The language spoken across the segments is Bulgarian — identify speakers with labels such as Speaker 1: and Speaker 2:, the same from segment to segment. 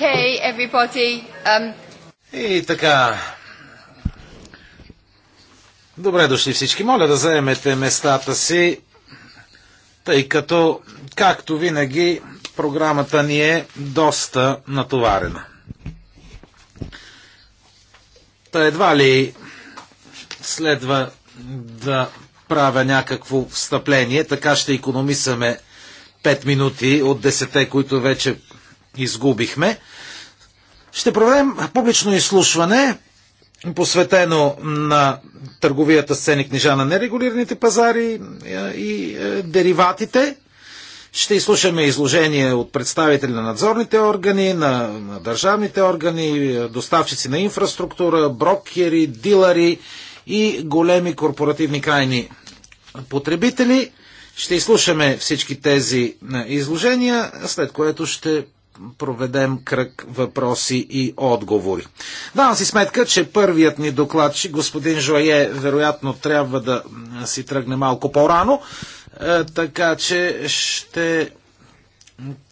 Speaker 1: Okay,
Speaker 2: everybody. Um...
Speaker 1: И така. Добре дошли всички. Моля да заемете местата си, тъй като, както винаги, програмата ни е доста натоварена. Та едва ли следва да правя някакво встъпление, така ще економисаме 5 минути от 10, които вече изгубихме. Ще проведем публично изслушване, посветено на търговията с цени книжа на нерегулираните пазари е, и е, дериватите. Ще изслушаме изложение от представители на надзорните органи, на, на държавните органи, е, доставчици на инфраструктура, брокери, дилари и големи корпоративни крайни потребители. Ще изслушаме всички тези изложения, след което ще проведем кръг въпроси и отговори. Давам си сметка, че първият ни докладчик, господин Жоае, вероятно трябва да си тръгне малко по-рано, е, така че ще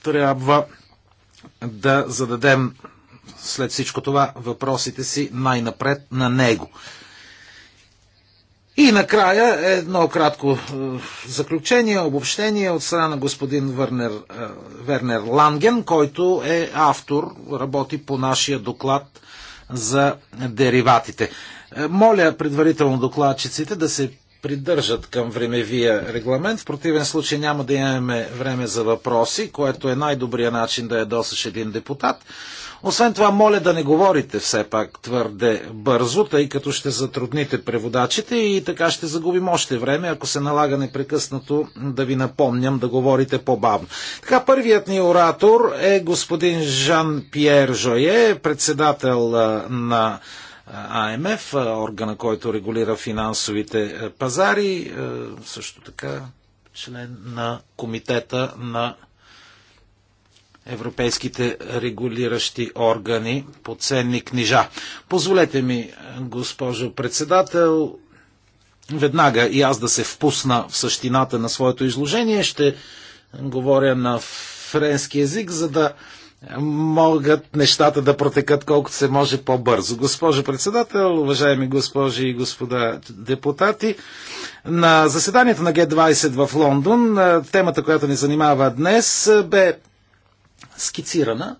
Speaker 1: трябва да зададем след всичко това въпросите си най-напред на него. И накрая едно кратко е, заключение, обобщение от страна на господин Вернер, е, Вернер Ланген, който е автор, работи по нашия доклад за дериватите. Е, моля предварително докладчиците да се придържат към времевия регламент. В противен случай няма да имаме време за въпроси, което е най-добрият начин да е един депутат. Освен това, моля да не говорите все пак твърде бързо, тъй като ще затрудните преводачите и така ще загубим още време, ако се налага непрекъснато да ви напомням да говорите по-бавно. Така, първият ни оратор е господин Жан-Пьер Жое, председател на АМФ, органа, който регулира финансовите пазари, също така член на комитета на европейските регулиращи органи по ценни книжа. Позволете ми, госпожо председател, веднага и аз да се впусна в същината на своето изложение. Ще говоря на френски язик, за да могат нещата да протекат колкото се може по-бързо. Госпожо председател, уважаеми госпожи и господа депутати, на заседанието на Г20 в Лондон темата, която ни занимава днес, бе скицирана.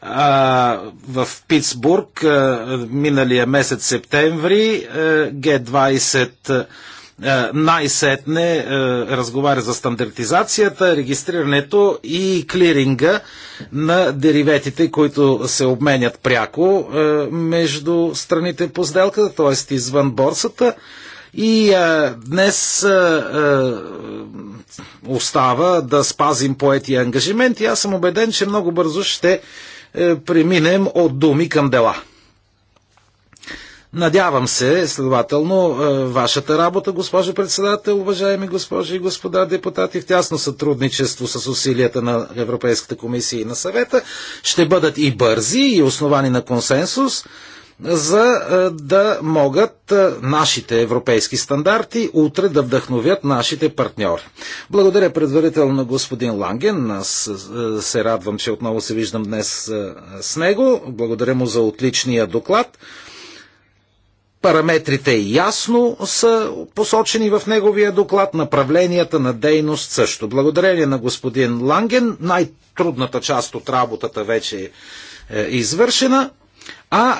Speaker 1: А, в Питсбург а, миналия месец септември Г20 най-сетне разговаря за стандартизацията, регистрирането и клиринга на дериветите, които се обменят пряко между страните по сделката, т.е. извън борсата. И а, днес а, а, остава да спазим поетия ангажимент и аз съм убеден, че много бързо ще а, е, преминем от думи към дела. Надявам се, следователно, е, вашата работа, госпожо председател, уважаеми госпожи и господа депутати, в тясно сътрудничество с усилията на Европейската комисия и на съвета, ще бъдат и бързи, и основани на консенсус за е, да могат е, нашите европейски стандарти утре да вдъхновят нашите партньори. Благодаря предварително господин Ланген. Аз е, се радвам, че отново се виждам днес с него. Благодаря му за отличния доклад. Параметрите ясно са посочени в неговия доклад, направленията на дейност също. Благодарение на господин Ланген, най-трудната част от работата вече е извършена. А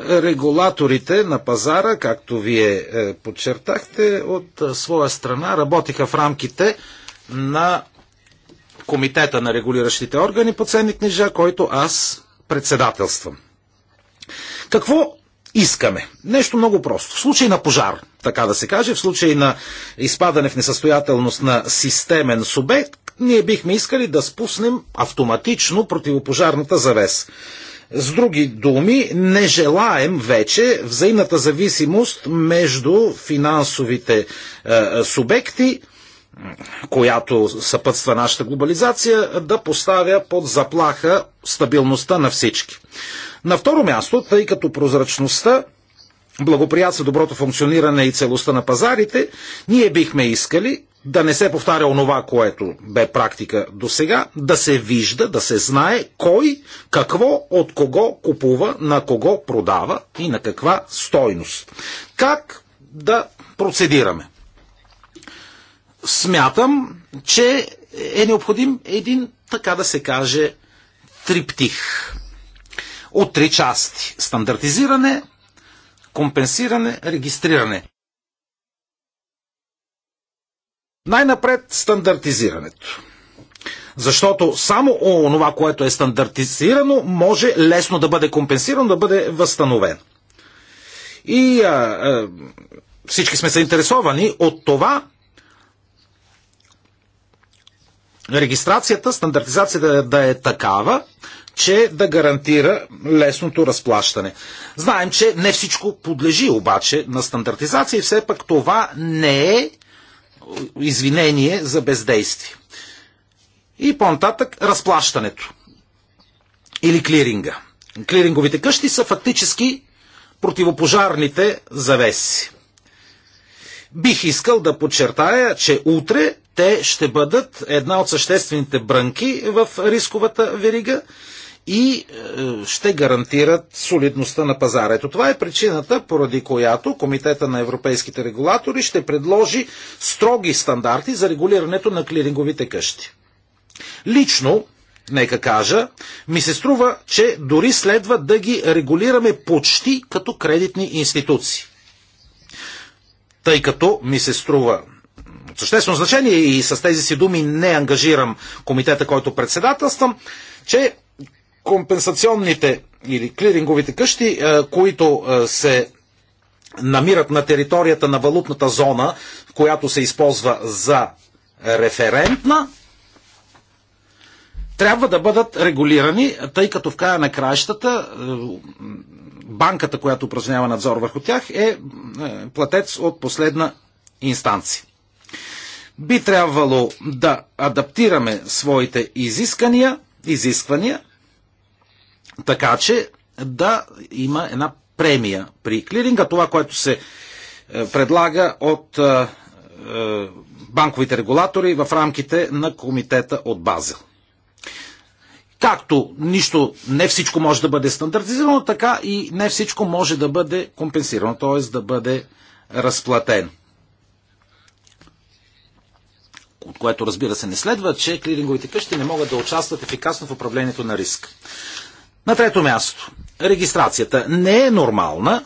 Speaker 1: регулаторите на пазара, както вие е, подчертахте, от е, своя страна работиха в рамките на Комитета на регулиращите органи по ценни книжа, който аз председателствам. Какво искаме? Нещо много просто. В случай на пожар, така да се каже, в случай на изпадане в несъстоятелност на системен субект, ние бихме искали да спуснем автоматично противопожарната завес. С други думи, не желаем вече взаимната зависимост между финансовите е, субекти, която съпътства нашата глобализация, да поставя под заплаха стабилността на всички. На второ място, тъй като прозрачността благоприятства доброто функциониране и целостта на пазарите, ние бихме искали да не се повтаря онова, което бе практика до сега, да се вижда, да се знае кой, какво, от кого купува, на кого продава и на каква стойност. Как да процедираме? Смятам, че е необходим един, така да се каже, триптих. От три части. Стандартизиране, компенсиране, регистриране. Най-напред стандартизирането. Защото само онова, което е стандартизирано, може лесно да бъде компенсирано, да бъде възстановено. И а, а, всички сме заинтересовани от това регистрацията, стандартизацията да е такава, че да гарантира лесното разплащане. Знаем, че не всичко подлежи обаче на стандартизация и все пак това не е извинение за бездействие. И по-нататък разплащането или клиринга. Клиринговите къщи са фактически противопожарните завеси. Бих искал да подчертая, че утре те ще бъдат една от съществените брънки в рисковата верига и е, ще гарантират солидността на пазара. Ето това е причината, поради която Комитета на европейските регулатори ще предложи строги стандарти за регулирането на клиринговите къщи. Лично, нека кажа, ми се струва, че дори следва да ги регулираме почти като кредитни институции. Тъй като ми се струва съществено значение и с тези си думи не ангажирам комитета, който председателствам, че компенсационните или клиринговите къщи, е, които е, се намират на територията на валутната зона, която се използва за референтна, трябва да бъдат регулирани, тъй като в края на краищата е, банката, която упражнява надзор върху тях, е платец от последна инстанция. Би трябвало да адаптираме своите изискания, изисквания така че да има една премия при клиринга, това, което се е, предлага от е, е, банковите регулатори в рамките на комитета от Базел. Както нищо, не всичко може да бъде стандартизирано, така и не всичко може да бъде компенсирано, т.е. да бъде разплатено. От което разбира се не следва, че клиринговите къщи не могат да участват ефикасно в управлението на риск. На трето място, регистрацията не е нормална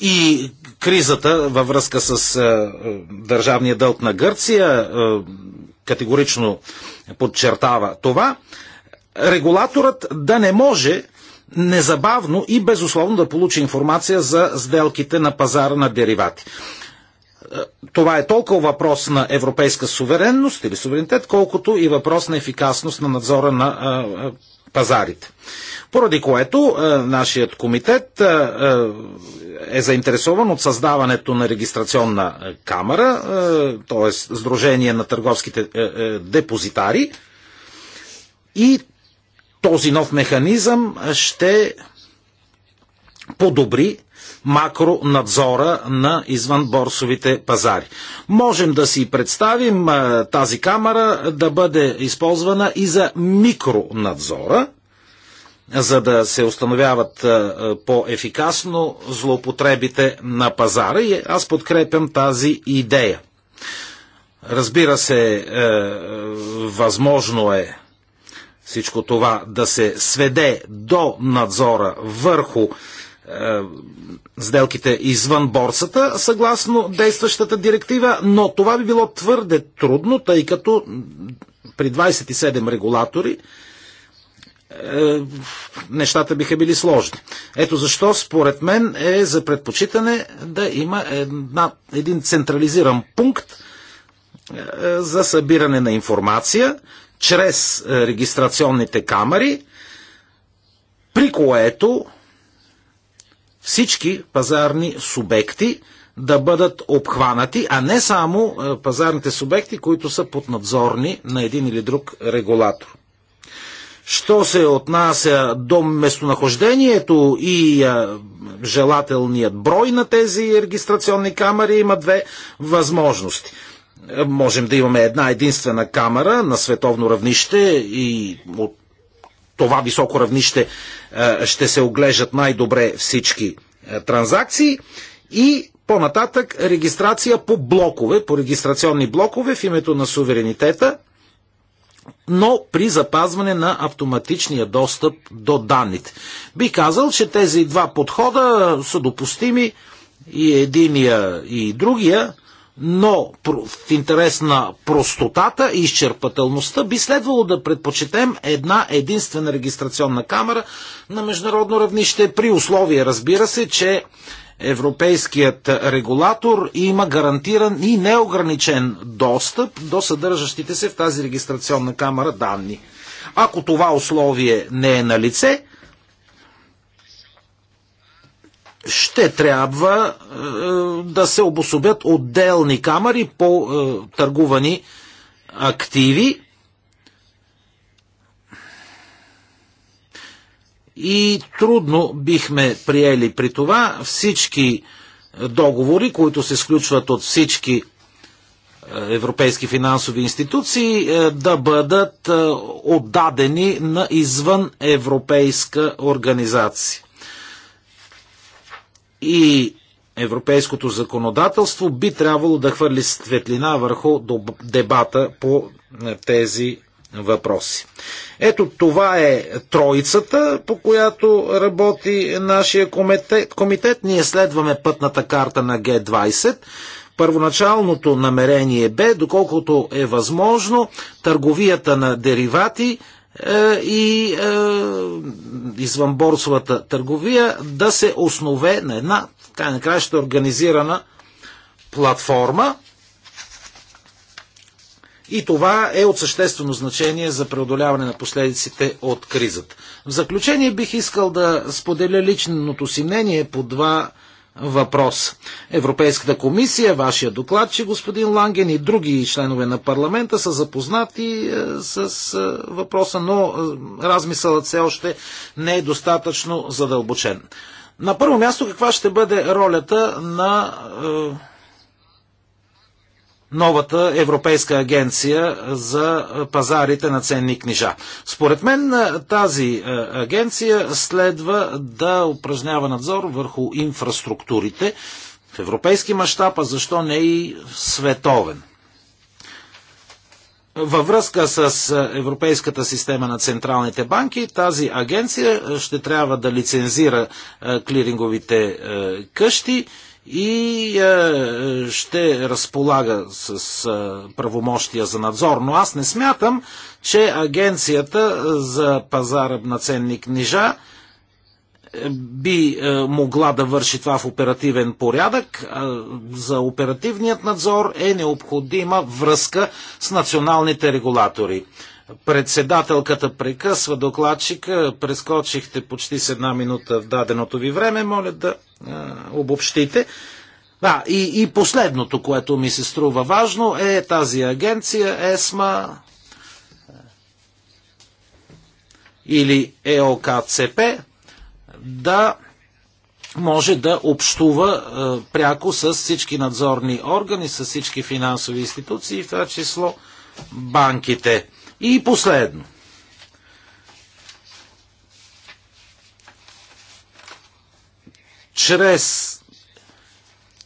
Speaker 1: и кризата във връзка с е, е, държавния дълг на Гърция е, категорично подчертава това. Регулаторът да не може незабавно и безусловно да получи информация за сделките на пазара на деривати. Е, това е толкова въпрос на европейска суверенност или суверенитет, колкото и въпрос на ефикасност на надзора на а, е, пазарите. Поради което е, нашият комитет е, е, е заинтересован от създаването на регистрационна е, камера, е, т.е. Сдружение на търговските е, е, депозитари и този нов механизъм ще подобри макронадзора на извънборсовите пазари. Можем да си представим тази камера да бъде използвана и за микронадзора, за да се установяват по-ефикасно злоупотребите на пазара и аз подкрепям тази идея. Разбира се, е, възможно е всичко това да се сведе до надзора върху е, сделките извън борсата, съгласно действащата директива, но това би било твърде трудно, тъй като при 27 регулатори е, нещата биха били сложни. Ето защо, според мен, е за предпочитане да има една, един централизиран пункт е, за събиране на информация чрез регистрационните камери, при което всички пазарни субекти да бъдат обхванати, а не само е, пазарните субекти, които са поднадзорни на един или друг регулатор. Що се отнася до местонахождението и а, е, желателният брой на тези регистрационни камери, има две възможности. Е, можем да имаме една единствена камера на световно равнище и от това високо равнище е, ще се оглеждат най-добре всички е, транзакции и по-нататък регистрация по блокове, по регистрационни блокове в името на суверенитета, но при запазване на автоматичния достъп до данните. Би казал, че тези два подхода са допустими и единия и другия но в интерес на простотата и изчерпателността би следвало да предпочетем една единствена регистрационна камера на международно равнище при условие, разбира се, че европейският регулатор има гарантиран и неограничен достъп до съдържащите се в тази регистрационна камера данни. Ако това условие не е на лице, ще трябва е, да се обособят отделни камери по е, търгувани активи. И трудно бихме приели при това всички договори, които се сключват от всички е, европейски финансови институции е, да бъдат е, отдадени на извън европейска организация и европейското законодателство би трябвало да хвърли светлина върху дебата по е, тези въпроси. Ето това е троицата, по която работи нашия комитет. комитет. Ние следваме пътната карта на Г20. Първоначалното намерение бе, доколкото е възможно, търговията на деривати е, и е, извънборсовата търговия да се основе на една, така накрая ще организирана платформа. И това е от съществено значение за преодоляване на последиците от кризата. В заключение бих искал да споделя личното си мнение по два въпрос. Европейската комисия, вашия доклад, че господин Ланген и други членове на парламента са запознати е, с е, въпроса, но е, размисълът все още не е достатъчно задълбочен. На първо място, каква ще бъде ролята на новата Европейска агенция за пазарите на ценни книжа. Според мен тази агенция следва да упражнява надзор върху инфраструктурите в европейски мащаб, а защо не и световен. Във връзка с Европейската система на централните банки, тази агенция ще трябва да лицензира клиринговите къщи, и е, ще разполага с е, правомощия за надзор. Но аз не смятам, че агенцията за пазара на ценни книжа е, би е, могла да върши това в оперативен порядък. Е, за оперативният надзор е необходима връзка с националните регулатори. Председателката прекъсва докладчика. Прескочихте почти с една минута в даденото ви време. Моля да а, обобщите. А, и, и последното, което ми се струва важно, е тази агенция ЕСМА или ЕОКЦП да може да общува а, пряко с всички надзорни органи, с всички финансови институции, в това число банките. И последно. Чрез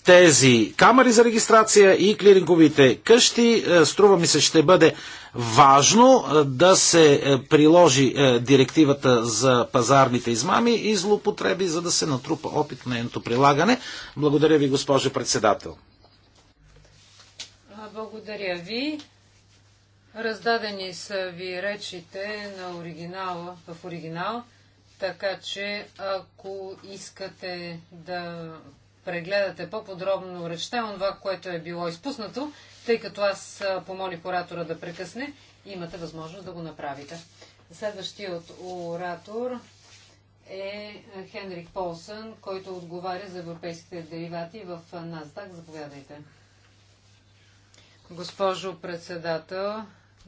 Speaker 1: тези камери за регистрация и клиринговите къщи, е, струва ми се, ще бъде важно е, да се е, приложи директивата за пазарните измами и злоупотреби, за да се натрупа опит на едното прилагане. Благодаря ви, госпожо председател.
Speaker 3: Благодаря ви. Раздадени са ви речите на оригинала, в оригинал, така че ако искате да прегледате по-подробно речта, това, което е било изпуснато, тъй като аз помолих оратора да прекъсне, имате възможност да го направите. Следващият оратор е Хенрик Полсън, който отговаря за европейските деривати в НАСДАК. Заповядайте. Госпожо председател,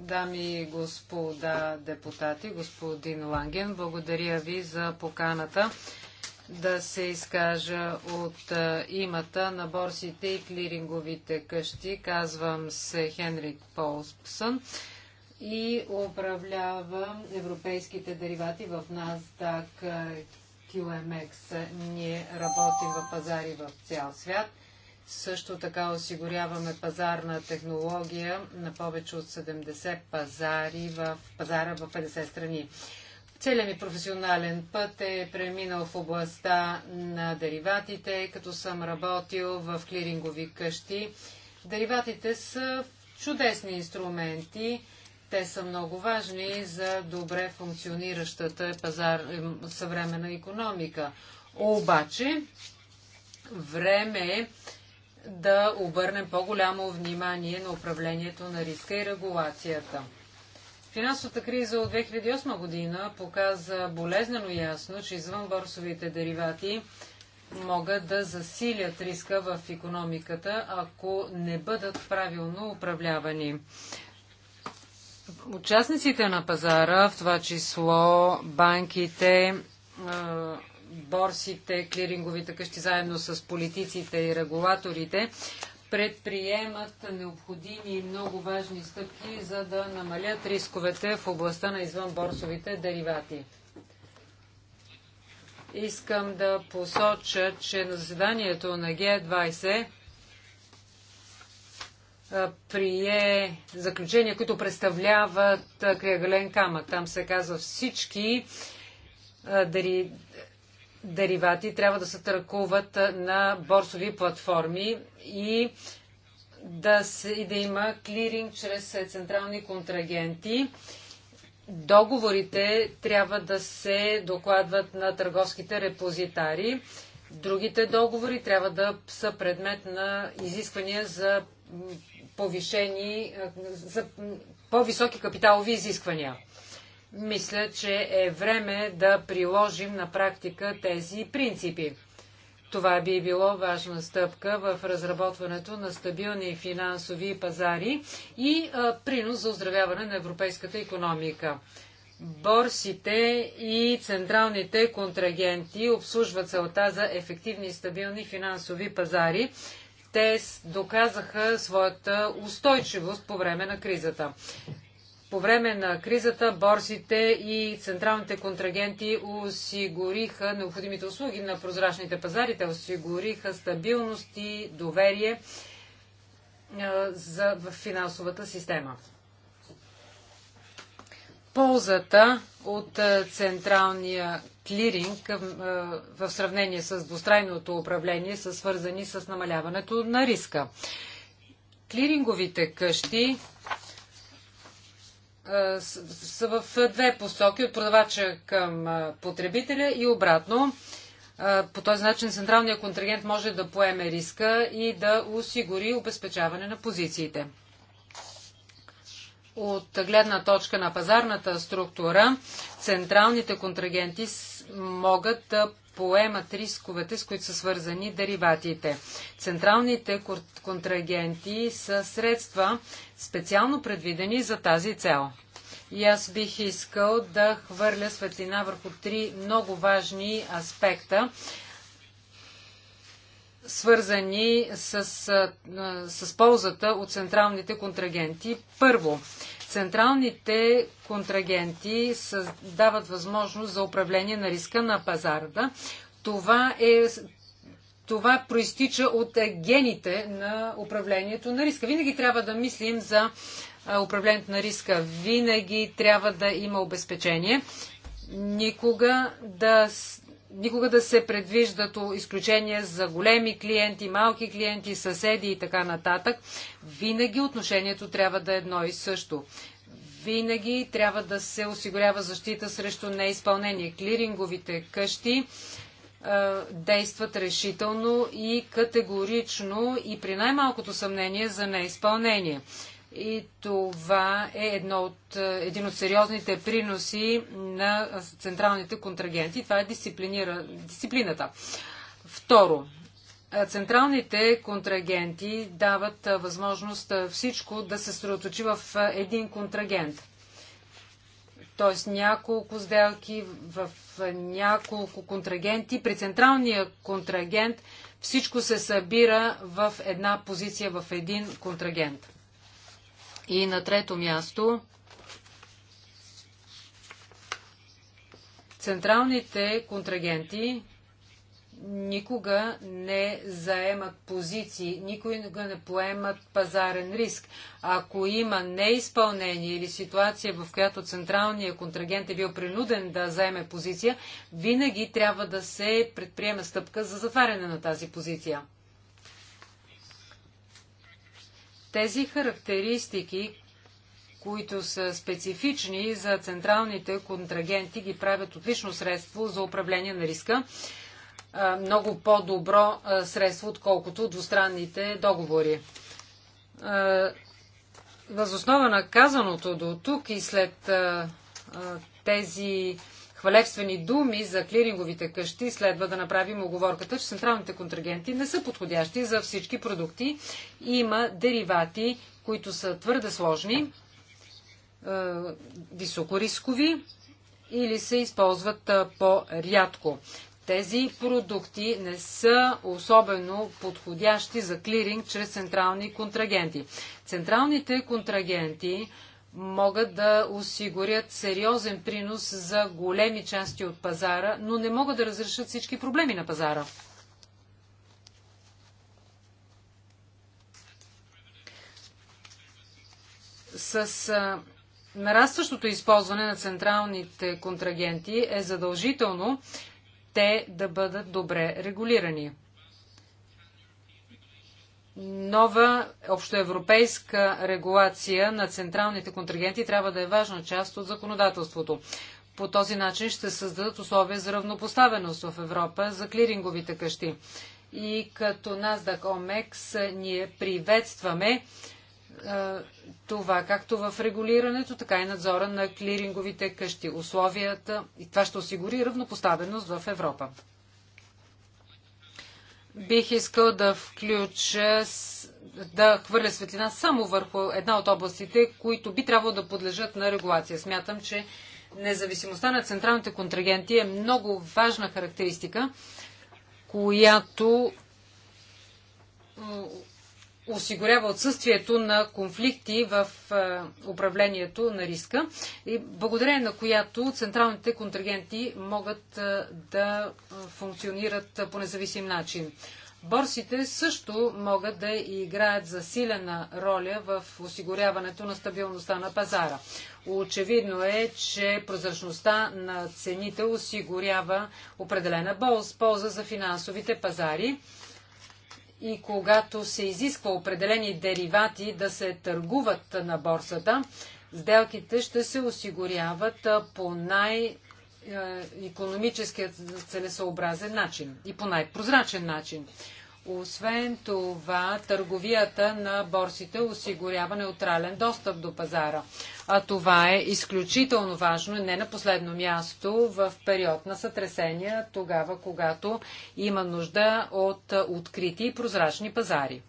Speaker 3: Дами и господа депутати, господин Ланген, благодаря ви за поканата да се изкажа от е, имата на борсите и клиринговите къщи. Казвам се Хенрик Полспсън и управлявам европейските деривати в NASDAQ е, QMX. Ние работим в пазари в цял свят – също така осигуряваме пазарна технология на повече от 70 пазари в пазара в 50 страни. Целият ми професионален път е преминал в областта на дериватите, като съм работил в клирингови къщи. Дериватите са чудесни инструменти. Те са много важни за добре функциониращата пазар, е, съвременна економика. Обаче, време е да обърнем по-голямо внимание на управлението на риска и регулацията. Финансовата криза от 2008 година показа болезнено ясно, че извън борсовите деривати могат да засилят риска в економиката, ако не бъдат правилно управлявани. Участниците на пазара, в това число банките, борсите, клиринговите къщи, заедно с политиците и регулаторите, предприемат необходими и много важни стъпки, за да намалят рисковете в областта на извънборсовите деривати. Искам да посоча, че на заседанието на Г20 прие заключения, които представляват кръгален камък. Там се казва всички дари, деривати трябва да се търкуват на борсови платформи и да, се, и да има клиринг чрез е, централни контрагенти. Договорите трябва да се докладват на търговските репозитари. Другите договори трябва да са предмет на изисквания за повишени, за по-високи капиталови изисквания. Мисля, че е време да приложим на практика тези принципи. Това би било важна стъпка в разработването на стабилни финансови пазари и а, принос за оздравяване на европейската економика. Борсите и централните контрагенти обслужват целта за ефективни и стабилни финансови пазари. Те доказаха своята устойчивост по време на кризата. По време на кризата борсите и централните контрагенти осигуриха необходимите услуги на прозрачните пазари. Те осигуриха стабилност и доверие за, в финансовата система. Ползата от централния клиринг в сравнение с двустрайното управление са свързани с намаляването на риска. Клиринговите къщи са в две посоки, от продавача към потребителя и обратно. По този начин централният контрагент може да поеме риска и да осигури обезпечаване на позициите. От гледна точка на пазарната структура, централните контрагенти могат да поемат рисковете, с които са свързани деривативите. Централните контрагенти са средства специално предвидени за тази цел. И аз бих искал да хвърля светлина върху три много важни аспекта, свързани с, с ползата от централните контрагенти. Първо, Централните контрагенти дават възможност за управление на риска на пазарда. Това, е, това проистича от гените на управлението на риска. Винаги трябва да мислим за управлението на риска. Винаги трябва да има обезпечение. Никога да никога да се предвиждат изключения за големи клиенти, малки клиенти, съседи и така нататък. Винаги отношението трябва да е едно и също. Винаги трябва да се осигурява защита срещу неизпълнение. Клиринговите къщи е, действат решително и категорично и при най-малкото съмнение за неизпълнение. И това е едно от, е, един от сериозните приноси на централните контрагенти. Това е дисциплината. Второ, е, централните контрагенти дават е, възможност всичко да се средоточи в един контрагент. Тоест няколко сделки в няколко контрагенти. При централния контрагент всичко се събира в една позиция в един контрагент. И на трето място централните контрагенти никога не заемат позиции, никога не поемат пазарен риск. Ако има неизпълнение или ситуация, в която централният контрагент е бил принуден да заеме позиция, винаги трябва да се предприеме стъпка за затваряне на тази позиция. Тези характеристики, които са специфични за централните контрагенти, ги правят отлично средство за управление на риска. Много по-добро средство, отколкото двустранните договори. Възоснова на казаното до тук и след тези хвалебствени думи за клиринговите къщи, следва да направим оговорката, че централните контрагенти не са подходящи за всички продукти. Има деривати, които са твърде сложни, е, високорискови или се използват е, по-рядко. Тези продукти не са особено подходящи за клиринг чрез централни контрагенти. Централните контрагенти могат да осигурят сериозен принос за големи части от пазара, но не могат да разрешат всички проблеми на пазара. С нарастващото използване на централните контрагенти е задължително те да бъдат добре регулирани нова общоевропейска регулация на централните контрагенти трябва да е важна част от законодателството. По този начин ще създадат условия за равнопоставеност в Европа за клиринговите къщи. И като NASDAQ OMEX ние приветстваме е, това както в регулирането, така и надзора на клиринговите къщи. Условията и това ще осигури равнопоставеност в Европа. Бих искал да включа, да хвърля светлина само върху една от областите, които би трябвало да подлежат на регулация. Смятам, че независимостта на централните контрагенти е много важна характеристика, която осигурява отсъствието на конфликти в е, управлението на риска, и благодарение на която централните контрагенти могат е, да е, функционират по независим начин. Борсите също могат да играят засилена роля в осигуряването на стабилността на пазара. Очевидно е, че прозрачността на цените осигурява определена полза за финансовите пазари и когато се изисква определени деривати да се търгуват на борсата, сделките ще се осигуряват по най- економически целесообразен начин и по най-прозрачен начин. Освен това, търговията на борсите осигурява неутрален достъп до пазара. А това е изключително важно и не на последно място в период на сътресения, тогава когато има нужда от открити и прозрачни пазари.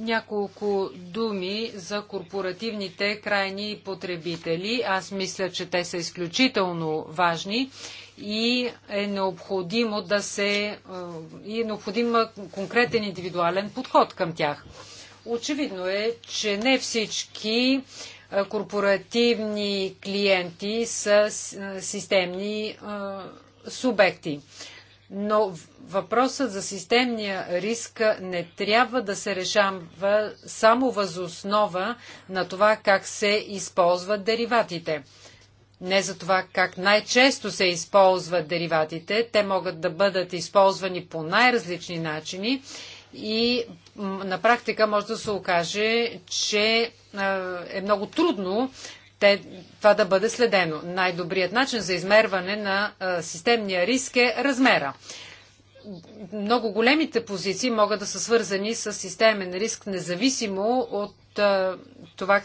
Speaker 3: Няколко думи за корпоративните крайни потребители. Аз мисля, че те са изключително важни и е необходимо да се е, и е необходим конкретен индивидуален подход към тях. Очевидно е, че не всички е, корпоративни клиенти са е, системни субекти. Но въпросът за системния риск не трябва да се решава само възоснова на това как се използват дериватите. Не за това как най-често се използват дериватите. Те могат да бъдат използвани по най-различни начини и на практика може да се окаже, че е много трудно те, това да бъде следено. Най-добрият начин за измерване на а, системния риск е размера. Много големите позиции могат да са свързани с системен риск, независимо от а, това,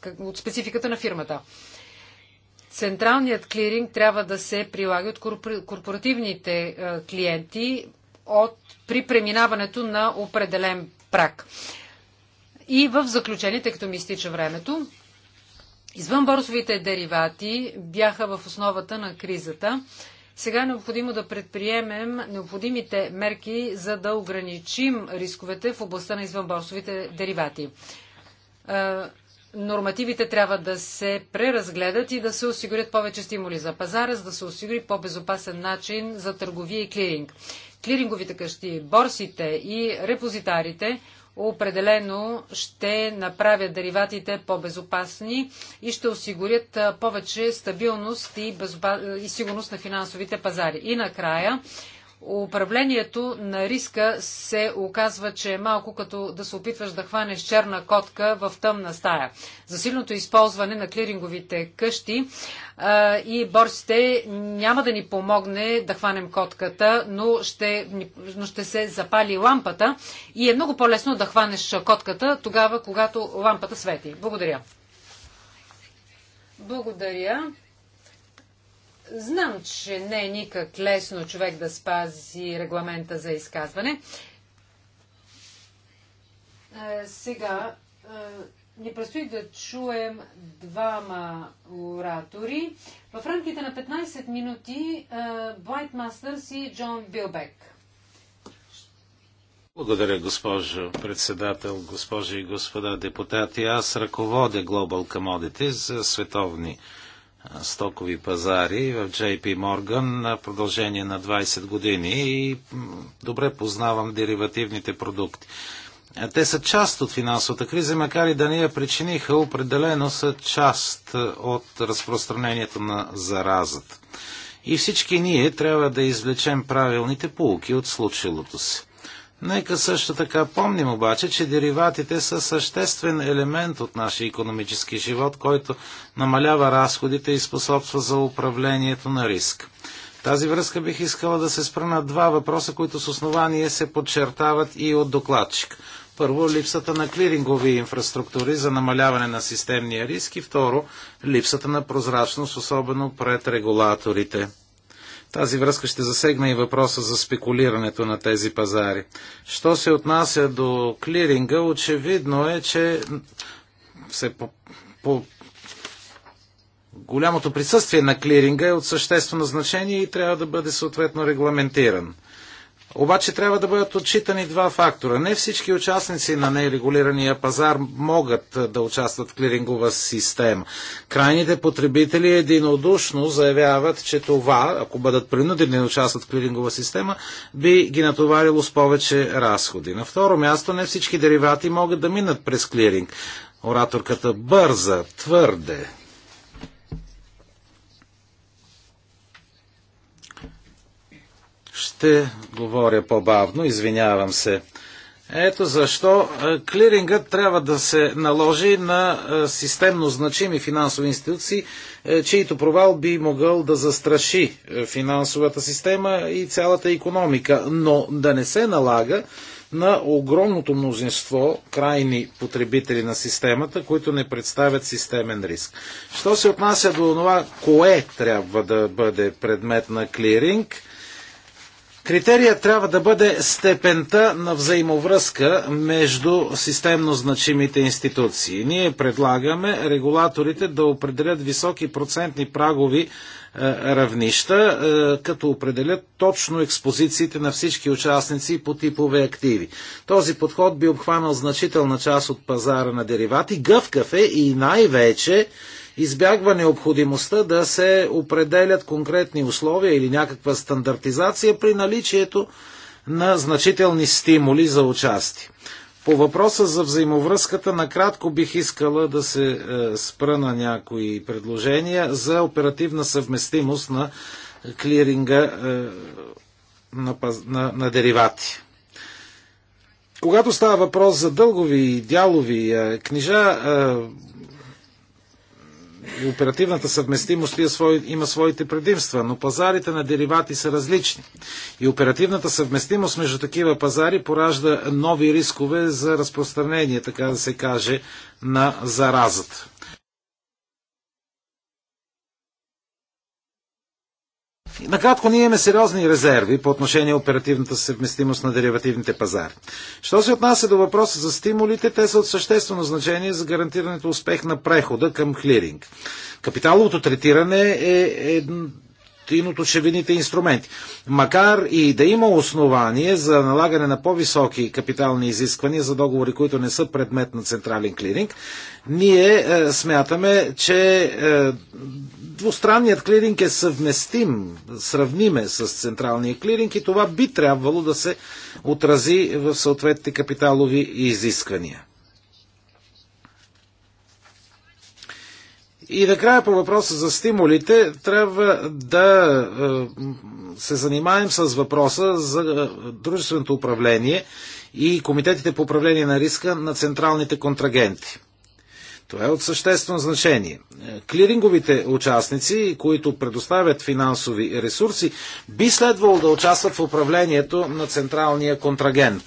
Speaker 3: как, от спецификата на фирмата. Централният клиринг трябва да се прилага от корпоративните а, клиенти от, при преминаването на определен прак. И в заключение, тъй като ми изтича времето, Извънборсовите деривати бяха в основата на кризата. Сега е необходимо да предприемем необходимите мерки, за да ограничим рисковете в областта на извънборсовите деривати. Е, нормативите трябва да се преразгледат и да се осигурят повече стимули за пазара, за да се осигури по-безопасен начин за търговия и клиринг. Клиринговите къщи, борсите и репозитарите определено ще направят дериватите по-безопасни и ще осигурят повече стабилност и, и сигурност на финансовите пазари. И накрая, управлението на риска се оказва, че е малко като да се опитваш да хванеш черна котка в тъмна стая. силното използване на клиринговите къщи а, и борсите няма да ни помогне да хванем котката, но ще, но ще се запали лампата и е много по-лесно да хванеш котката тогава, когато лампата свети. Благодаря. Благодаря. Знам, че не е никак лесно човек да спази регламента за изказване. Е, сега е, ни предстои да чуем двама оратори. В рамките на 15 минути е, Блайт Мастърс и Джон Билбек.
Speaker 1: Благодаря, госпожо председател, госпожи и господа депутати. Аз ръководя Global Commodities за световни стокови пазари в JP Morgan на продължение на 20 години и добре познавам деривативните продукти. Те са част от финансовата криза, макар и да не я причиниха, определено са част от разпространението на заразата. И всички ние трябва да извлечем правилните полуки от случилото се. Нека също така помним обаче, че дериватите са съществен елемент от нашия економически живот, който намалява разходите и способства за управлението на риск. Тази връзка бих искала да се спра на два въпроса, които с основание се подчертават и от докладчик. Първо, липсата на клирингови инфраструктури за намаляване на системния риск и второ, липсата на прозрачност, особено пред регулаторите тази връзка ще засегна и въпроса за спекулирането на тези пазари. Що се отнася до клиринга, очевидно е, че се по, по голямото присъствие на клиринга е от съществено значение и трябва да бъде съответно регламентиран. Обаче трябва да бъдат отчитани два фактора. Не всички участници на нерегулирания пазар могат да участват в клирингова система. Крайните потребители единодушно заявяват, че това, ако бъдат принудени да участват в клирингова система, би ги натоварило с повече разходи. На второ място, не всички деривати могат да минат през клиринг. Ораторката бърза, твърде, Ще говоря по-бавно, извинявам се. Ето защо е, клирингът трябва да се наложи на е, системно значими финансови институции, е, чието провал би могъл да застраши финансовата система и цялата економика, но да не се налага на огромното мнозинство крайни потребители на системата, които не представят системен риск. Що се отнася до това, кое трябва да бъде предмет на клиринг – Критерият трябва да бъде степента на взаимовръзка между системно значимите институции. Ние предлагаме регулаторите да определят високи процентни прагови е, равнища, е, като определят точно експозициите на всички участници по типове активи. Този подход би обхванал значителна част от пазара на деривати, гъвкав е и най-вече избягва необходимостта да се определят конкретни условия или някаква стандартизация при наличието на значителни стимули за участие. По въпроса за взаимовръзката, накратко бих искала да се е, спра на някои предложения за оперативна съвместимост на клиринга е, на, на, на деривати. Когато става въпрос за дългови и дялови е, книжа, и оперативната съвместимост има своите предимства, но пазарите на деривати са различни. И оперативната съвместимост между такива пазари поражда нови рискове за разпространение, така да се каже, на заразата. Накратко, ние имаме сериозни резерви по отношение оперативната съвместимост на деривативните пазари. Що се отнася до въпроса за стимулите, те са от съществено значение за гарантирането успех на прехода към клиринг. Капиталовото третиране е, е очевидните инструменти. Макар и да има основание за налагане на по-високи капитални изисквания за договори, които не са предмет на централен клиринг, ние е, смятаме, че е, двустранният клиринг е съвместим, сравниме с централния клиринг и това би трябвало да се отрази в съответните капиталови изисквания. И накрая по въпроса за стимулите, трябва да е, се занимаем с въпроса за е, дружественото управление и комитетите по управление на риска на централните контрагенти. Това е от съществено значение. Е, клиринговите участници, които предоставят финансови ресурси, би следвало да участват в управлението на централния контрагент.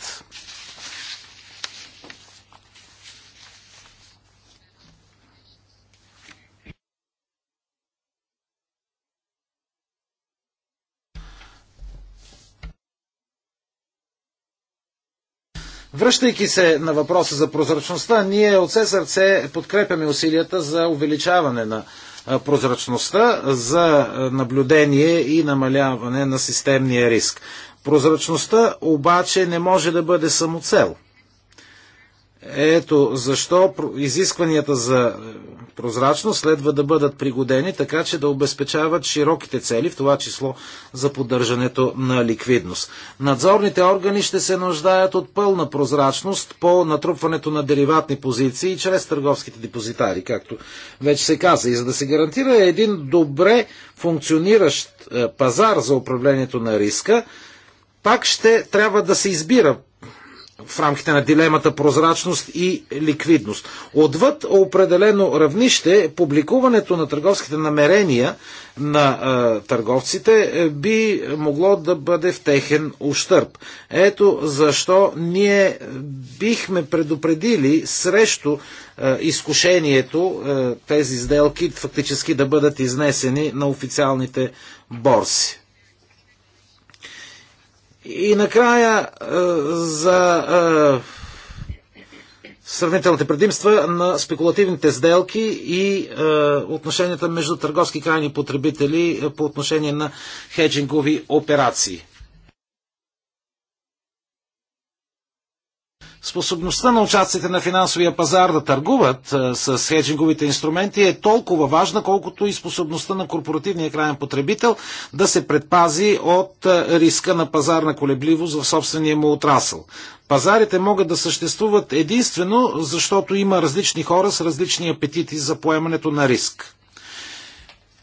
Speaker 1: Връщайки се на въпроса за прозрачността, ние от все сърце подкрепяме усилията за увеличаване на прозрачността, за наблюдение и намаляване на системния риск. Прозрачността обаче не може да бъде самоцел. Ето защо изискванията за е, прозрачност следва да бъдат пригодени така, че да обезпечават широките цели, в това число за поддържането на ликвидност. Надзорните органи ще се нуждаят от пълна прозрачност по натрупването на дериватни позиции чрез търговските депозитари, както вече се каза. И за да се гарантира един добре функциониращ е, пазар за управлението на риска, пак ще трябва да се избира в рамките на дилемата прозрачност и ликвидност. Отвъд определено равнище, публикуването на търговските намерения на е, търговците би могло да бъде в техен ущърп. Ето защо ние бихме предупредили срещу е, изкушението е, тези сделки фактически да бъдат изнесени на официалните борси. И накрая е, за е, сравнителните предимства на спекулативните сделки и е, отношенията между търговски крайни потребители е, по отношение на хеджингови операции. Способността на участците на финансовия пазар да търгуват с хеджинговите инструменти е толкова важна, колкото и способността на корпоративния крайен потребител да се предпази от риска на пазарна колебливост в собствения му отрасъл. Пазарите могат да съществуват единствено, защото има различни хора с различни апетити за поемането на риск.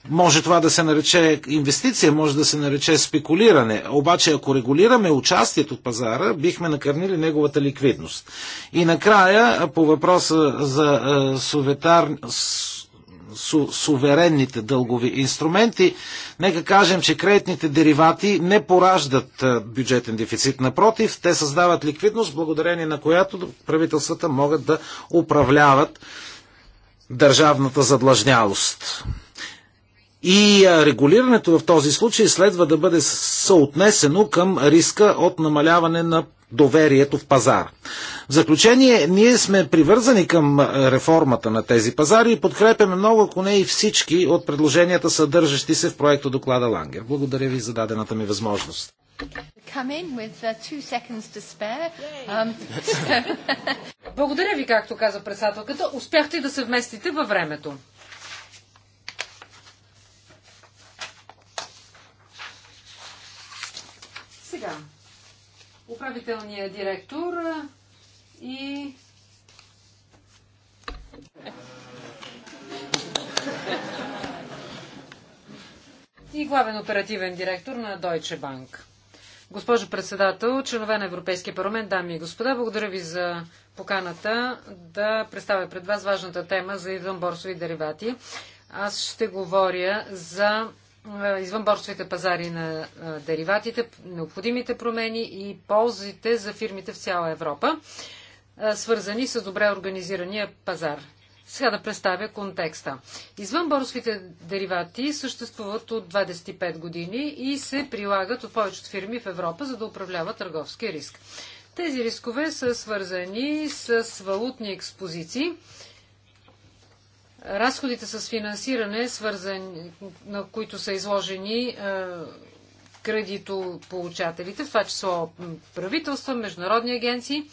Speaker 1: Може това да се нарече инвестиция, може да се нарече спекулиране. Обаче, ако регулираме участието в пазара, бихме накърнили неговата ликвидност. И накрая, по въпроса за е, суветар, су, суверенните дългови инструменти, нека кажем, че кредитните деривати не пораждат е, бюджетен дефицит. Напротив, те създават ликвидност, благодарение на която правителствата могат да управляват държавната задлъжнялост. И регулирането в този случай следва да бъде съотнесено към риска от намаляване на доверието в пазар. В заключение, ние сме привързани към реформата на тези пазари и подкрепяме много, ако не и всички от предложенията, съдържащи се в проекта доклада Лангер. Благодаря ви за дадената ми възможност.
Speaker 3: Uh, um, Благодаря ви, както каза председателката. Успяхте да се вместите във времето. Сега, управителният директор и... и главен оперативен директор на Deutsche Bank. Госпожо председател, членове на Европейския парламент, дами и господа, благодаря ви за поканата да представя пред вас важната тема за извънборсови деривати. Аз ще говоря за извънборсовите пазари на дериватите, необходимите промени и ползите за фирмите в цяла Европа, свързани с добре организирания пазар. Сега да представя контекста. Извънборсовите деривати съществуват от 25 години и се прилагат от повечето фирми в Европа, за да управляват търговски риск. Тези рискове са свързани с валутни експозиции, Разходите с финансиране, свързани, на които са изложени е, кредитополучателите, в това число правителства, международни агенции,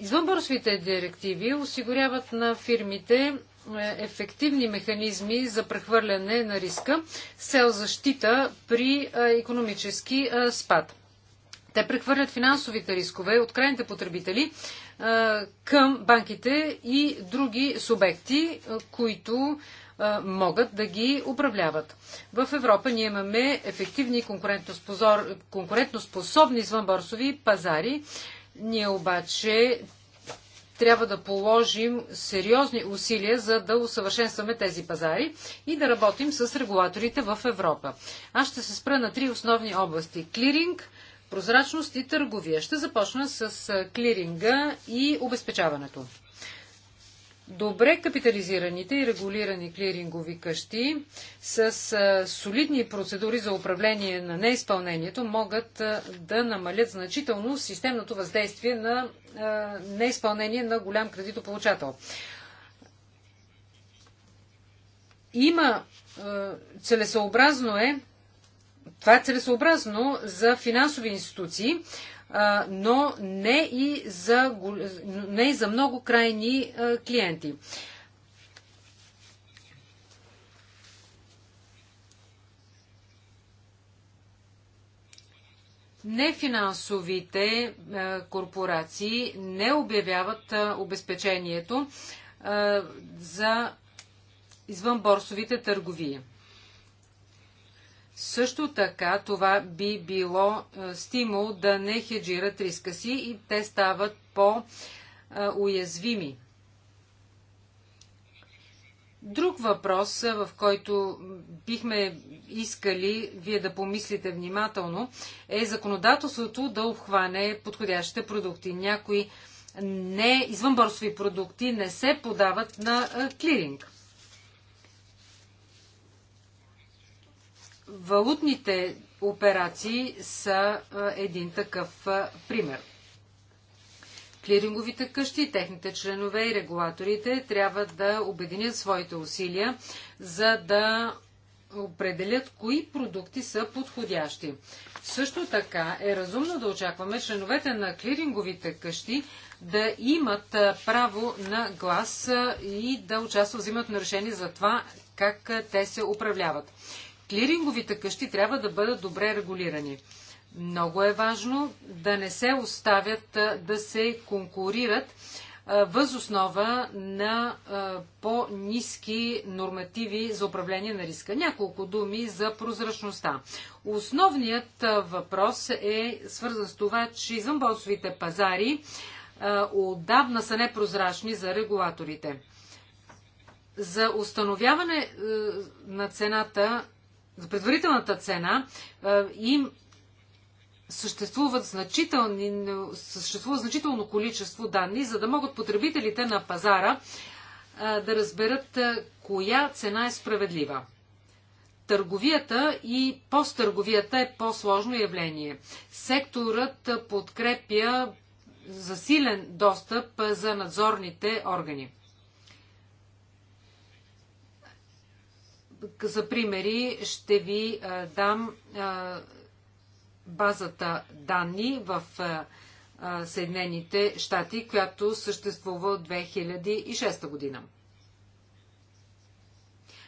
Speaker 3: Извънбърсовите директиви осигуряват на фирмите е, ефективни механизми за прехвърляне на риска с цел защита при економически е, спад. Те прехвърлят финансовите рискове от крайните потребители към банките и други субекти, които могат да ги управляват. В Европа ние имаме ефективни конкурентно конкурентоспособни извънборсови пазари. Ние обаче трябва да положим сериозни усилия, за да усъвършенстваме тези пазари и да работим с регулаторите в Европа. Аз ще се спра на три основни области. Клиринг, прозрачност и търговия. Ще започна с клиринга и обезпечаването. Добре капитализираните и регулирани клирингови къщи с солидни процедури за управление на неизпълнението могат да намалят значително системното въздействие на неизпълнение на голям кредитополучател. Има целесообразно е това е целесообразно за финансови институции, но не и за, не и за много крайни клиенти. Нефинансовите корпорации не обявяват обезпечението за извънборсовите търговии. Също така това би било е, стимул да не хеджират риска си и те стават по-уязвими. Друг въпрос, е, в който бихме искали вие да помислите внимателно, е законодателството да обхване подходящите продукти. Някои не извънборсови продукти не се подават на е, клиринг. Валутните операции са един такъв пример. Клиринговите къщи, техните членове и регулаторите трябва да обединят своите усилия, за да определят кои продукти са подходящи. Също така е разумно да очакваме членовете на клиринговите къщи да имат право на глас и да участват в взимат на решение за това как те се управляват клиринговите къщи трябва да бъдат добре регулирани. Много е важно да не се оставят да се конкурират възоснова на по-низки нормативи за управление на риска. Няколко думи за прозрачността. Основният въпрос е свързан с това, че извънболсовите пазари отдавна са непрозрачни за регулаторите. За установяване на цената за предварителната цена им съществуват значителни, съществува значително количество данни, за да могат потребителите на пазара да разберат коя цена е справедлива. Търговията и посттърговията е по-сложно явление. Секторът подкрепя засилен достъп за надзорните органи. за примери ще ви дам базата данни в Съединените щати, която съществува от 2006 година.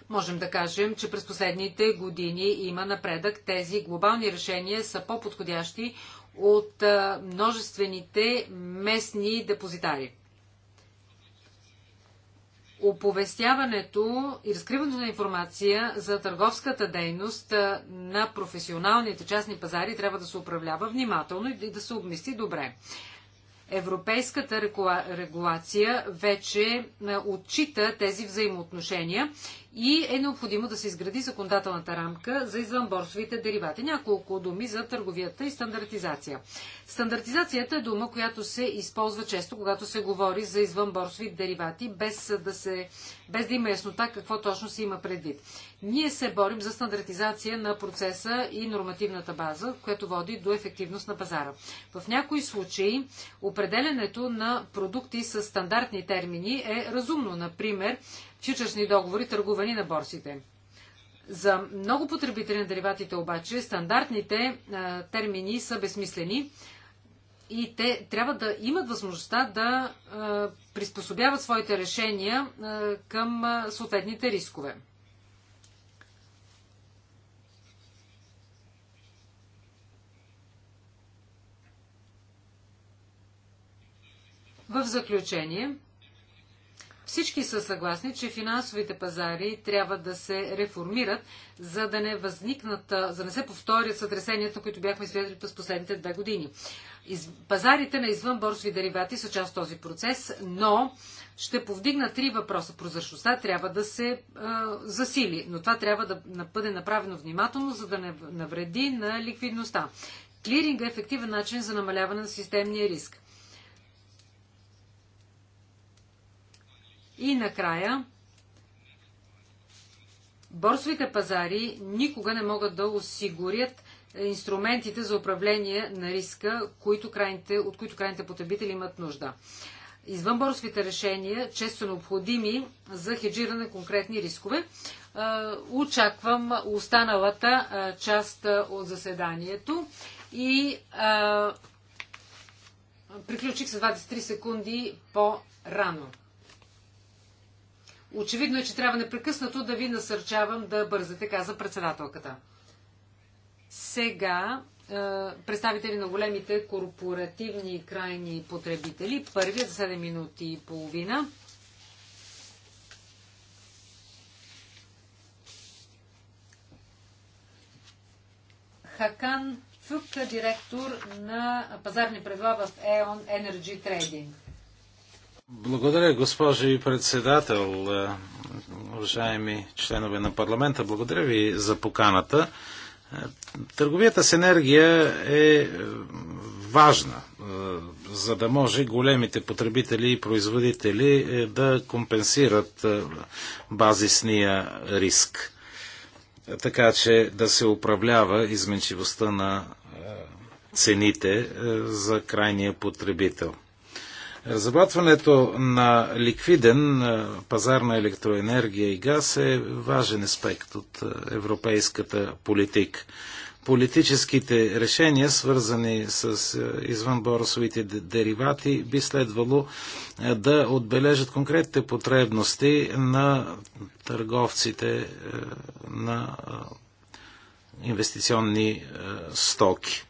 Speaker 3: Можем да кажем, че през последните години има напредък. Тези глобални решения са по-подходящи от множествените местни депозитари оповестяването и разкриването на информация за търговската дейност на професионалните частни пазари трябва да се управлява внимателно и да се обмисли добре. Европейската регулация вече е, отчита тези взаимоотношения и е необходимо да се изгради законодателната рамка за извънборсовите деривати. Няколко думи за търговията и стандартизация. Стандартизацията е дума, която се използва често, когато се говори за извънборсови деривати, без да, се, без да има яснота какво точно се има предвид. Ние се борим за стандартизация на процеса и нормативната база, което води до ефективност на пазара. В някои случаи определенето на продукти с стандартни термини е разумно, например фьючерсни договори, търгувани на борсите. За много потребители на дериватите обаче стандартните а, термини са безсмислени и те трябва да имат възможността да а, приспособяват своите решения а, към съответните рискове. В заключение, всички са съгласни, че финансовите пазари трябва да се реформират, за да не възникнат, за да не се повторят сътресенията, които бяхме свидетели през последните две години. Из... Пазарите на извънборсови деривати са част от този процес, но ще повдигна три въпроса. Прозрачността трябва да се засили, но това трябва да бъде направено внимателно, за да не навреди на ликвидността. Клиринг е ефективен начин за намаляване на системния риск. И накрая, борсовите пазари никога не могат да осигурят инструментите за управление на риска, които крайните, от които крайните потребители имат нужда. Извънборсовите решения често необходими за хеджиране на конкретни рискове. Очаквам останалата част от заседанието и приключих с 23 секунди по-рано. Очевидно е, че трябва непрекъснато да ви насърчавам да бързате, каза председателката. Сега е, представители на големите корпоративни крайни потребители. Първият за 7 минути и половина. Хакан Фюк, директор на пазарни предлага в EON Energy Trading.
Speaker 1: Благодаря, госпожи председател, е, уважаеми членове на парламента. Благодаря ви за поканата. Е, търговията с енергия е, е важна, за да може големите потребители и производители да компенсират базисния риск, така че да се управлява изменчивостта на цените за крайния потребител. Разработването на ликвиден пазар на електроенергия и газ е важен аспект от европейската политика. Политическите решения, свързани с извънборсовите деривати, би следвало да отбележат конкретните потребности на търговците на инвестиционни стоки.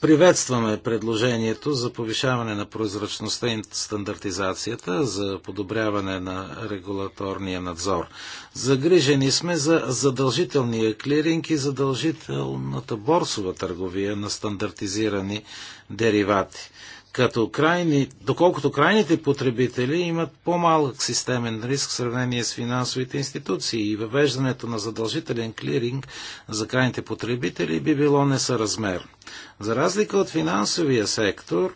Speaker 1: Приветстваме предложението за повишаване на прозрачността и стандартизацията, за подобряване на регулаторния надзор. Загрижени сме за задължителния клиринг и задължителната борсова търговия на стандартизирани деривати като крайни, доколкото крайните потребители имат по-малък системен риск в сравнение с финансовите институции и въвеждането на задължителен клиринг за крайните потребители би било несъразмер. За разлика от финансовия сектор,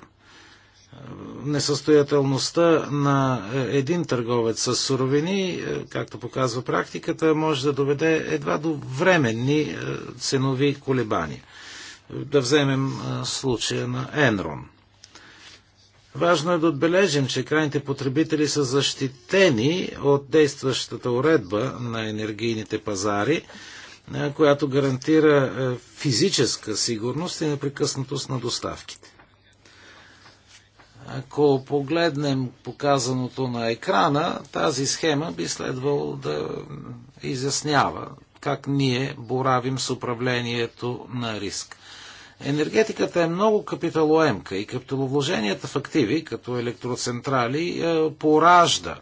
Speaker 1: несъстоятелността на един търговец с суровини, е, както показва практиката, може да доведе едва до временни е, ценови колебания. Да вземем е, случая на Енрон – Важно е да отбележим, че крайните потребители са защитени от действащата уредба на енергийните пазари, която гарантира физическа сигурност и непрекъснатост на доставките. Ако погледнем показаното на екрана, тази схема би следвало да изяснява как ние боравим с управлението на риск. Енергетиката е много капиталоемка и капиталовложенията в активи, като електроцентрали, е, поражда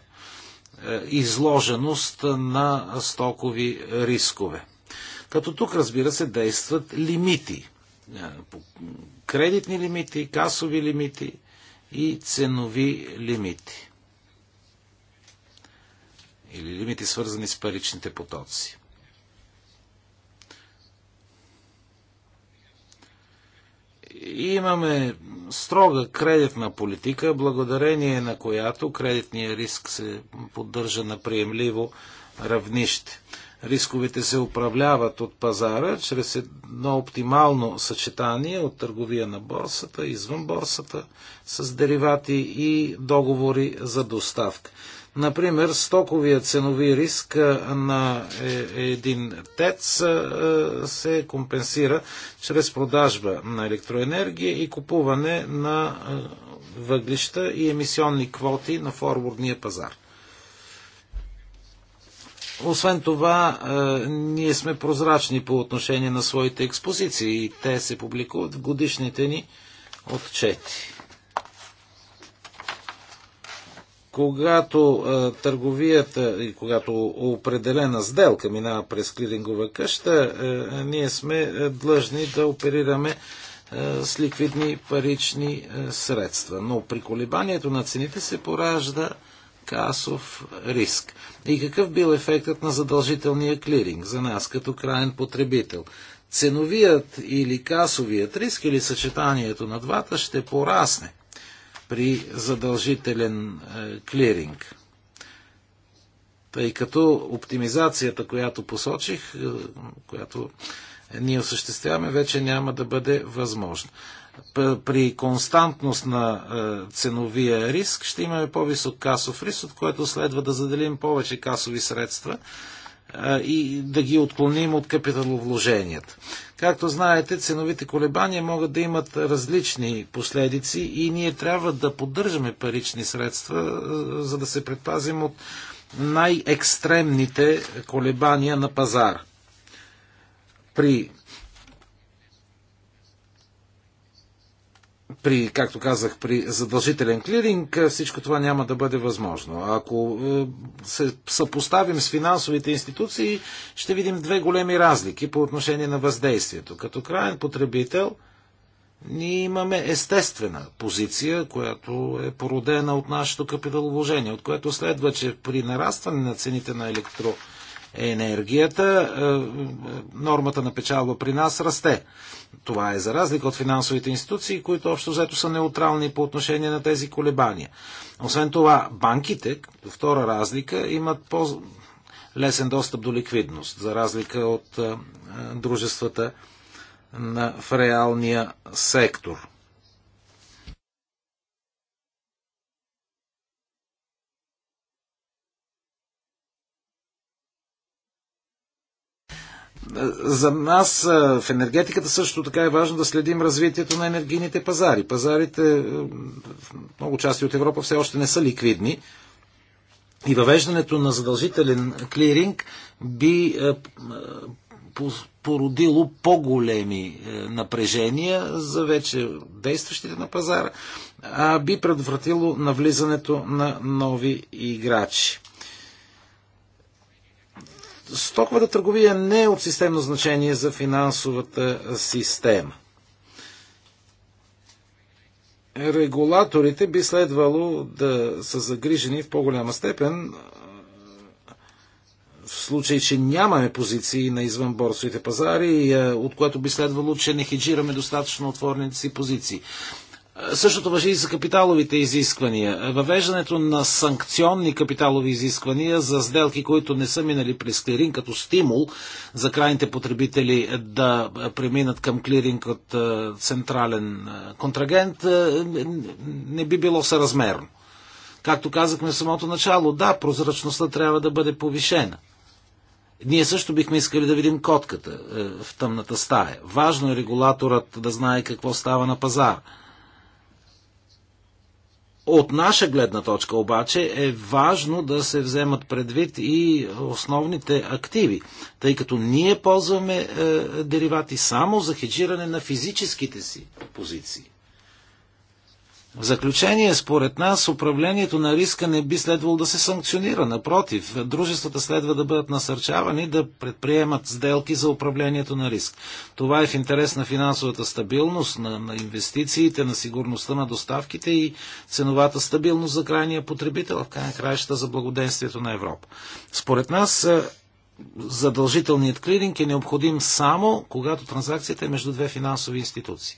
Speaker 1: е, изложеност на стокови рискове. Като тук, разбира се, действат лимити. Е, кредитни лимити, касови лимити и ценови лимити. Или лимити свързани с паричните потоци. Имаме строга кредитна политика, благодарение на която кредитния риск се поддържа на приемливо равнище. Рисковете се управляват от пазара чрез едно оптимално съчетание от търговия на борсата, извън борсата, с деривати и договори за доставка. Например, стоковия ценови риск на е, един ТЕЦ се компенсира чрез продажба на електроенергия и купуване на въглища и емисионни квоти на форвардния пазар. Освен това, ние сме прозрачни по отношение на своите експозиции и те се публикуват в годишните ни отчети. когато а, търговията и когато определена сделка минава през клирингова къща, а, ние сме длъжни да оперираме а, с ликвидни парични а, средства. Но при колебанието на цените се поражда касов риск. И какъв бил ефектът на задължителния клиринг за нас като крайен потребител? Ценовият или касовият риск или съчетанието на двата ще порасне – при задължителен е, клиринг. Тъй като оптимизацията, която посочих, е, която ние осъществяваме, вече няма да бъде възможна. При константност на е, ценовия риск ще имаме по-висок касов риск, от което следва да заделим повече касови средства и да ги отклоним от капиталовложенията. Както знаете, ценовите колебания могат да имат различни последици и ние трябва да поддържаме парични средства, за да се предпазим от най-екстремните колебания на пазара. При при, както казах, при задължителен клиринг всичко това няма да бъде възможно. Ако е, се съпоставим с финансовите институции, ще видим две големи разлики по отношение на въздействието. Като крайен потребител, ние имаме естествена позиция, която е породена от нашето капиталовложение, от което следва, че при нарастване на цените на електро енергията, е, нормата на печалба при нас расте. Това е за разлика от финансовите институции, които общо взето са неутрални по отношение на тези колебания. Освен това, банките, втора разлика, имат по- лесен достъп до ликвидност, за разлика от е, е, дружествата в реалния сектор. За нас в енергетиката също така е важно да следим развитието на енергийните пазари. Пазарите в много части от Европа все още не са ликвидни. И въвеждането на задължителен клиринг би породило по-големи напрежения за вече действащите на пазара, а би предотвратило навлизането на нови играчи стоковата търговия не е от системно значение за финансовата система. Регулаторите би следвало да са загрижени в по-голяма степен в случай, че нямаме позиции на извънборсовите пазари, от което би следвало, че не хеджираме достатъчно отворените си позиции. Същото въжи и за капиталовите изисквания. Въвеждането на санкционни капиталови изисквания за сделки, които не са минали през клиринг, като стимул за крайните потребители да преминат към клиринг от е, централен е, контрагент, е, не би било съразмерно. Както казахме в самото начало, да, прозрачността трябва да бъде повишена. Ние също бихме искали да видим котката в тъмната стая. Важно е регулаторът да знае какво става на пазара – от наша гледна точка обаче е важно да се вземат предвид и основните активи, тъй като ние ползваме е, деривати само за хеджиране на физическите си позиции. В заключение, според нас, управлението на риска не би следвало да се санкционира. Напротив, дружествата следва да бъдат насърчавани да предприемат сделки за управлението на риск. Това е в интерес на финансовата стабилност, на, на инвестициите, на сигурността на доставките и ценовата стабилност за крайния потребител, в крайна краища за благоденствието на Европа. Според нас, е, задължителният клиринг е необходим само когато транзакцията е между две финансови институции.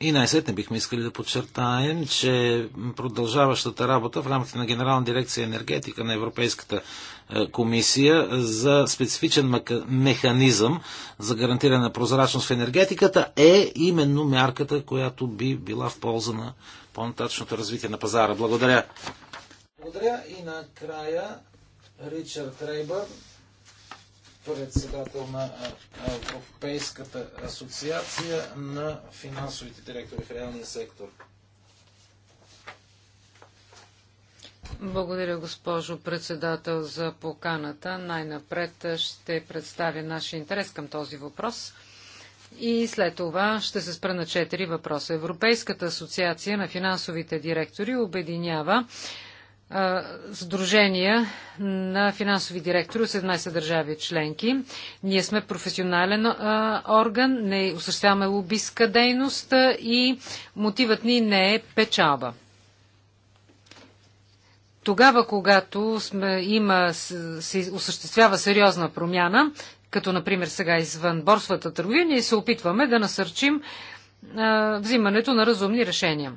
Speaker 1: И най-сетне бихме искали да подчертаем, че продължаващата работа в рамките на Генерална дирекция енергетика на Европейската е, комисия за специфичен механизъм за гарантиране на прозрачност в енергетиката е именно мярката, която би била в полза на по-нататъчното развитие на пазара. Благодаря. Благодаря и накрая Ричард Рейбър, председател на Европейската асоциация на финансовите директори в реалния сектор.
Speaker 3: Благодаря, госпожо председател, за поканата. Най-напред ще представя нашия интерес към този въпрос. И след това ще се спра на четири въпроса. Европейската асоциация на финансовите директори обединява Сдружения на финансови директори от 17 държави членки. Ние сме професионален а, орган, не осъществяваме лобистка дейност а, и мотивът ни не е печалба. Тогава, когато сме, има, се осъществява сериозна промяна, като например сега извън борсвата търговия, ние се опитваме да насърчим а, взимането на разумни решения.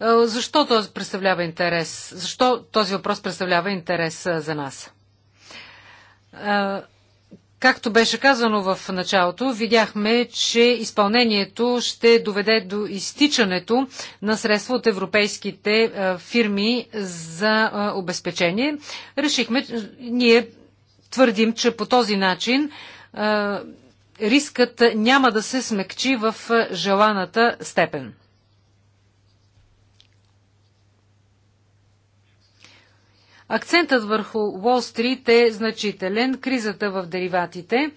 Speaker 3: Защо този представлява интерес? Защо този въпрос представлява интерес за нас? Както беше казано в началото, видяхме, че изпълнението ще доведе до изтичането на средства от европейските фирми за обезпечение. Решихме, ние твърдим, че по този начин рискът няма да се смекчи в желаната степен. Акцентът върху Уолл Стрит е значителен. Кризата в дериватите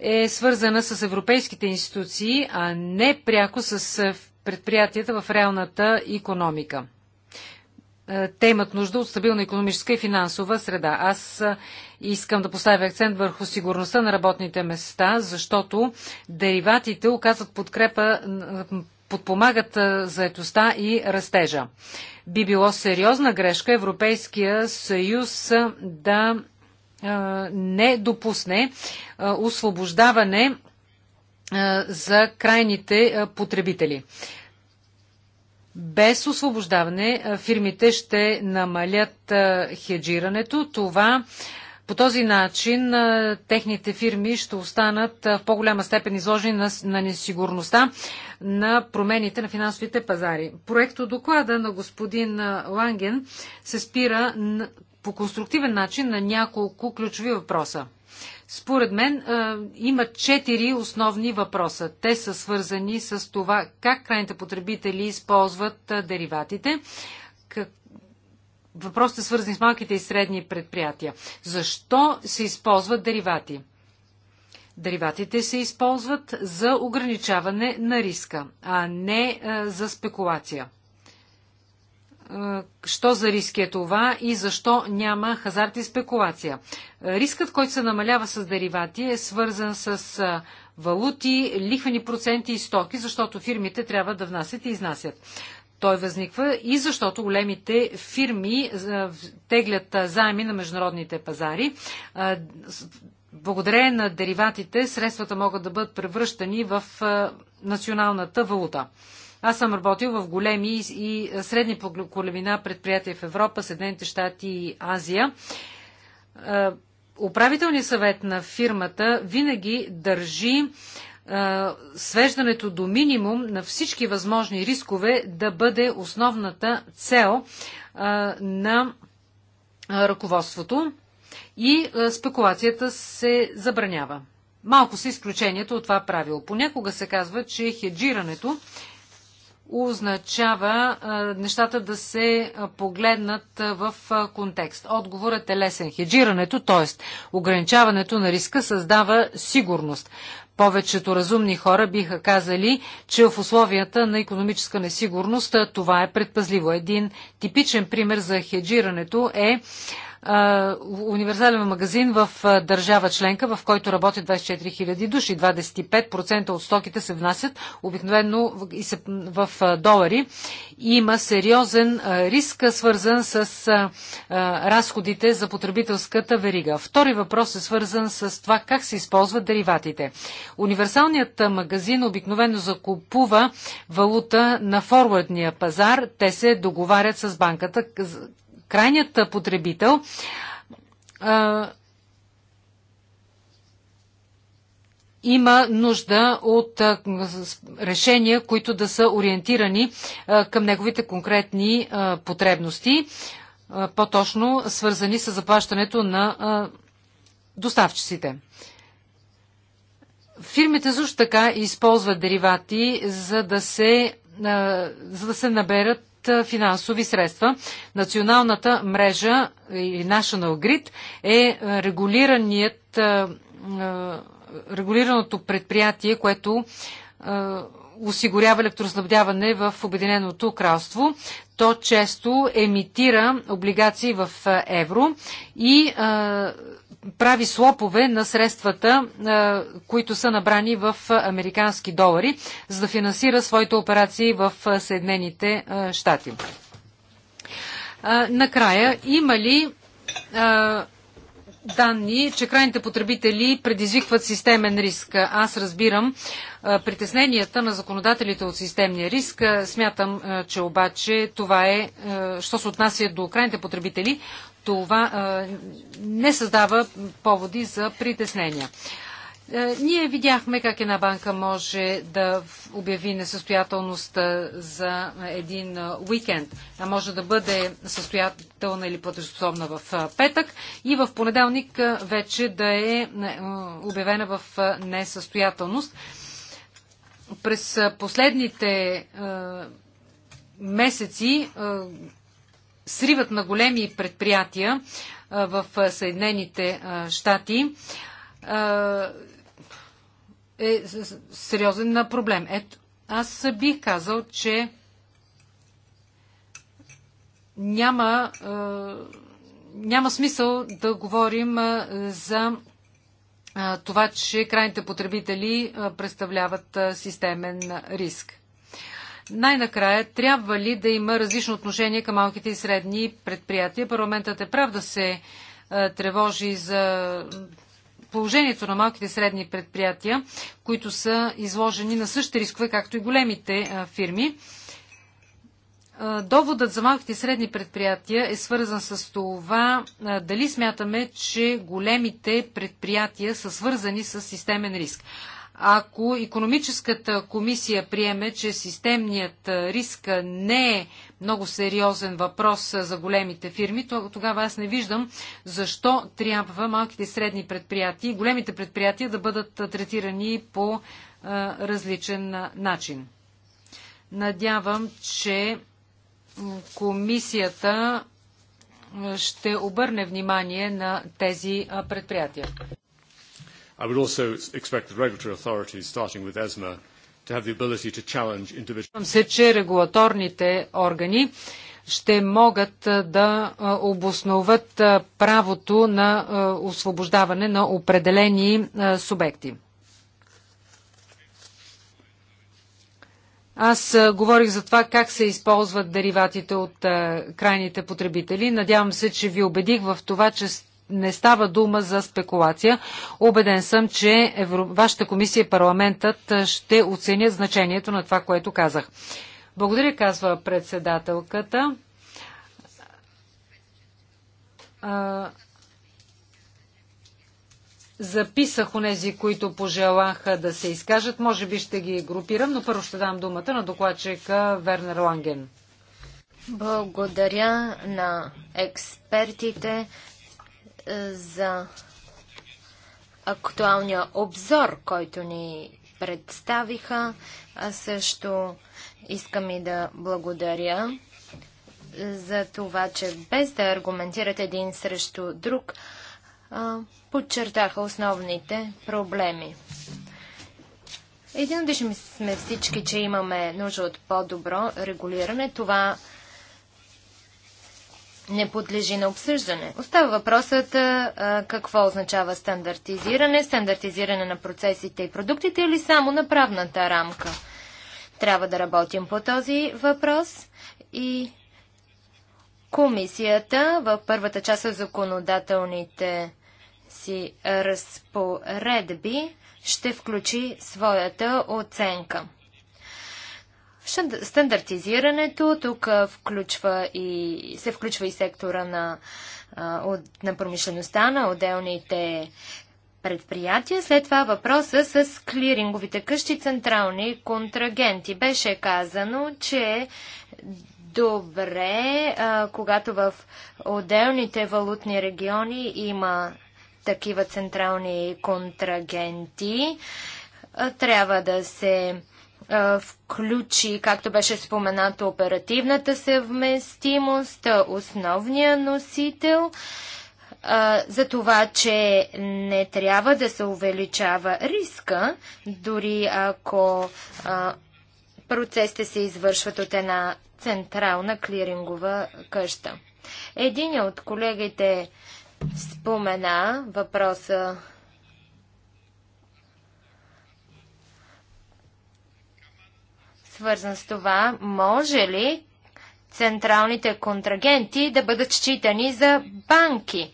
Speaker 3: е свързана с европейските институции, а не пряко с предприятията в реалната економика. Е, те имат нужда от стабилна економическа и финансова среда. Аз искам да поставя акцент върху сигурността на работните места, защото дериватите оказват подкрепа, подпомагат заетостта и растежа би било сериозна грешка Европейския съюз да не допусне освобождаване за крайните потребители. Без освобождаване фирмите ще намалят хеджирането. Това по този начин техните фирми ще останат в по-голяма степен изложени на, на несигурността на промените на финансовите пазари. Проекто доклада на господин Ланген се спира по конструктивен начин на няколко ключови въпроса. Според мен има четири основни въпроса. Те са свързани с това как крайните потребители използват дериватите, въпросите свързани с малките и средни предприятия. Защо се използват деривати? Дериватите се използват за ограничаване на риска, а не е, за спекулация. Е, що за риски е това и защо няма хазарт и спекулация? Е, рискът, който се намалява с деривати е свързан с валути, лихвени проценти и стоки, защото фирмите трябва да внасят и изнасят той възниква и защото големите фирми теглят заеми на международните пазари. Благодарение на дериватите, средствата могат да бъдат превръщани в националната валута. Аз съм работил в големи и средни по големина предприятия в Европа, Съединените щати и Азия. Управителният съвет на фирмата винаги държи свеждането до минимум на всички възможни рискове да бъде основната цел на ръководството и спекулацията се забранява. Малко са изключението от това правило. Понякога се казва, че хеджирането означава нещата да се погледнат в контекст. Отговорът е лесен. Хеджирането, т.е. ограничаването на риска, създава сигурност. Повечето разумни хора биха казали, че в условията на економическа несигурност това е предпазливо. Един типичен пример за хеджирането е универсален магазин в държава членка, в който работят 24 000 души. 25% от стоките се внасят обикновено в долари. Има сериозен риск, свързан с разходите за потребителската верига. Втори въпрос е свързан с това как се използват дериватите. Универсалният магазин обикновено закупува валута на форвардния пазар. Те се договарят с банката крайният потребител а, има нужда от а, решения, които да са ориентирани а, към неговите конкретни потребности, по-точно свързани с заплащането на доставчиците. Фирмите също така използват деривати, за да се, за да се наберат финансови средства. Националната мрежа или National Grid е регулираният, регулираното предприятие, което осигурява електроснабдяване в Обединеното кралство. То често емитира облигации в евро и прави слопове на средствата, е, които са набрани в американски долари, за да финансира своите операции в е, Съединените е, щати. Накрая, има ли данни, че крайните потребители предизвикват системен риск. Аз разбирам притесненията на законодателите от системния риск. Смятам, че обаче това е, що се отнася до крайните потребители, това а, не създава поводи за притеснения. Ние видяхме как една банка може да обяви несъстоятелност за един уикенд. А може да бъде състоятелна или платежоспособна в петък и в понеделник вече да е обявена в несъстоятелност. През последните месеци Сриват на големи предприятия в Съединените щати е сериозен проблем. Ето, аз бих казал, че няма, няма смисъл да говорим за това, че крайните потребители представляват системен риск. Най-накрая, трябва ли да има различно отношение към малките и средни предприятия? Парламентът е прав да се е, тревожи за положението на малките и средни предприятия, които са изложени на същите рискове, както и големите е, фирми. Е, доводът за малките и средни предприятия е свързан с това дали смятаме, че големите предприятия са свързани с системен риск. Ако економическата комисия приеме, че системният риск не е много сериозен въпрос за големите фирми, тогава аз не виждам защо трябва малките и средни предприятия и големите предприятия да бъдат третирани по различен начин. Надявам, че комисията ще обърне внимание на тези предприятия. I would also expect the regulatory authorities, starting with ESMA, to have the ability to challenge individual... се, че регулаторните органи ще могат да обосноват правото на освобождаване на определени субекти. Аз говорих за това как се използват дериватите от крайните потребители. Надявам се, че ви убедих в това, че не става дума за спекулация. Обеден съм, че Евро... вашата комисия и парламентът ще оценят значението на това, което казах. Благодаря, казва председателката. А... Записах нези, които пожелаха да се изкажат. Може би ще ги групирам, но първо ще дам думата на докладчика Вернер Ланген.
Speaker 2: Благодаря на експертите за актуалния обзор, който ни представиха. аз също искам и да благодаря за това, че без да аргументират един срещу друг, подчертаха основните проблеми. Единодушни сме всички, че имаме нужда от по-добро регулиране. Това не подлежи на обсъждане. Остава въпросът а, какво означава стандартизиране, стандартизиране на процесите и продуктите или само на правната рамка. Трябва да работим по този въпрос и комисията в първата част от законодателните си разпоредби ще включи своята оценка. Стандартизирането тук включва и, се включва и сектора на, на промишлеността на отделните предприятия. След това въпроса с клиринговите къщи, централни контрагенти. Беше казано, че добре, когато в отделните валутни региони има такива централни контрагенти, трябва да се включи, както беше споменато, оперативната съвместимост, основния носител, за това, че не трябва да се увеличава риска, дори ако процесите се извършват от една централна клирингова къща. Един от колегите спомена въпроса свързан с това, може ли централните контрагенти да бъдат считани за банки.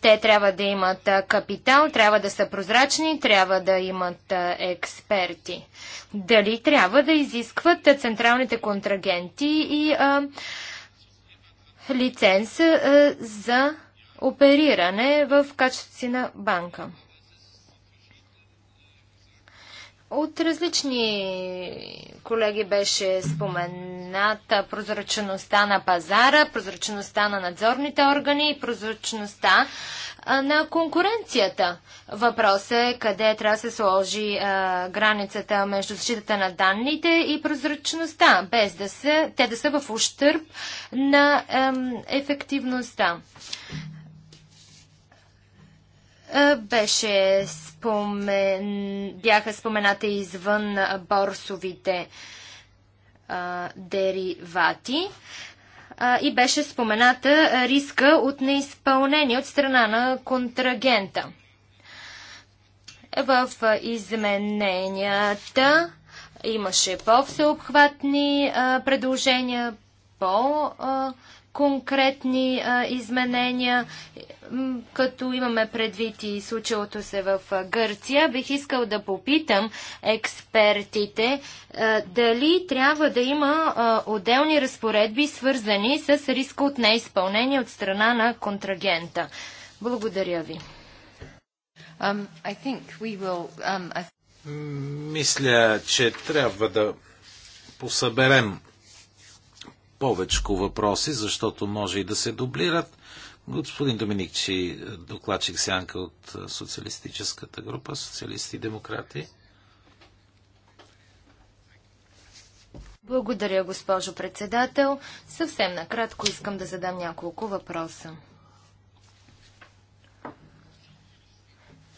Speaker 2: те трябва да имат капитал, трябва да са прозрачни, трябва да имат експерти. Дали трябва да изискват централните контрагенти и а, лиценз а, за опериране в качеството си на банка? От различни колеги беше спомената прозрачността на пазара, прозрачността на надзорните органи и прозрачността на конкуренцията. Въпросът е къде трябва да се сложи а, границата между защитата на данните и прозрачността, без да се, те да са в ущърп на ем, ефективността. Е, беше спомен... бяха спомената извън борсовите а, е, деривати а, е, и беше спомената риска от неизпълнение от страна на контрагента. В измененията имаше по-всеобхватни предложения, по- а, конкретни а, изменения, като имаме предвид и случилото се в Гърция. Бих искал да попитам експертите а, дали трябва да има а, отделни разпоредби, свързани с риска от неизпълнение от страна на контрагента. Благодаря ви. Um, will, um, I...
Speaker 1: Мисля, че трябва да посъберем повечко въпроси, защото може и да се дублират. Господин Доминикчи, докладчик Сянка от социалистическата група, социалисти и демократи.
Speaker 2: Благодаря, госпожо председател. Съвсем накратко искам да задам няколко въпроса.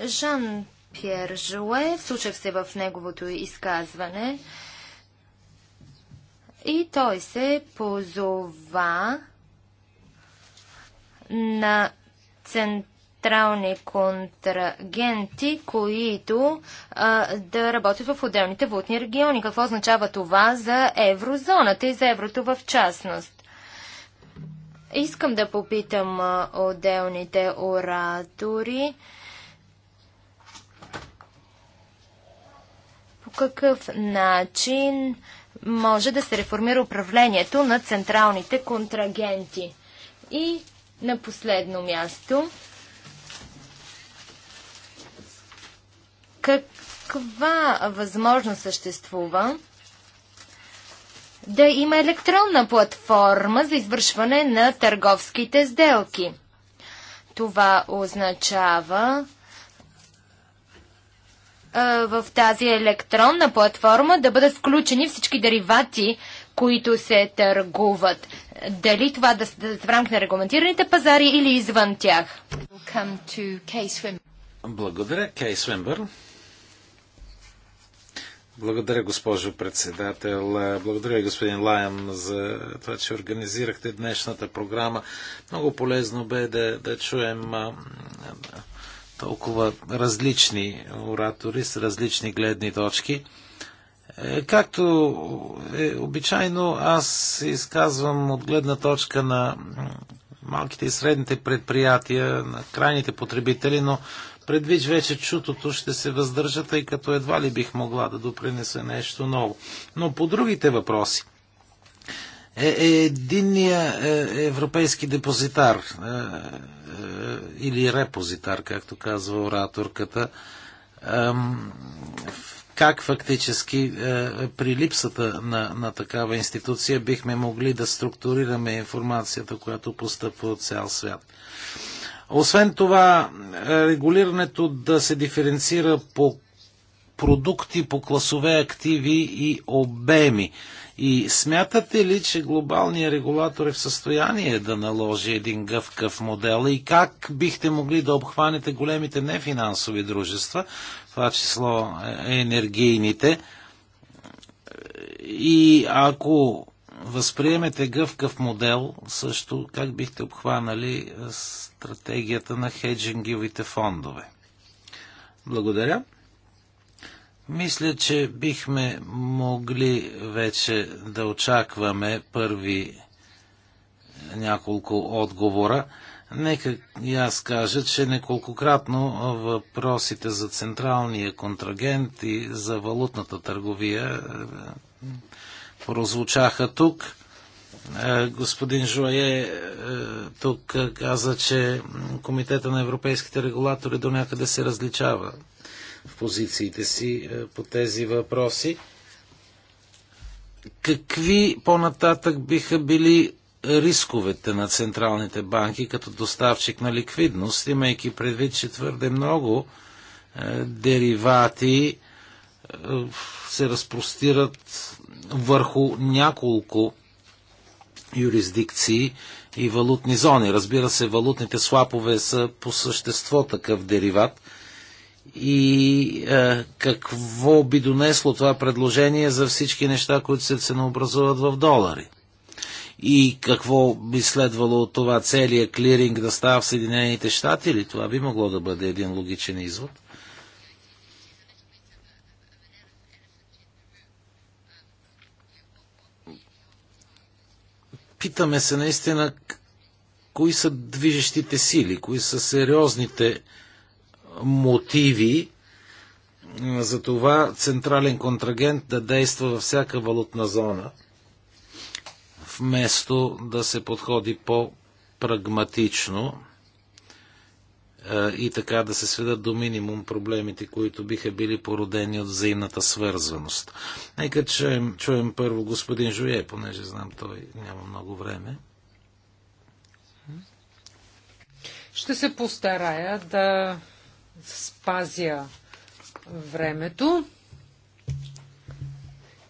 Speaker 2: Жан Пьер Жуе, слушах се в неговото изказване, и той се позова на централни контрагенти, които а, да работят в отделните валутни региони. Какво означава това за еврозоната и за еврото в частност? Искам да попитам а, отделните оратори. По какъв начин може да се реформира управлението на централните контрагенти. И на последно място, каква възможност съществува да има електронна платформа за извършване на търговските сделки? Това означава в тази електронна платформа да бъдат включени всички деривати, които се търгуват. Дали това да са в рамките на регламентираните пазари или извън тях?
Speaker 1: Благодаря, Кей Свинбър. Благодаря, госпожо председател. Благодаря, господин Лайъм, за това, че организирахте днешната програма. Много полезно бе да, да чуем толкова различни оратори с различни гледни точки. Е, както е обичайно, аз изказвам от гледна точка на малките и средните предприятия, на крайните потребители, но предвид вече чутото ще се въздържа, тъй като едва ли бих могла да допринеса нещо ново. Но по другите въпроси, е, е Единния е, европейски депозитар е, или репозитар, както казва ораторката, как фактически при липсата на, на такава институция бихме могли да структурираме информацията, която постъпва от цял свят. Освен това, регулирането да се диференцира по продукти по класове активи и обеми. И смятате ли, че глобалният регулатор е в състояние да наложи един гъвкав модел и как бихте могли да обхванете големите нефинансови дружества, това число е, енергийните? И ако възприемете гъвкав модел, също как бихте обхванали е, стратегията на хеджинговите фондове? Благодаря. Мисля, че бихме могли вече да очакваме първи е, няколко отговора. Нека и аз кажа, че неколкократно въпросите за централния контрагент и за валутната търговия е, прозвучаха тук. Е, господин Жуае тук каза, че Комитета на европейските регулатори до някъде се различава в позициите си е, по тези въпроси. Какви по-нататък биха били рисковете на централните банки като доставчик на ликвидност, имайки предвид, че твърде много е, деривати е, се разпростират върху няколко юрисдикции и валутни зони. Разбира се, валутните слапове са по същество такъв дериват, и е, какво би донесло това предложение за всички неща, които се ценообразуват в долари. И какво би следвало от това целият клиринг да става в Съединените щати или Това би могло да бъде един логичен извод. Питаме се наистина кои са движещите сили, кои са сериозните мотиви за това централен контрагент да действа във всяка валутна зона, вместо да се подходи по-прагматично е, и така да се сведат до минимум проблемите, които биха били породени от взаимната свързаност. Нека чуем, чуем първо господин Жуе, понеже знам той няма много време.
Speaker 3: Ще се постарая да спазя времето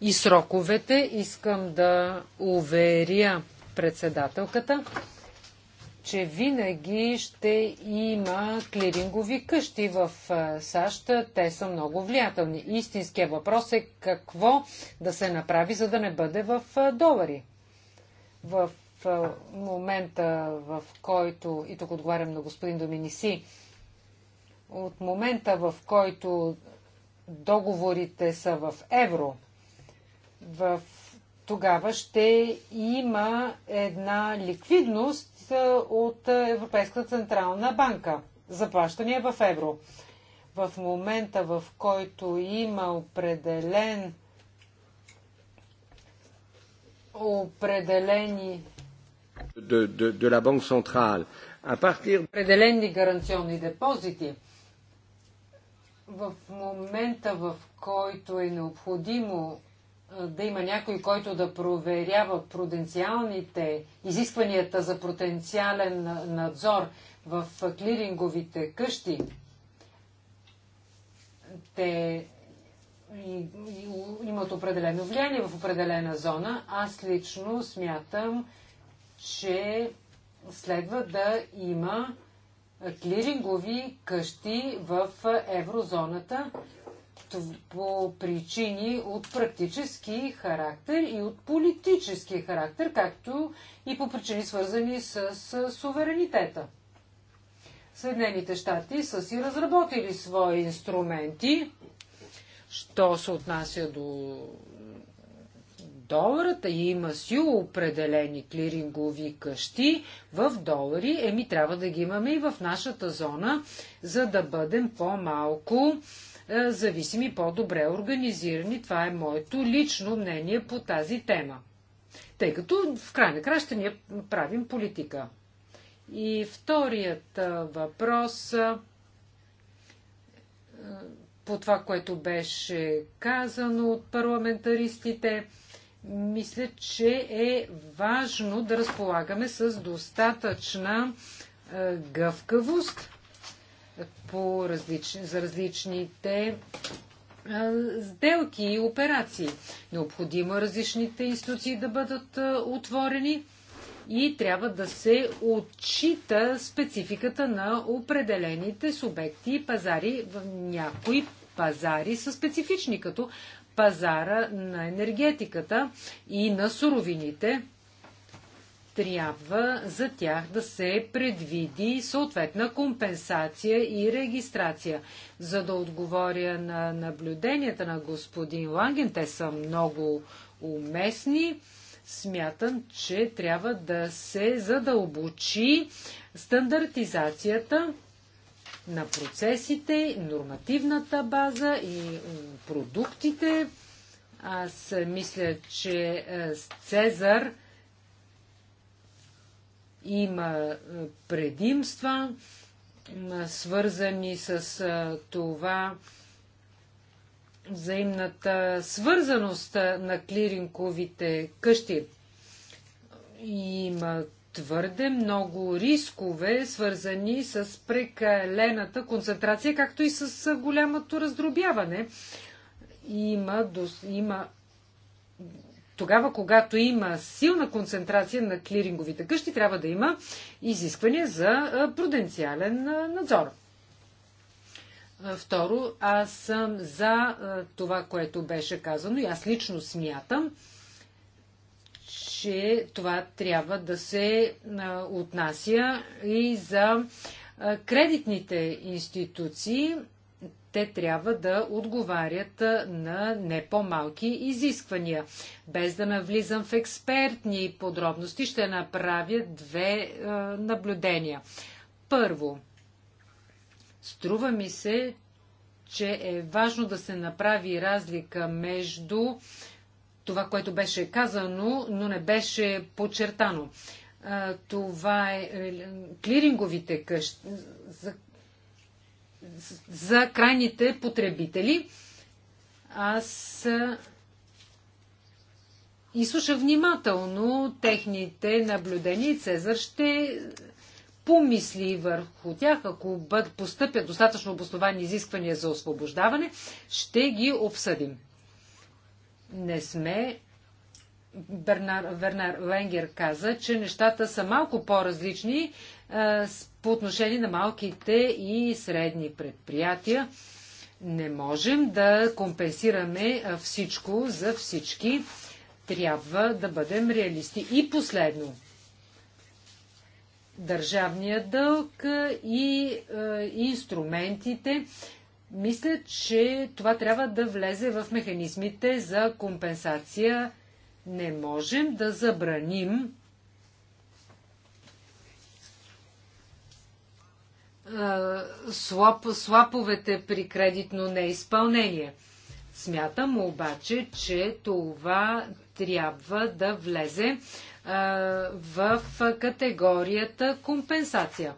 Speaker 3: и сроковете. Искам да уверя председателката, че винаги ще има клирингови къщи в САЩ. Те са много влиятелни. Истинският въпрос е какво да се направи, за да не бъде в долари. В момента, в който, и тук отговарям на господин Доминиси, от момента, в който договорите са в евро, в тогава ще има една ликвидност от Европейската централна банка. Заплащания в евро. В момента, в който има определен определени
Speaker 1: de, de, de la Banque centrale. À partir...
Speaker 3: определени гаранционни депозити, в момента, в който е необходимо да има някой, който да проверява пруденциалните изискванията за потенциален надзор в клиринговите къщи, те имат определено влияние в определена зона. Аз лично смятам, че следва да има клирингови къщи в еврозоната по причини от практически характер и от политически характер, както и по причини свързани с, суверенитета. Съединените щати са си разработили свои инструменти, що се отнася до доларата и има си определени клирингови къщи в долари, еми трябва да ги имаме и в нашата зона, за да бъдем по-малко е, зависими, по-добре организирани. Това е моето лично мнение по тази тема. Тъй като в крайна края ще ние правим политика. И вторият е, въпрос е, по това, което беше казано от парламентаристите – мисля, че е важно да разполагаме с достатъчна е, гъвкавост по различни, за различните е, сделки и операции. Необходимо е различните институции да бъдат отворени и трябва да се отчита спецификата на определените субекти и пазари. В някои пазари са специфични, като пазара на енергетиката и на суровините. Трябва за тях да се предвиди съответна компенсация и регистрация. За да отговоря на наблюденията на господин Ланген, те са много уместни смятам, че трябва да се задълбочи стандартизацията на процесите, нормативната база и продуктите. Аз мисля, че е, Цезар има е, предимства, свързани с е, това взаимната свързаност на клиринковите къщи. Има твърде много рискове, свързани с прекалената концентрация, както и с голямото раздробяване. Има, има тогава, когато има силна концентрация на клиринговите къщи, трябва да има изисквания за пруденциален надзор. Второ, аз съм за това, което беше казано и аз лично смятам, че това трябва да се отнася и за кредитните институции. Те трябва да отговарят на не по-малки изисквания. Без да навлизам в експертни подробности, ще направя две наблюдения. Първо, струва ми се, че е важно да се направи разлика между това, което беше казано, но не беше подчертано. Това е, е клиринговите къщи за, за крайните потребители. Аз изслушах внимателно техните наблюдения и Цезар ще помисли върху тях, ако бъд, постъпят достатъчно обосновани изисквания за освобождаване, ще ги обсъдим не сме. Бернар, Бернар Ленгер каза, че нещата са малко по-различни по отношение на малките и средни предприятия. Не можем да компенсираме всичко за всички. Трябва да бъдем реалисти. И последно. Държавният дълг и, и инструментите мисля, че това трябва да влезе в механизмите за компенсация. Не можем да забраним слаб, слаповете при кредитно неизпълнение. Смятам обаче, че това трябва да влезе а, в категорията компенсация.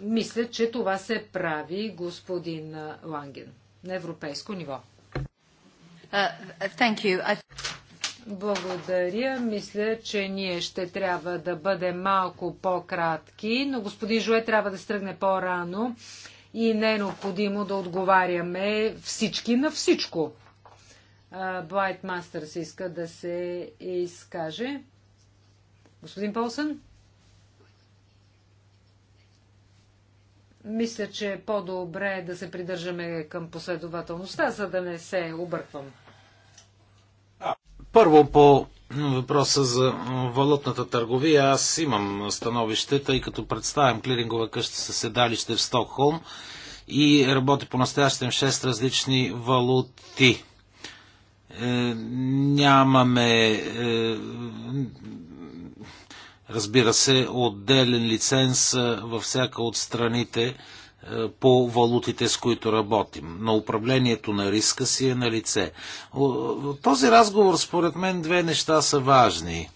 Speaker 3: Мисля, че това се прави, господин Ланген, на европейско ниво. Uh, thank you. I... Благодаря. Мисля, че ние ще трябва да бъдем малко по-кратки, но господин Жуе трябва да стръгне по-рано и не е необходимо да отговаряме всички на всичко. Блайт се иска да се изкаже. Господин Полсън? Мисля, че е по-добре да се придържаме към последователността, за да не се обърквам.
Speaker 1: Първо по въпроса за валутната търговия. Аз имам становище, тъй като представям клирингова къща със седалище в Стокхолм и работи по настоящем 6 различни валути. Е, нямаме е, Разбира се, отделен лиценз във всяка от страните по валутите, с които работим. На управлението на риска си е на лице. Този разговор, според мен, две неща са важни.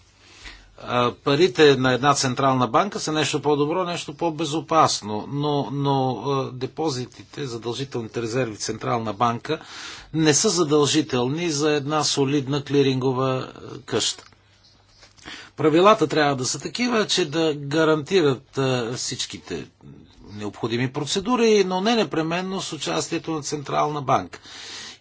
Speaker 1: Парите на една централна банка са нещо по-добро, нещо по-безопасно, но, но депозитите, задължителните резерви в централна банка не са задължителни за една солидна клирингова къща. Правилата трябва да са такива, че да гарантират всичките необходими процедури, но не непременно с участието на Централна банка.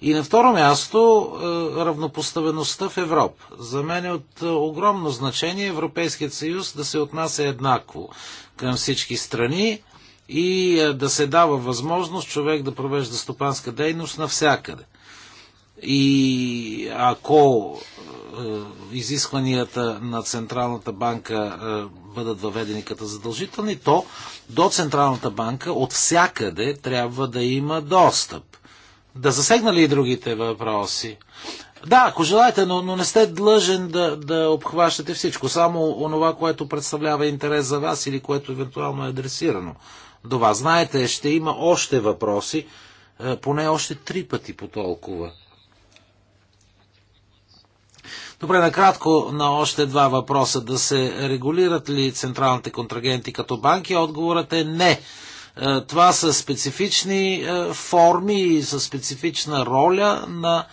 Speaker 1: И на второ място равнопоставеността в Европа. За мен е от огромно значение Европейският съюз да се отнася еднакво към всички страни и да се дава възможност човек да провежда стопанска дейност навсякъде. И ако е, изискванията на Централната банка е, бъдат въведени като задължителни, то до Централната банка от всякъде трябва да има достъп. Да засегна ли и другите въпроси? Да, ако желаете, но, но не сте длъжен да, да обхващате всичко. Само онова, което представлява интерес за вас или което евентуално е адресирано до вас. Знаете, ще има още въпроси, е, поне още три пъти по толкова. Добре, накратко на още два въпроса. Да се регулират ли централните контрагенти като банки? Отговорът е не. Е, това са специфични е, форми и са специфична роля на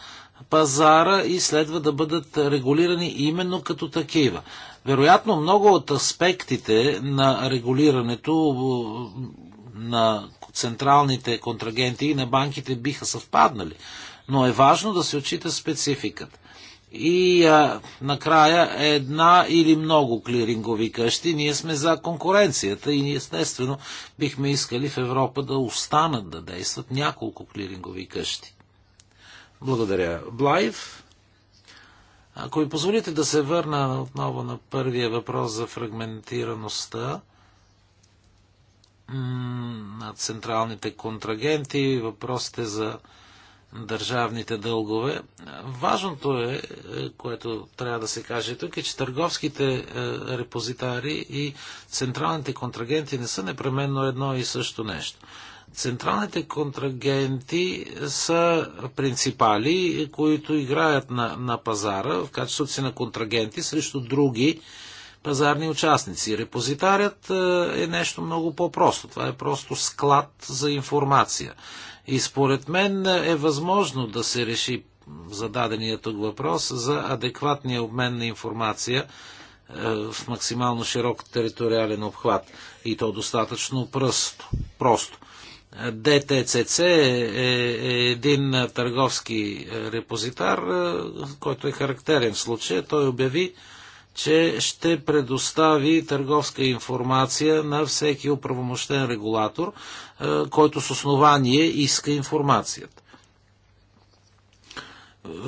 Speaker 1: пазара и следва да бъдат регулирани именно като такива. Вероятно, много от аспектите на регулирането е, на централните контрагенти и на банките биха съвпаднали, но е важно да се отчита спецификата и а, накрая една или много клирингови къщи. Ние сме за конкуренцията и естествено бихме искали в Европа да останат да действат няколко клирингови къщи. Благодаря. Блайв, ако ми позволите да се върна отново на първия въпрос за фрагментираността на централните контрагенти, въпросите за държавните дългове. Важното е, е, което трябва да се каже тук, е, че търговските е, репозитари и централните контрагенти не са непременно едно и също нещо. Централните контрагенти са принципали, е, които играят на, на пазара в качеството си на контрагенти срещу други пазарни участници. Репозитарят е нещо много по-просто. Това е просто склад за информация. И според мен е възможно да се реши зададения тук въпрос за адекватния обмен на информация е, в максимално широк териториален обхват. И то достатъчно пръсто, просто. ДТЦЦ е, е, е един търговски репозитар, който е характерен в случая. Той обяви, че ще предостави търговска информация на всеки оправомощен регулатор е, който с основание иска информацията.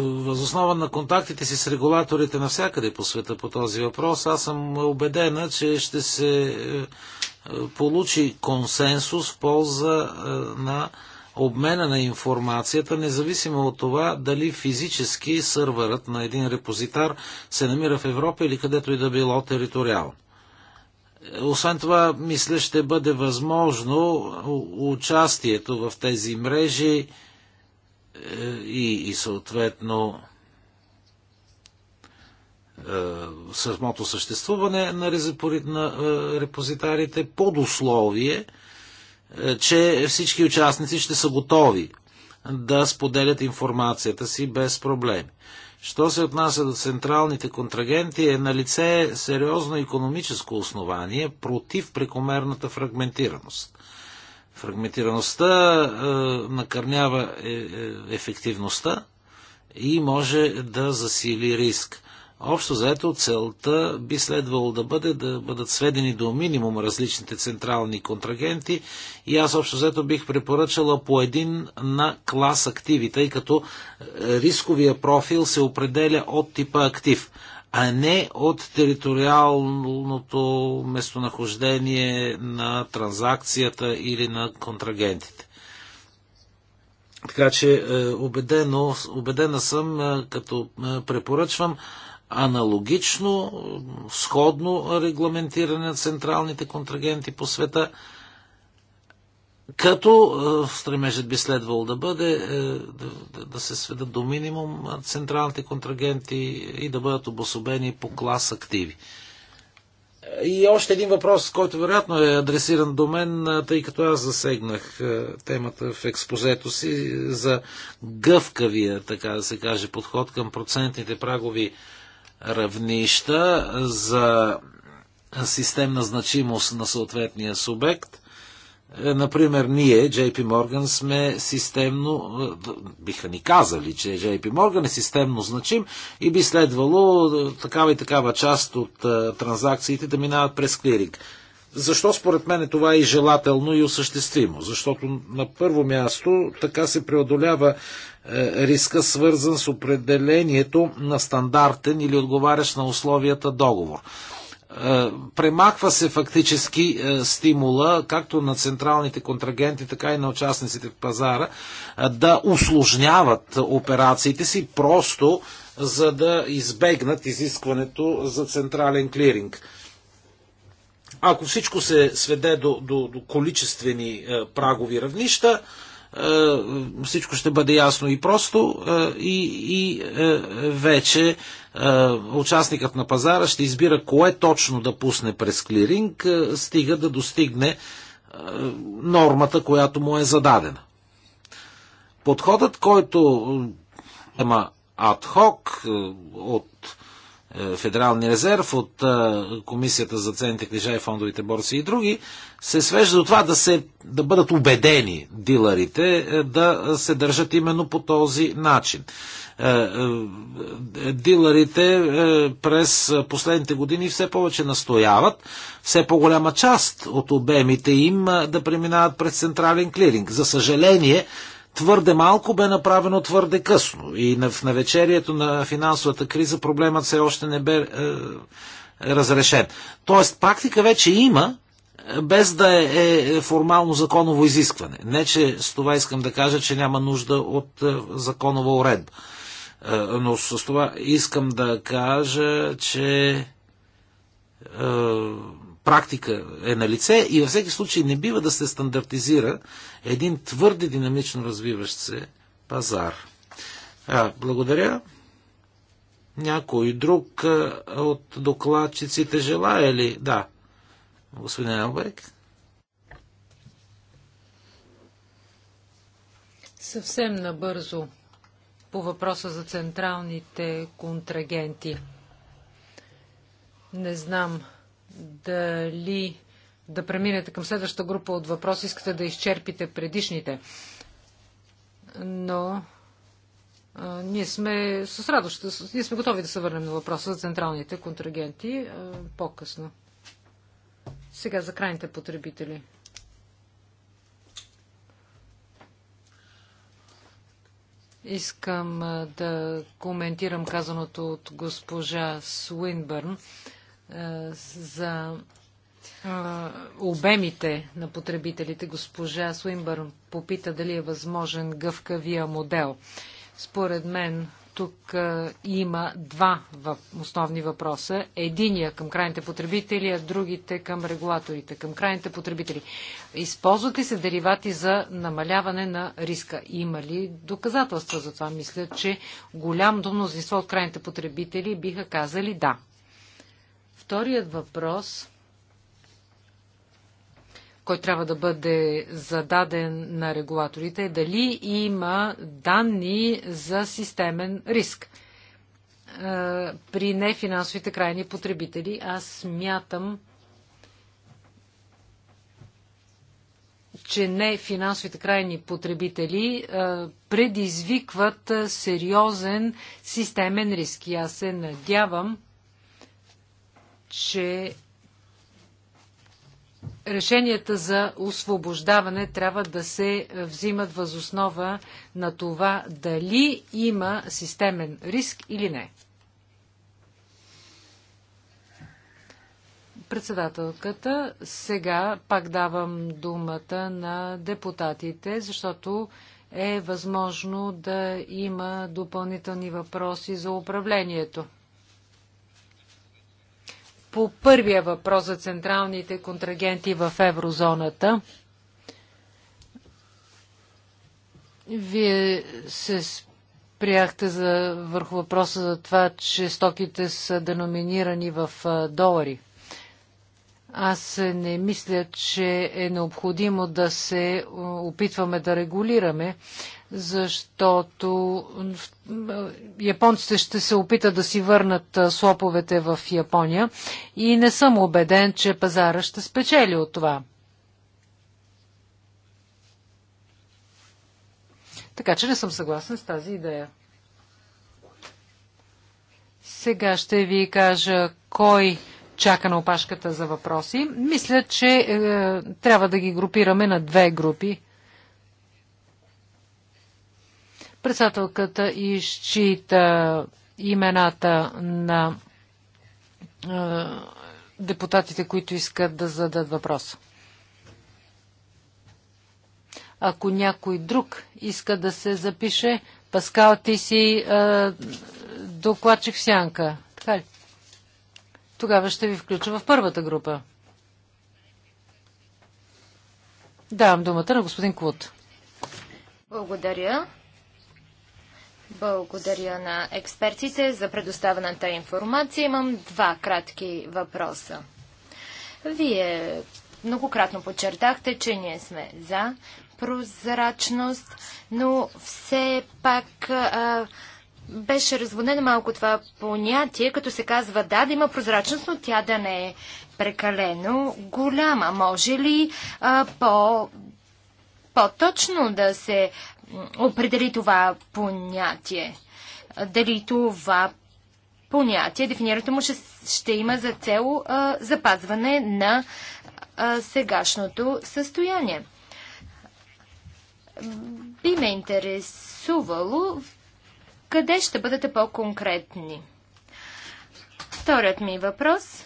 Speaker 1: Възоснова на контактите си с регулаторите навсякъде по света по този въпрос, аз съм убедена, че ще се е, получи консенсус в полза е, на обмена на информацията, независимо от това дали физически сървърът на един репозитар се намира в Европа или където и да било териториално. Освен това, мисля, ще бъде възможно участието в тези мрежи е, и, и съответно е, самото съществуване на, репози... на е, репозитарите под условие, че всички участници ще са готови да споделят информацията си без проблеми. Що се отнася до централните контрагенти, е на лице сериозно економическо основание против прекомерната фрагментираност. Фрагментираността е, накърнява е, е, ефективността и може да засили риск. Общо заето целта би следвало да бъде да бъдат сведени до минимум различните централни контрагенти и аз общо заето бих препоръчала по един на клас активи, тъй като е, рисковия профил се определя от типа актив, а не от териториалното местонахождение на транзакцията или на контрагентите. Така че е, убедено, убедена съм, е, като препоръчвам аналогично, сходно регламентиране на централните контрагенти по света, като е, стремежът би следвало да бъде е, да, да се сведат до минимум централните контрагенти и да бъдат обособени по клас активи. И още един въпрос, който вероятно е адресиран до мен, тъй като аз засегнах е, темата в експозето си за гъвкавия, така да се каже, подход към процентните прагови равнища за системна значимост на съответния субект. Е, например, ние, JP Morgan, сме системно, е, биха ни казали, че JP Morgan е системно значим и би следвало е, такава и такава част от транзакциите да минават през клиринг. Защо според мен това е и желателно и осъществимо? Защото на първо място така се преодолява е, риска, свързан с определението на стандартен или отговарящ на условията договор. Е, премахва се фактически е, стимула, както на централните контрагенти, така и на участниците в пазара, да усложняват операциите си просто за да избегнат изискването за централен клиринг ако всичко се сведе до, до, до количествени е, прагови равнища, е, всичко ще бъде ясно и просто е, и, и е, вече е, участникът на пазара ще избира кое точно да пусне през клиринг, е, стига да достигне е, нормата, която му е зададена. Подходът, който има адхок е, от Федералния резерв, от Комисията за ценните книжа и фондовите борси и други, се свежда до това да, се, да бъдат убедени дилърите е, да се държат именно по този начин. Е, е, дилърите през последните години все повече настояват все по-голяма част от обемите им да преминават през централен клиринг. За съжаление, Твърде малко бе направено твърде късно и в навечерието на финансовата криза проблемът все още не бе е, разрешен. Тоест практика вече има, е, без да е, е, е формално законово изискване. Не, че с това искам да кажа, че няма нужда от е, законова уредба. Е, но с това искам да кажа, че е, практика е на лице и във всеки случай не бива да се стандартизира един твърде динамично развиващ се пазар. А, благодаря. Някой друг от докладчиците желая ли? Да. Господин Елбек.
Speaker 3: Съвсем набързо по въпроса за централните контрагенти. Не знам дали да преминете към следващата група от въпроси, искате да изчерпите предишните. Но а, ние сме с радост, ние сме готови да се върнем на въпроса за централните контрагенти по-късно. Сега за крайните потребители. Искам да коментирам казаното от госпожа Суинбърн. Е, за е, обемите на потребителите. Госпожа Суинбърн попита дали е възможен гъвкавия модел. Според мен тук е, има два основни въпроса. Единия към крайните потребители, а другите към регулаторите, към крайните потребители. Използват ли се деривати за намаляване на риска? Има ли доказателства за това? Мисля, че голямото мнозинство от крайните потребители биха казали да. Вторият въпрос, който трябва да бъде зададен на регулаторите е дали има данни за системен риск е, при нефинансовите крайни потребители. Аз смятам, че не финансовите крайни потребители е, предизвикват сериозен системен риск. И аз се надявам, че решенията за освобождаване трябва да се взимат възоснова на това дали има системен риск или не. Председателката, сега пак давам думата на депутатите, защото е възможно да има допълнителни въпроси за управлението. По първия въпрос за централните контрагенти в еврозоната, вие се спряхте за, върху въпроса за това, че стоките са деноминирани в долари. Аз не мисля, че е необходимо да се опитваме да регулираме, защото японците ще се опитат да си върнат слоповете в Япония и не съм убеден, че пазара ще спечели от това. Така че не съм съгласен с тази идея. Сега ще ви кажа кой чака на опашката за въпроси. Мисля, че е, трябва да ги групираме на две групи. Председателката изчита имената на е, депутатите, които искат да зададат въпрос. Ако някой друг иска да се запише, Паскал, ти си е, докладчик в сянка. Тогава ще ви включа в първата група. Давам думата на господин Клут.
Speaker 2: Благодаря. Благодаря на експертите за предоставената информация. Имам два кратки въпроса. Вие многократно подчертахте, че ние сме за прозрачност, но все пак а, беше разводнено малко това понятие, като се казва да, да има прозрачност, но тя да не е прекалено голяма. Може ли а, по, по-точно да се определи това понятие? Дали това понятие, дефинирането му ще, ще има за цел а, запазване на а, сегашното състояние? Би ме интересувало къде ще бъдете по-конкретни? Вторият ми въпрос.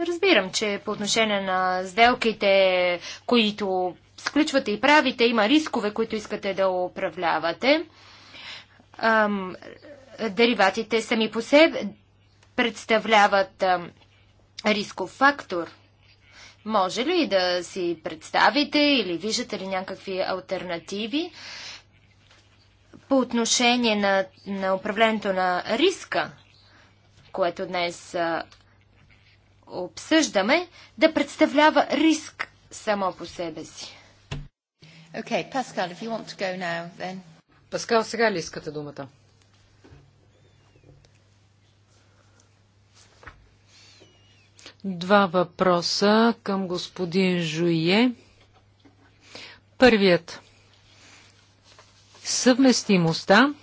Speaker 2: Разбирам, че по отношение на сделките, които сключвате и правите, има рискове, които искате да управлявате. Ам, дериватите сами по себе представляват ам, рисков фактор. Може ли да си представите или виждате ли някакви альтернативи? По отношение на, на управлението на риска, което днес а, обсъждаме, да представлява риск само по себе си. Okay, Pascal, if
Speaker 3: you want to go now, then. Паскал, сега ли искате думата? Два въпроса към господин Жуе. Първият. Съвместимостта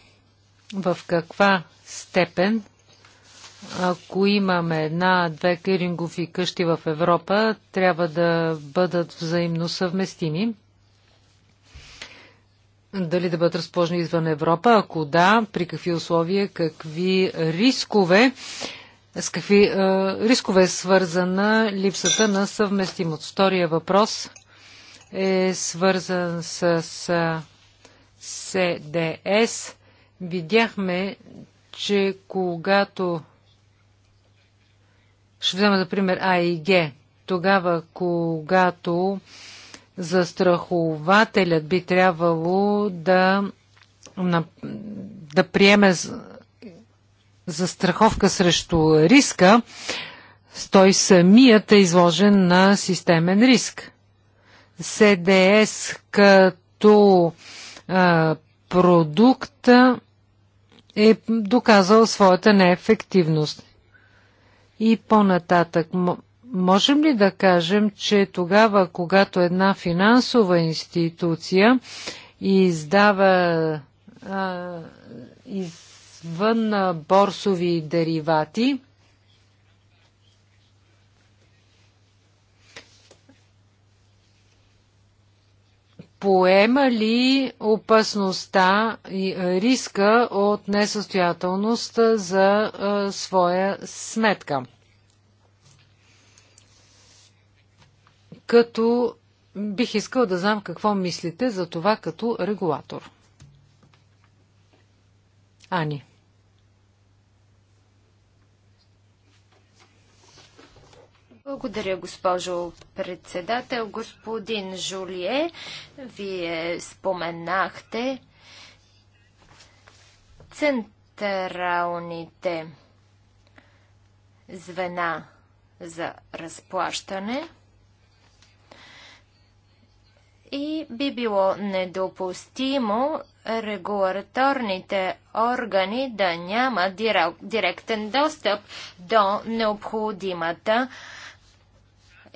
Speaker 3: в каква степен, ако имаме една-две клирингови къщи в Европа, трябва да бъдат взаимно съвместими? Дали да бъдат разположени извън Европа? Ако да, при какви условия, какви рискове, с какви е, рискове е свързана липсата на съвместимост? Втория въпрос е свързан с е, СДС, видяхме, че когато ще взема, пример А и Г, тогава, когато застрахователят би трябвало да, да приеме застраховка срещу риска, той самият е изложен на системен риск. СДС като а, продукт е доказал своята неефективност. И по-нататък, можем ли да кажем, че тогава, когато една финансова институция издава а, извън борсови деривати, поема ли опасността и риска от несъстоятелност за а, своя сметка? Като бих искал да знам какво мислите за това като регулатор. Ани.
Speaker 2: Благодаря, госпожо председател. Господин Жулие, вие споменахте централните звена за разплащане и би било недопустимо регулаторните органи да няма директен достъп до необходимата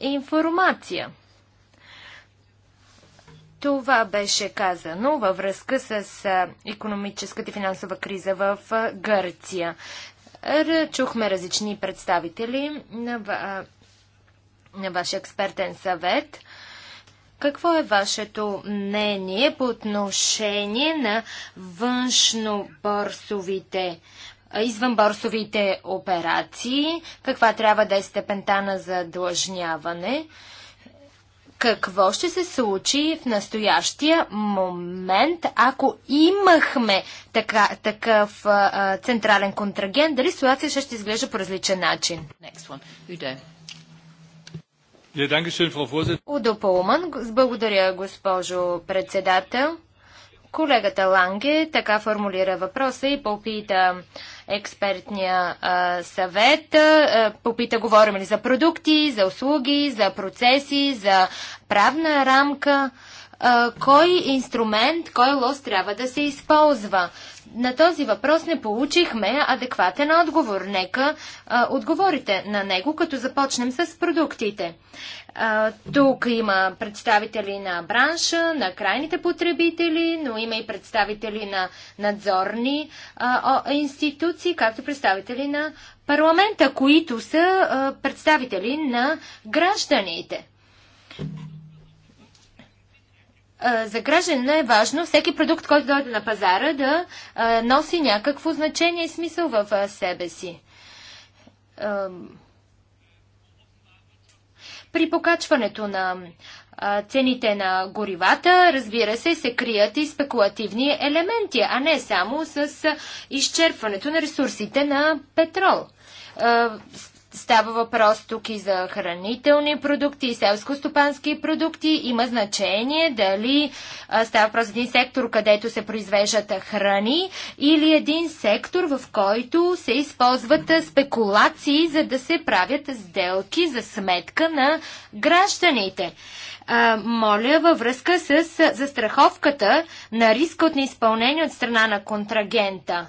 Speaker 2: информация. Това беше казано във връзка с економическата и финансова криза в Гърция. Чухме различни представители на, ва... на вашия експертен съвет. Какво е вашето мнение по отношение на външно-борсовите извънборсовите операции, каква трябва да е степента на задлъжняване, какво ще се случи в настоящия момент, ако имахме така, такъв а, централен контрагент, дали ситуация ще, ще изглежда по различен начин? Удо благодаря госпожо председател. Колегата Ланге така формулира въпроса и попита експертния а, съвет. А, попита, говорим ли за продукти, за услуги, за процеси, за правна рамка. А, кой инструмент, кой лост трябва да се използва? На този въпрос не получихме адекватен отговор. Нека а, отговорите на него, като започнем с продуктите. А, тук има представители на бранша, на крайните потребители, но има и представители на надзорни а, о, институции, както представители на парламента, които са а, представители на гражданите за гражданина е важно всеки продукт, който дойде на пазара, да носи някакво значение и смисъл в себе си. При покачването на цените на горивата, разбира се, се крият и спекулативни елементи, а не само с изчерпването на ресурсите на петрол Става въпрос тук и за хранителни продукти и селско-стопански продукти. Има значение дали става въпрос за един сектор, където се произвеждат храни или един сектор, в който се използват спекулации, за да се правят сделки за сметка на гражданите. А, моля във връзка с застраховката на риска от неизпълнение от страна на контрагента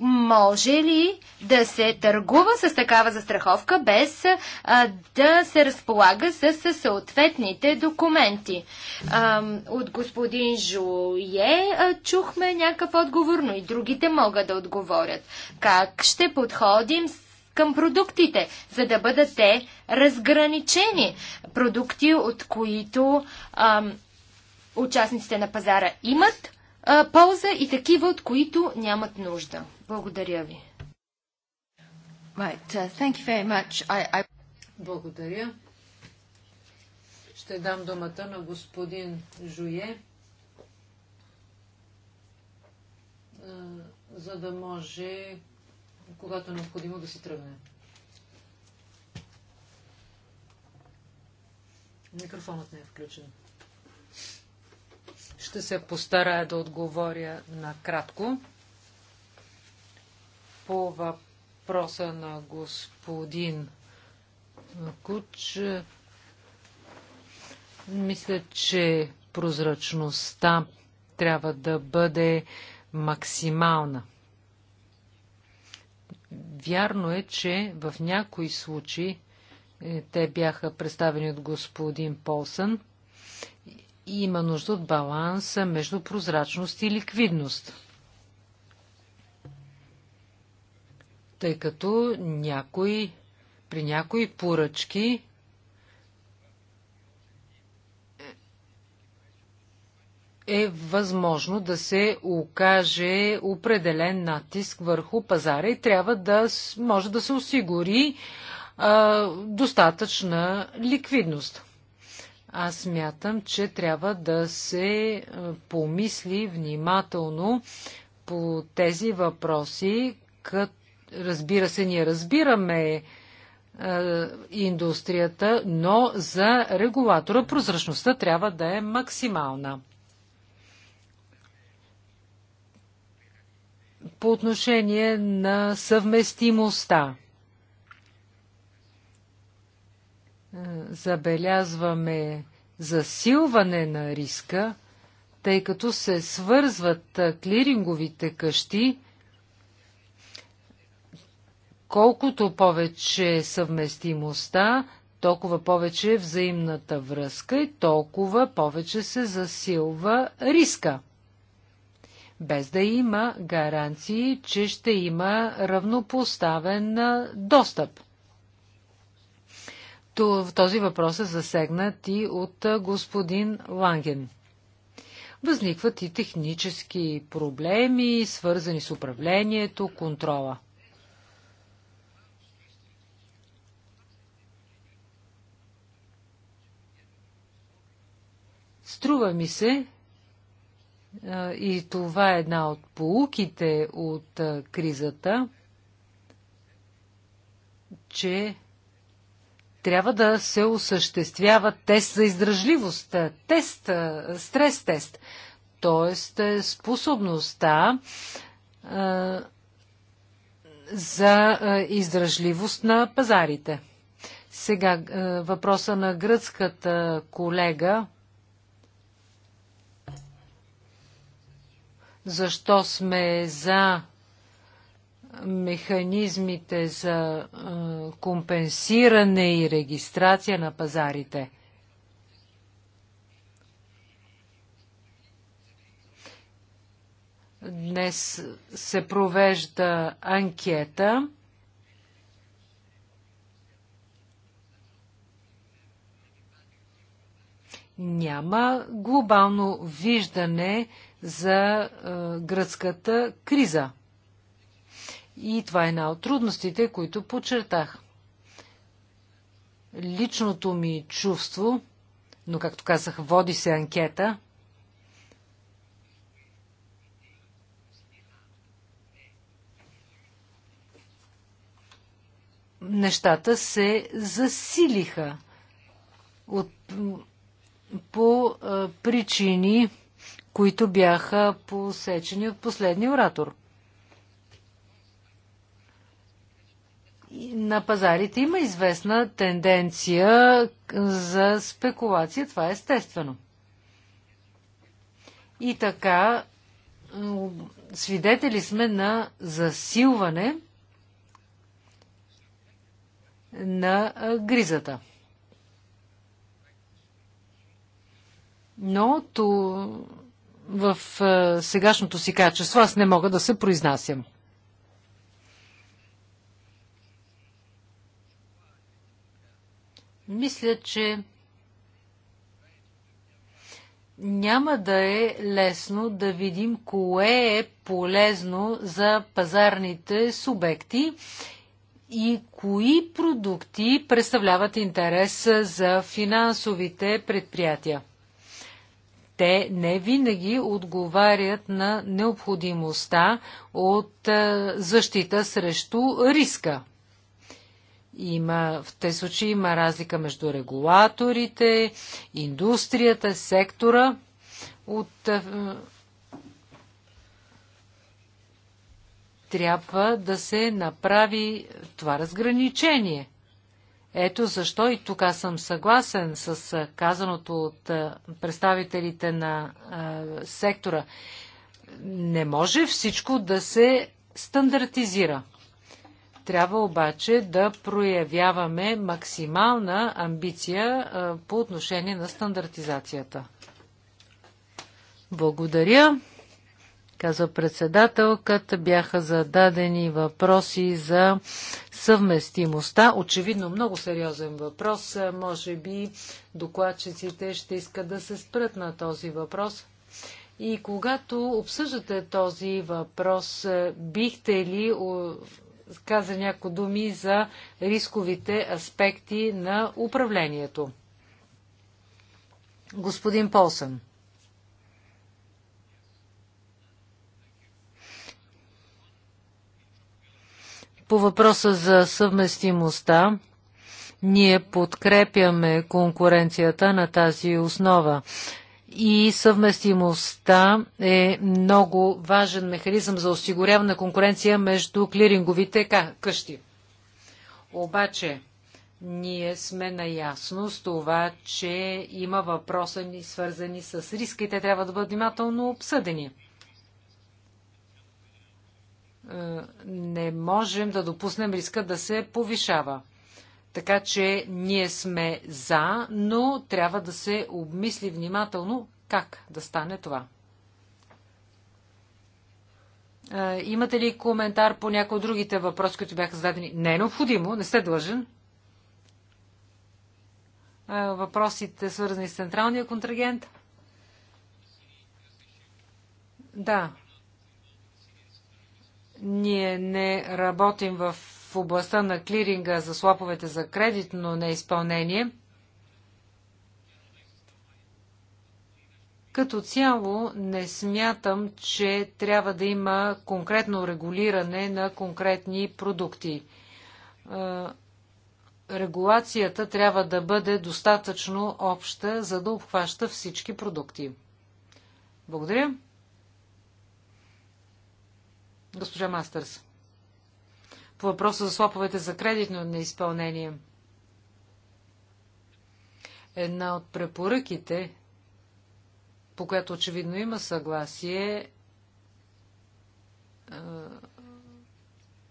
Speaker 2: може ли да се търгува с такава застраховка без а, да се разполага с, с съответните документи? А, от господин Жуе а, чухме някакъв отговор, но и другите могат да отговорят. Как ще подходим с към продуктите, за да бъдат те разграничени. Продукти, от които ам, участниците на пазара имат а, полза и такива, от които нямат нужда. Благодаря
Speaker 3: ви. Right. Uh, thank you very much. I, I... Благодаря. Ще дам думата на господин Жуе, за да може, когато е необходимо, да си тръгне. Микрофонът не е включен. Ще се постарая да отговоря накратко по въпроса на господин Куч. Мисля, че прозрачността трябва да бъде максимална. Вярно е, че в някои случаи е, те бяха представени от господин Полсън – и има нужда от баланса между прозрачност и ликвидност. Тъй като някой, при някои поръчки е възможно да се окаже определен натиск върху пазара и трябва да може да се осигури а, достатъчна ликвидност. Аз мятам, че трябва да се е, помисли внимателно по тези въпроси, като разбира се, ние разбираме е, индустрията, но за регулатора прозрачността трябва да е максимална. По отношение на съвместимостта. Е, забелязваме засилване на риска, тъй като се свързват е, клиринговите къщи, колкото повече съвместимостта, толкова повече е взаимната връзка и толкова повече се засилва риска. Без да има гаранции, че ще има равнопоставен е, достъп. Този въпрос е засегнат и от господин Ланген. Възникват и технически проблеми, свързани с управлението, контрола. Струва ми се, и това е една от полуките от кризата, че трябва да се осъществява тест за издръжливост, е, тест, е, стрес тест, т.е. способността е, за е, издръжливост на пазарите. Сега въпроса на гръцката колега. Защо сме за механизмите за компенсиране и регистрация на пазарите. Днес се провежда анкета. Няма глобално виждане за гръцката криза. И това е една от трудностите, които подчертах. Личното ми чувство, но както казах, води се анкета, нещата се засилиха от, по а, причини, които бяха посечени от последния оратор – на пазарите има известна тенденция за спекулация. Това е естествено. И така, свидетели сме на засилване на гризата. Но то в сегашното си качество аз не мога да се произнасям. Мисля, че няма да е лесно да видим кое е полезно за пазарните субекти и кои продукти представляват интерес за финансовите предприятия. Те не винаги отговарят на необходимостта от защита срещу риска. Има, в тези случаи има разлика между регулаторите, индустрията, сектора. От, трябва да се направи това разграничение. Ето защо и тук аз съм съгласен с казаното от представителите на сектора. Не може всичко да се стандартизира. Трябва обаче да проявяваме максимална амбиция по отношение на стандартизацията. Благодаря. Казва председателката, бяха зададени въпроси за съвместимостта. Очевидно много сериозен въпрос. Може би докладчиците ще искат да се спрат на този въпрос. И когато обсъждате този въпрос, бихте ли каза някои думи за рисковите аспекти на управлението. Господин Полсън. По въпроса за съвместимостта, ние подкрепяме конкуренцията на тази основа и съвместимостта е много важен механизъм за осигуряване на конкуренция между клиринговите къщи. Обаче, ние сме наясно с това, че има въпроса свързани с риска и те трябва да бъдат внимателно обсъдени. Е, не можем да допуснем риска да се повишава. Така че ние сме за, но трябва да се обмисли внимателно как да стане това. Имате ли коментар по някои от другите въпроси, които бяха зададени? Не е необходимо, не сте длъжен. Въпросите свързани с централния контрагент. Да. Ние не работим в в областта на клиринга за слаповете за кредитно неизпълнение, Като цяло не смятам, че трябва да има конкретно регулиране на конкретни продукти. Е, регулацията трябва да бъде достатъчно обща, за да обхваща всички продукти. Благодаря. Госпожа Мастърс по въпроса за слоповете за кредитно неизпълнение. Една от препоръките, по която очевидно има съгласие, е.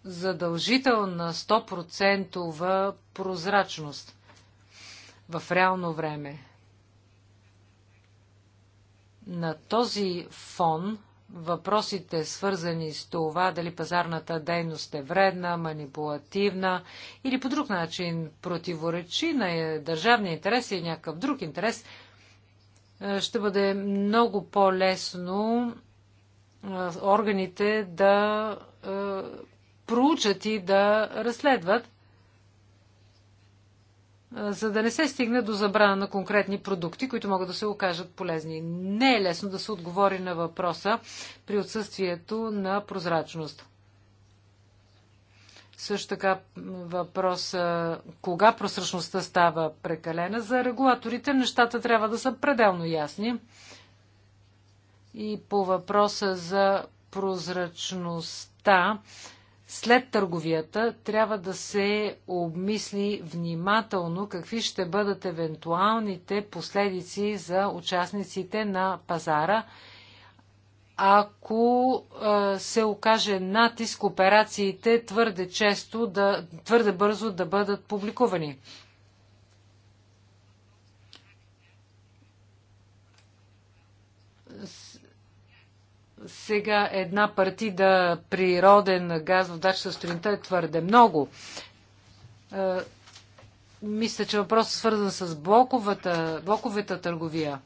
Speaker 3: задължителна 100% прозрачност в реално време. На този фон въпросите, свързани с това дали пазарната дейност е вредна, манипулативна или по друг начин противоречи на държавния интерес или някакъв друг интерес, е, ще бъде много по-лесно е, органите да е, проучат и да разследват за да не се стигне до забрана на конкретни продукти, които могат да се окажат полезни. Не е лесно да се отговори на въпроса при отсъствието на прозрачност. Също така въпрос кога прозрачността става прекалена. За регулаторите нещата трябва да са пределно ясни. И по въпроса за прозрачността, след търговията трябва да се обмисли внимателно какви ще бъдат евентуалните последици за участниците на пазара, ако се окаже натиск операциите твърде често, да, твърде бързо да бъдат публикувани. Сега една партида природен газ в дача сутринта е твърде много. Мисля, че въпросът е свързан с блоковата, блоковата търговия.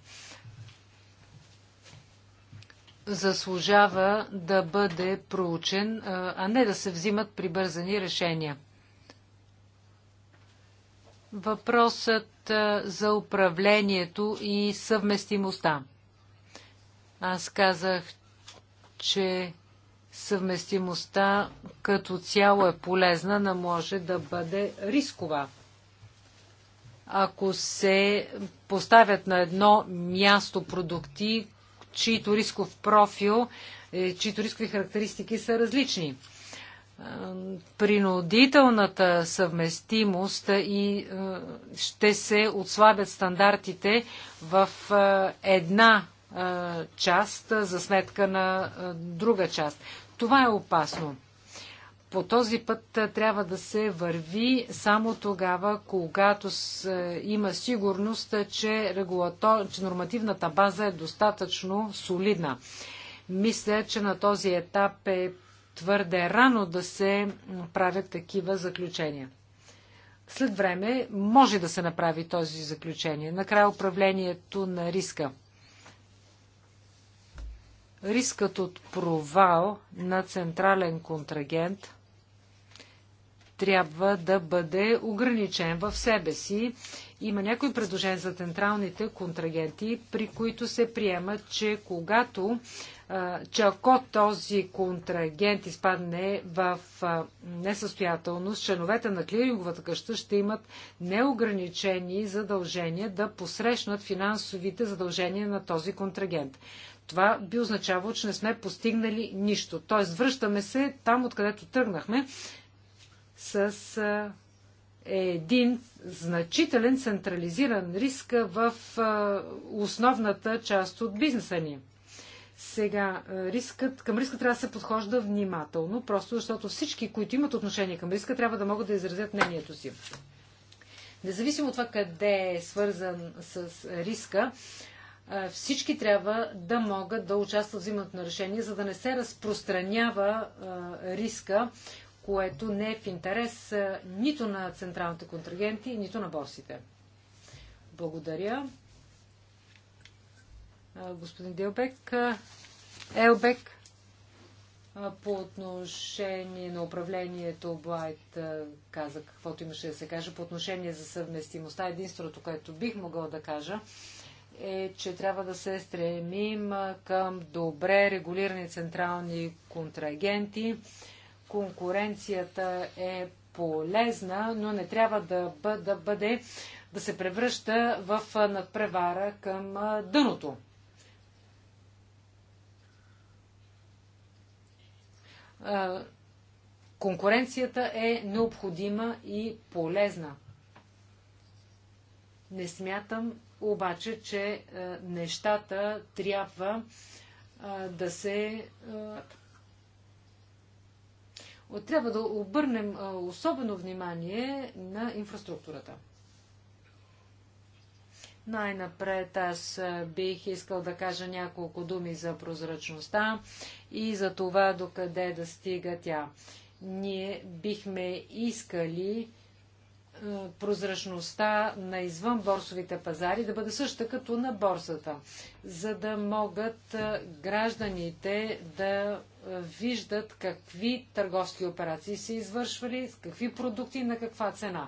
Speaker 3: Заслужава да бъде проучен, а не да се взимат прибързани решения. Въпросът за управлението и съвместимостта. Аз казах, че съвместимостта като цяло е полезна, но може да бъде рискова. Ако се поставят на едно място продукти, чието рисков профил, е, чието рискови характеристики са различни. Е, принудителната съвместимост и е, ще се отслабят стандартите в една част за сметка на друга част. Това е опасно. По този път трябва да се върви само тогава, когато има сигурност, че, регулатор... че нормативната база е достатъчно солидна. Мисля, че на този етап е твърде рано да се правят такива заключения. След време може да се направи този заключение. Накрая управлението на риска. Рискът от провал на централен контрагент трябва да бъде ограничен в себе си. Има някои предложения за централните контрагенти, при които се приема, че когато, че ако този контрагент изпадне в несъстоятелност, членовете на клиринговата къща ще имат неограничени задължения да посрещнат финансовите задължения на този контрагент това би означавало, че не сме постигнали нищо. Тоест, връщаме се там, откъдето тръгнахме, с един значителен централизиран риск в основната част от бизнеса ни. Сега, рискът, към риска трябва да се подхожда внимателно, просто защото всички, които имат отношение към риска, трябва да могат да изразят мнението си. Независимо от това къде е свързан с риска, е, всички трябва да могат да участват в взимането на решение, за да не се разпространява е, риска, което не е в интерес е, нито на централните контрагенти, нито на борсите. Благодаря. Господин Делбек, Елбек, по отношение на управлението, Блайт каза каквото имаше да се каже. По отношение за съвместимостта, единственото, което бих могъл да кажа, е, че трябва да се стремим към добре регулирани централни контрагенти. Конкуренцията е полезна, но не трябва да бъде, да, бъде, да се превръща в надпревара към дъното. Конкуренцията е необходима и полезна. Не смятам, обаче, че е, нещата трябва е, да се. Е, трябва да обърнем особено внимание на инфраструктурата. Най-напред аз бих искал да кажа няколко думи за прозрачността и за това докъде да стига тя. Ние бихме искали е, прозрачността на извън борсовите пазари да бъде същата като на борсата, за да могат е, гражданите да е, виждат какви търговски операции се извършвали, с какви продукти и на каква цена.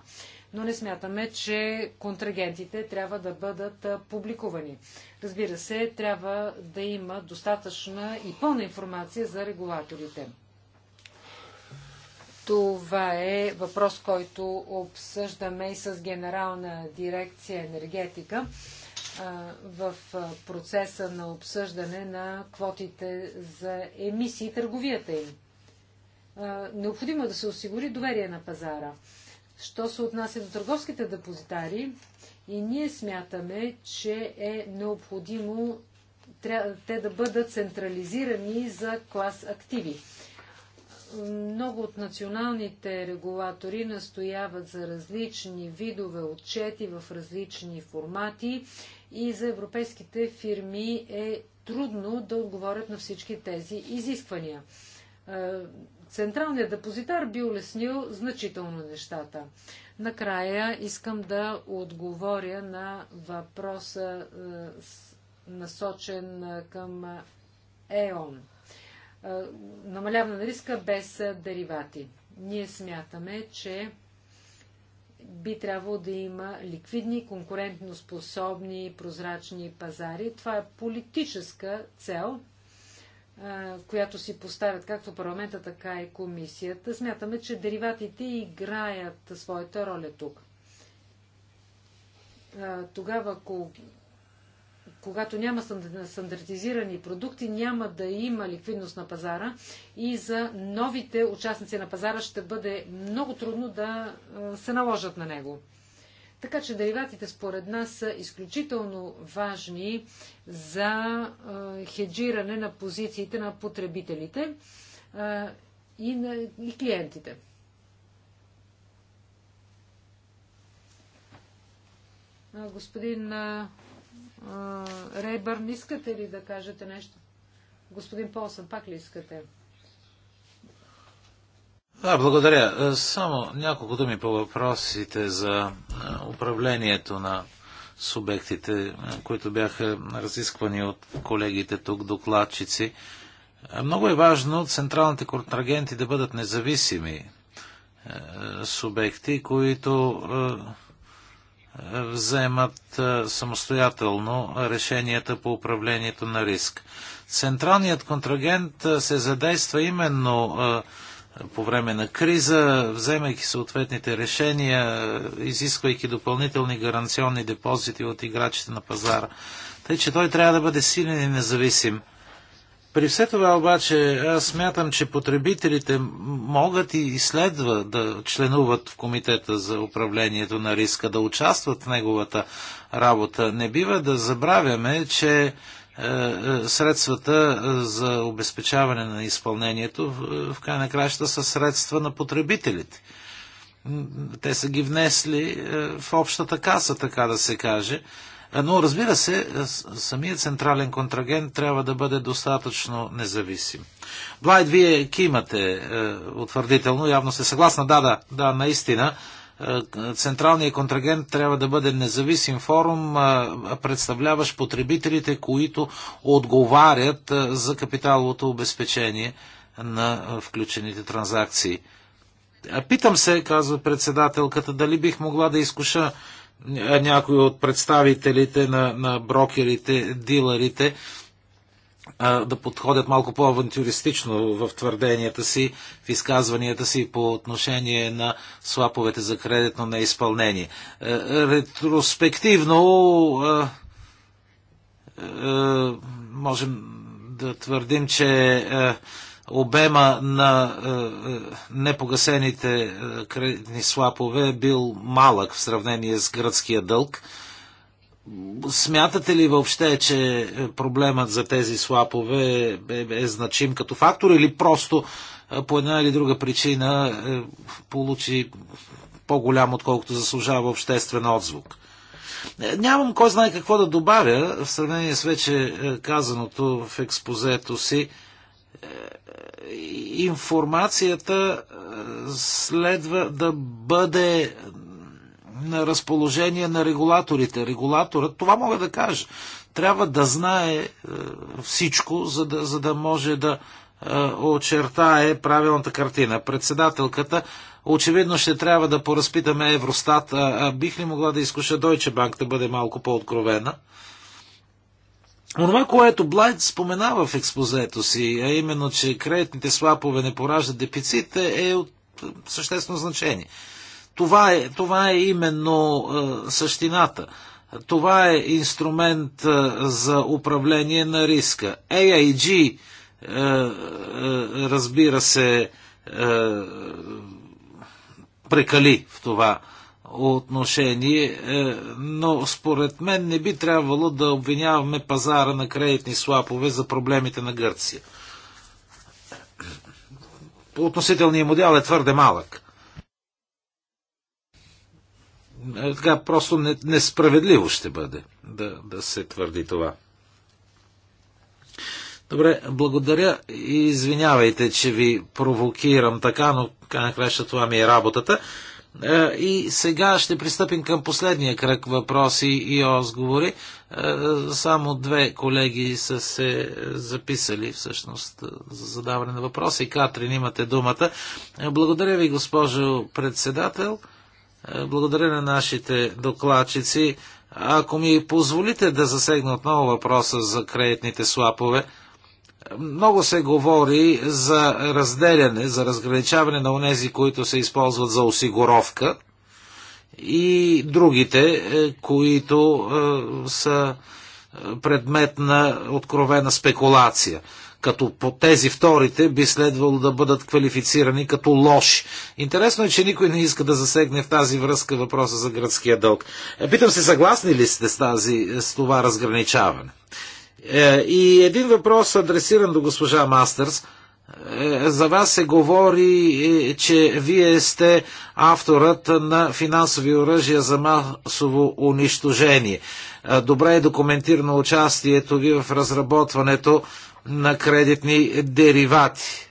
Speaker 3: Но не смятаме, че контрагентите трябва да бъдат публикувани. Разбира се, трябва да има достатъчна и пълна информация за регулаторите. Това е въпрос, който обсъждаме и с Генерална дирекция енергетика в процеса на обсъждане на квотите за емисии и търговията им. Необходимо е да се осигури доверие на пазара. Що се отнася до търговските депозитари, и ние смятаме, че е необходимо те да бъдат централизирани за клас активи много от националните регулатори настояват за различни видове отчети в различни формати и за европейските фирми е трудно да отговорят на всички тези изисквания. Е, централният депозитар би улеснил значително нещата. Накрая искам да отговоря на въпроса е, насочен е, към ЕОН намаляване на риска без деривати. Ние смятаме, че би трябвало да има ликвидни, конкурентно способни, прозрачни пазари. Това е политическа цел, която си поставят както парламента, така и комисията. Смятаме, че дериватите играят своята роля тук. Тогава, когато няма стандартизирани продукти, няма да има ликвидност на пазара и за новите участници на пазара ще бъде много трудно да се наложат на него. Така че дериватите според нас са изключително важни за хеджиране на позициите на потребителите и на и клиентите. Господин Рейбърн, искате ли да кажете нещо? Господин Полсън, пак ли искате?
Speaker 1: Да, благодаря. Е, само няколко думи по въпросите за е, управлението на субектите, е, които бяха разисквани от колегите тук, докладчици. Много е важно централните контрагенти да бъдат независими субекти, които вземат е, самостоятелно решенията по управлението на риск. Централният контрагент е, се задейства именно е, по време на криза, вземайки съответните решения, изисквайки допълнителни гаранционни депозити от играчите на пазара. Тъй, че той трябва да бъде силен и независим. При все това обаче аз смятам, че потребителите могат и следва да членуват в Комитета за управлението на риска, да участват в неговата работа. Не бива да забравяме, че е, е, средствата е, за обезпечаване на изпълнението в край на краща са средства на потребителите. Те са ги внесли в общата каса, така да се каже но разбира се, самият централен контрагент трябва да бъде достатъчно независим. Блайд, вие кимате е, утвърдително, явно сте съгласна. Да, да, да, наистина. Е, централният контрагент трябва да бъде независим форум, е, представляващ потребителите, които отговарят за капиталовото обезпечение на включените транзакции. Питам се, казва председателката, дали бих могла да изкуша е, някои от представителите на, на брокерите, дилерите, да подходят малко по-авантюристично в твърденията си, в изказванията си по отношение на слаповете за кредитно неизпълнение. Е, ретроспективно е, можем да твърдим, че обема на е, е, непогасените е, кредитни слапове бил малък в сравнение с гръцкия дълг. Смятате ли въобще, че проблемът за тези слапове е, е, е значим като фактор или просто по една или друга причина е, получи по-голям, отколкото заслужава обществен отзвук? Нямам кой знае какво да добавя в сравнение с вече казаното в експозето си информацията е, следва да бъде на разположение на регулаторите. Регулаторът, това мога да кажа, трябва да знае е, всичко, за да, за да може да е, очертае правилната картина. Председателката очевидно ще трябва да поразпитаме Евростат. А, бих ли могла да изкуша Deutsche Bank да бъде малко по-откровена? Онова, което Блайт споменава в експозето си, а именно, че кредитните слапове не пораждат дефицит, е, е от е, съществено значение. Това е, това е именно е, същината. Това е инструмент е, за управление на риска. AIG, е, е, разбира се, е, прекали в това отношение, е, но според мен не би трябвало да обвиняваме пазара на кредитни слапове за проблемите на Гърция. По относителния модел е твърде малък. Е, така просто несправедливо ще бъде да, да се твърди това. Добре, благодаря и извинявайте, че ви провокирам така, но край на това ми е работата. Е, и сега ще пристъпим към последния кръг въпроси и отговори. Е, само две колеги са се записали всъщност е, за задаване на въпроси. Катрин, имате думата. Благодаря ви, госпожо председател. Благодаря на нашите докладчици. Ако ми позволите да засегна отново въпроса за кредитните слапове, много се говори за разделяне, за разграничаване на онези, които се използват за осигуровка и другите, е, които е, са е, предмет на откровена спекулация. Като по тези вторите би следвало да бъдат квалифицирани като лоши. Интересно е, че никой не иска да засегне в тази връзка въпроса за градския дълг. Питам се, съгласни ли сте с, тази, с това разграничаване? Е, и един въпрос, адресиран до госпожа Мастърс. Е, за вас се говори, е, че вие сте авторът на финансови оръжия за масово унищожение. Добре е документирано участието ви в разработването на кредитни деривати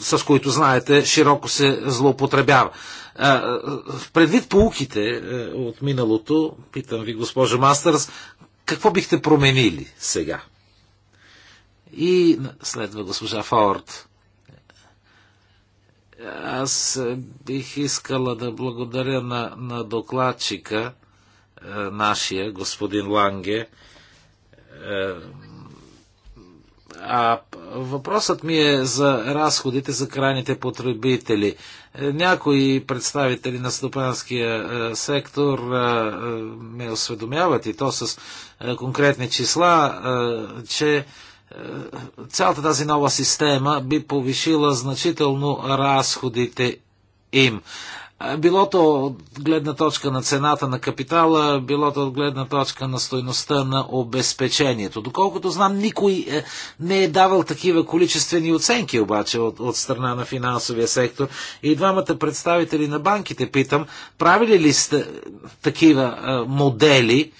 Speaker 1: с които, знаете, широко се злоупотребява. В предвид полуките е, от миналото, питам ви, госпожа Мастърс, какво бихте променили сега? И следва госпожа Фаорт. Аз бих искала да благодаря на, на докладчика, е, нашия, господин Ланге. Е, а въпросът ми е за разходите за крайните потребители. Някои представители на стопанския е, сектор е, е, ме осведомяват и то с конкретни числа, че цялата тази нова система би повишила значително разходите им било то от гледна точка на цената на капитала, било то от гледна точка на стойността на обезпечението. Доколкото знам, никой е, не е давал такива количествени оценки обаче от, от страна на финансовия сектор. И двамата представители на банките питам, правили ли сте такива е, модели е,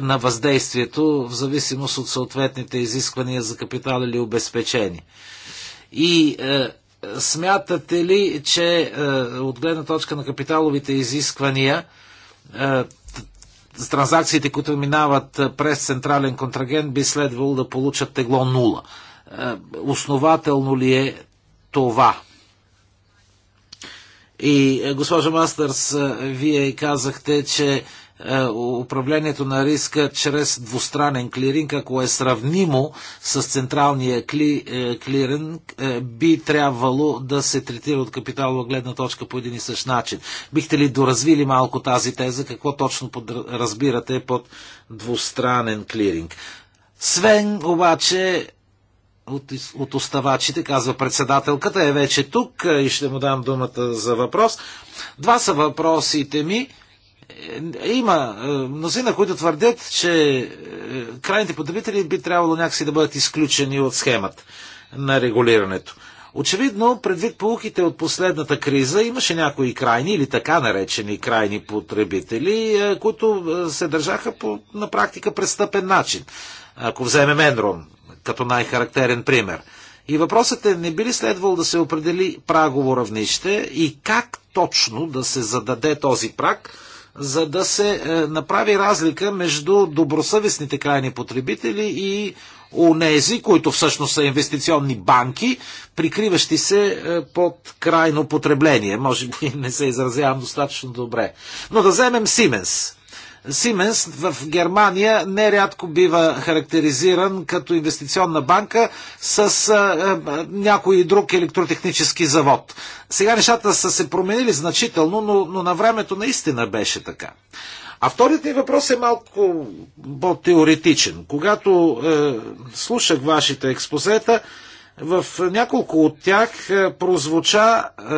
Speaker 1: на въздействието в зависимост от съответните изисквания за капитал или обезпечение? И е, смятате ли, че е, от гледна точка на капиталовите изисквания е, с транзакциите, които минават е, през централен контрагент, би следвало да получат тегло 0. Основателно ли е това? И, госпожа Мастърс, вие казахте, че е, управлението на риска чрез двустранен клиринг, ако е сравнимо с централния кли, е, клиринг, е, би трябвало да се третира от капиталова гледна точка по един и същ начин. Бихте ли доразвили малко тази теза? Какво точно под, разбирате под двустранен клиринг? Свен обаче от, от оставачите, казва председателката, е вече тук и ще му дам думата за въпрос. Два са въпросите ми. Има е, мнозина, които твърдят, че е, крайните потребители би трябвало някакси да бъдат изключени от схемата на регулирането. Очевидно, предвид полуките от последната криза, имаше някои крайни или така наречени крайни потребители, е, които се държаха по, на практика престъпен начин. Ако вземем Енрон като най-характерен пример. И въпросът е, не би ли следвало да се определи прагово равнище и как точно да се зададе този праг, за да се е, направи разлика между добросъвестните крайни потребители и онези, които всъщност са инвестиционни банки, прикриващи се е, под крайно потребление. Може би не се изразявам достатъчно добре. Но да вземем Сименс. Сименс в Германия нерядко бива характеризиран като инвестиционна банка с а, а, някой друг електротехнически завод. Сега нещата са се променили значително, но, но на времето наистина беше така. А вторият ни въпрос е малко по-теоретичен. Когато е, слушах вашите експозета, в няколко от тях е, прозвуча е,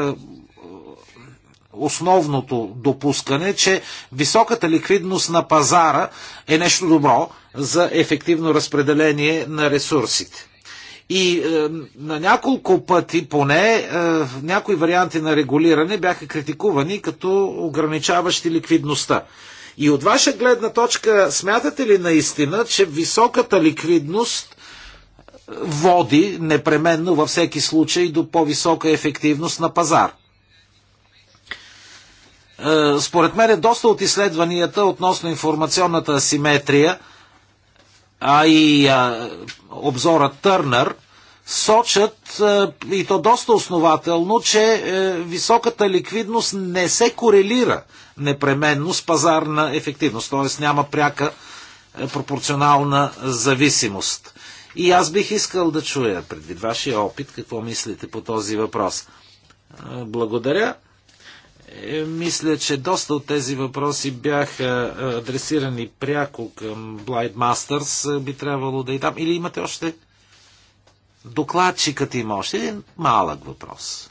Speaker 1: основното допускане, че високата ликвидност на пазара е нещо добро за ефективно разпределение на ресурсите. И е, на няколко пъти, поне, е, някои варианти на регулиране бяха критикувани като ограничаващи ликвидността. И от ваша гледна точка, смятате ли наистина, че високата ликвидност е, води непременно във всеки случай до по-висока ефективност на пазар? Е, според мен е доста от изследванията относно информационната асиметрия, а и а, е, обзора Търнър, сочат е, и то доста основателно, че високата ликвидност не се корелира непременно с пазарна ефективност, т.е. няма пряка пропорционална зависимост. И аз бих искал да чуя, предвид вашия опит, какво мислите по този въпрос. Благодаря. Е, мисля, че доста от тези въпроси бяха е, адресирани пряко към Blind Masters. Е, би трябвало да и там. Или имате още докладчикът има още един малък въпрос.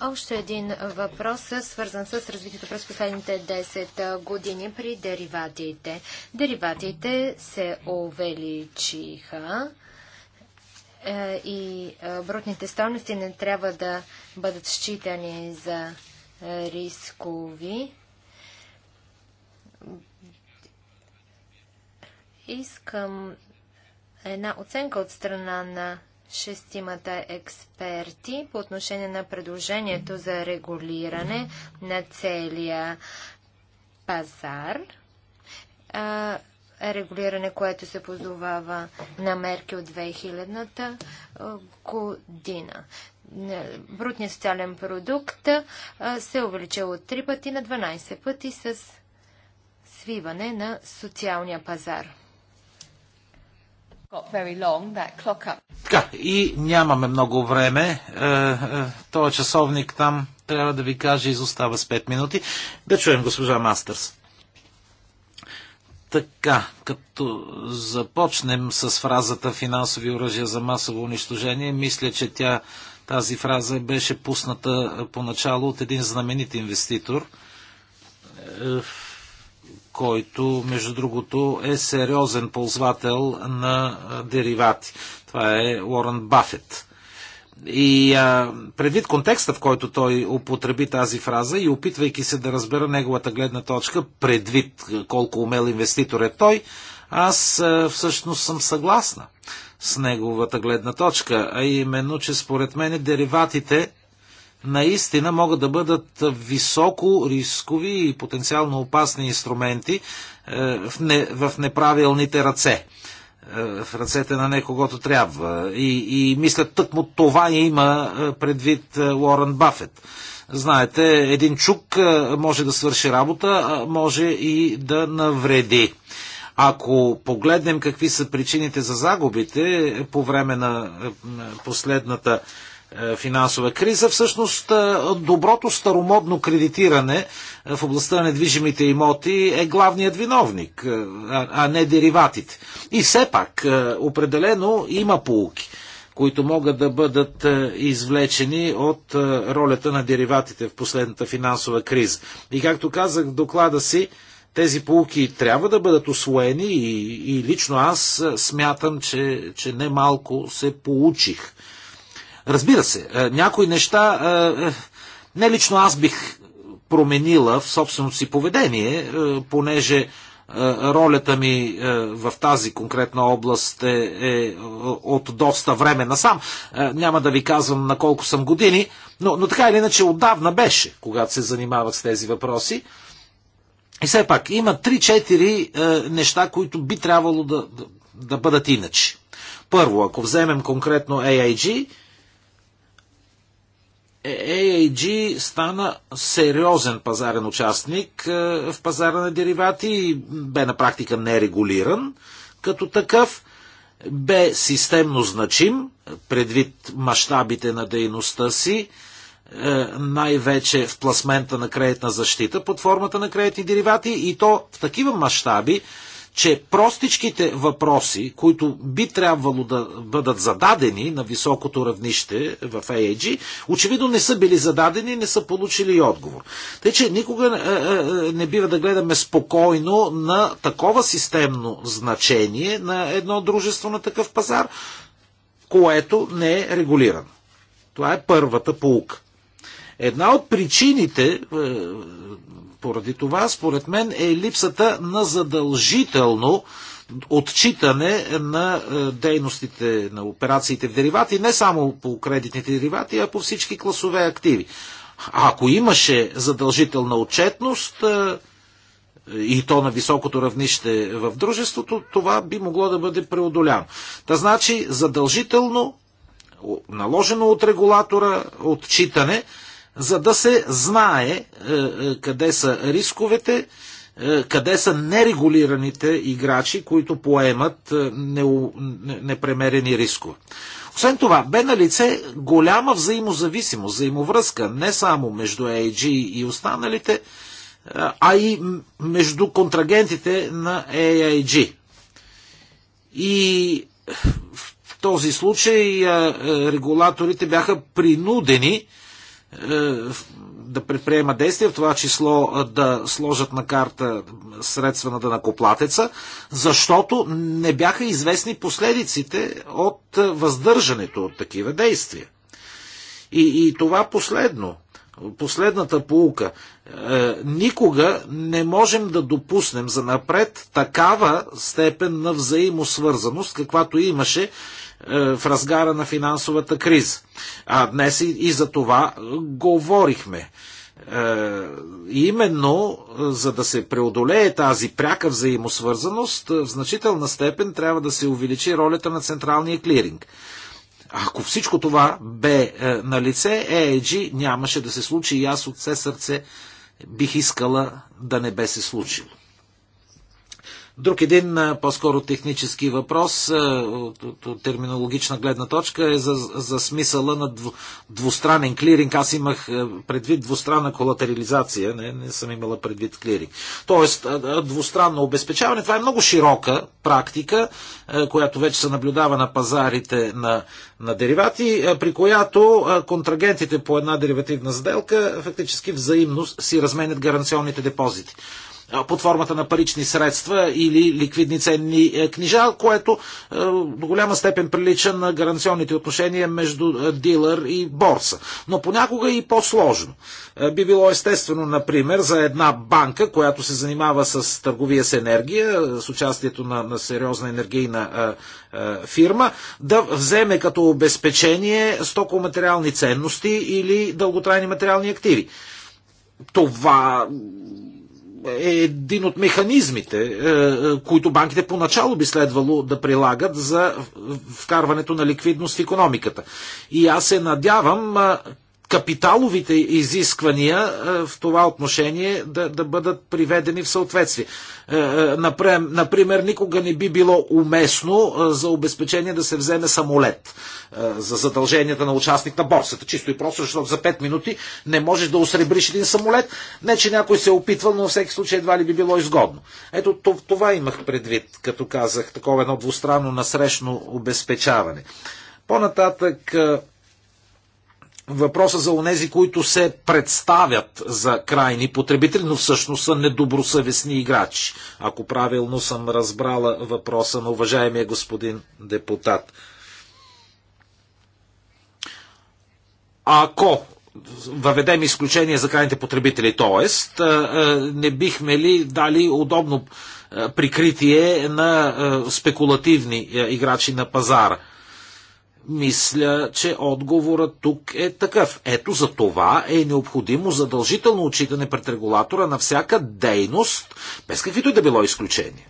Speaker 2: Още един въпрос, свързан с развитието през последните 10 години при деривативите. Дериватите се увеличиха и брутните стойности не трябва да бъдат считани за рискови. Искам една оценка от страна на шестимата експерти по отношение на предложението за регулиране на целия пазар. регулиране, което се позовава на мерки от 2000-та година. Е, брутния социален продукт е, се е увеличил от 3 пъти на 12 пъти с свиване на социалния пазар.
Speaker 1: Така, и нямаме много време. Е, Той часовник там, трябва да ви кажа, изостава с 5 минути. Да чуем госпожа Мастърс. Така, като започнем с фразата финансови оръжия за масово унищожение, мисля, че тя тази фраза беше пусната поначало от един знаменит инвеститор, е, който, между другото, е сериозен ползвател на деривати. Това е Уорън Бафет. И а, предвид контекста, в който той употреби тази фраза и опитвайки се да разбера неговата гледна точка, предвид колко умел инвеститор е той, аз а, всъщност съм съгласна с неговата гледна точка, а именно, че според мен дериватите наистина могат да бъдат високо рискови и потенциално опасни инструменти е, в, не, в неправилните ръце е, в ръцете на некогото трябва. И, и мисля, тъкмо това има е, предвид Уорън Бафет. Знаете, един чук може да свърши работа, може и да навреди. Ако погледнем какви са причините за загубите е, по време на е, последната е, финансова криза, всъщност доброто старомодно кредитиране в областта на недвижимите имоти е главният виновник, а не дериватите. И все пак, определено има полуки които могат да бъдат извлечени от ролята на дериватите в последната финансова криза. И както казах в доклада си, тези полуки трябва да бъдат освоени и, и лично аз смятам, че, че немалко се получих. Разбира се, някои неща не лично аз бих променила в собственото си поведение, понеже ролята ми в тази конкретна област е, е от доста време насам. Няма да ви казвам на колко съм години, но, но така или иначе отдавна беше, когато се занимавах с тези въпроси. И все пак, има 3-4 е, неща, които би трябвало да, да, да бъдат иначе. Първо, ако вземем конкретно AIG, е, AIG стана сериозен пазарен участник е, в пазара на деривати и бе на практика нерегулиран като такъв, бе системно значим предвид мащабите на дейността си, е, най-вече в пласмента на кредитна защита под формата на кредитни деривати и то в такива мащаби, че простичките въпроси, които би трябвало да бъдат зададени на високото равнище в AIG, очевидно не са били зададени и не са получили отговор. Тъй, че никога е, е, не бива да гледаме спокойно на такова системно значение на едно дружество на такъв пазар, което не е регулирано. Това е първата полука. Една от причините е, поради това, според мен, е липсата на задължително отчитане на е, дейностите, на операциите в деривати, не само по кредитните деривати, а по всички класове активи. А ако имаше задължителна отчетност е, и то на високото равнище в дружеството, това би могло да бъде преодоляно. Та значи задължително наложено от регулатора отчитане за да се знае е, е, къде са рисковете, е, къде са нерегулираните играчи, които поемат непремерени рискове. Освен това, бе на лице голяма взаимозависимост, взаимовръзка не само между AG и останалите, а и между контрагентите на AIG. И в този случай регулаторите бяха принудени е, да предприема действия, в това число е, да сложат на карта средства на дънакоплатеца, защото не бяха известни последиците от е, въздържането от такива действия. И, и това последно, последната полука, е, никога не можем да допуснем за напред такава степен на взаимосвързаност, каквато имаше е, в разгара на финансовата криза. А днес и за това говорихме. Е, именно е, за да се преодолее тази пряка взаимосвързаност, в значителна степен трябва да се увеличи ролята на централния клиринг. Ако всичко това бе е, на лице, EEG нямаше да се случи и аз от все сърце бих искала да не бе се случило. Друг един по-скоро технически въпрос от терминологична гледна точка е за, за смисъла на двустранен клиринг. Аз имах предвид двустранна колатерализация, не, не съм имала предвид клиринг. Тоест, двустранно обезпечаване, това е много широка практика, която вече се наблюдава на пазарите на, на деривати, при която контрагентите по една деривативна сделка фактически взаимно си разменят гаранционните депозити под формата на парични средства или ликвидни ценни е, книжа, което е, до голяма степен прилича на гаранционните отношения между е, дилър и борса. Но понякога и по-сложно. Би било естествено, например, за една банка, която се занимава с търговия с енергия, с участието на, на сериозна енергийна фирма, да вземе като обезпечение стокоматериални ценности или дълготрайни материални активи. Това е един от механизмите, е, е, които банките поначало би следвало да прилагат за вкарването на ликвидност в економиката. И аз се надявам капиталовите изисквания е, в това отношение да, да бъдат приведени в съответствие. Е, е, например, никога не би било уместно за обезпечение да се вземе самолет за задълженията на участник на борсата. Чисто и просто, защото за 5 минути не можеш да осребриш един самолет. Не, че някой се е опитвал, но във всеки случай едва ли би било изгодно. Ето това имах предвид, като казах, такова едно двустранно насрещно обезпечаване. По-нататък въпроса за онези, които се представят за крайни потребители, но всъщност са недобросъвестни играчи, ако правилно съм разбрала въпроса на уважаемия господин депутат. Ако въведем изключение за крайните потребители, т.е. не бихме ли дали удобно прикритие на спекулативни играчи на пазара – мисля, че отговорът тук е такъв. Ето за това е необходимо задължително отчитане пред регулатора на всяка дейност, без каквито и да било изключение.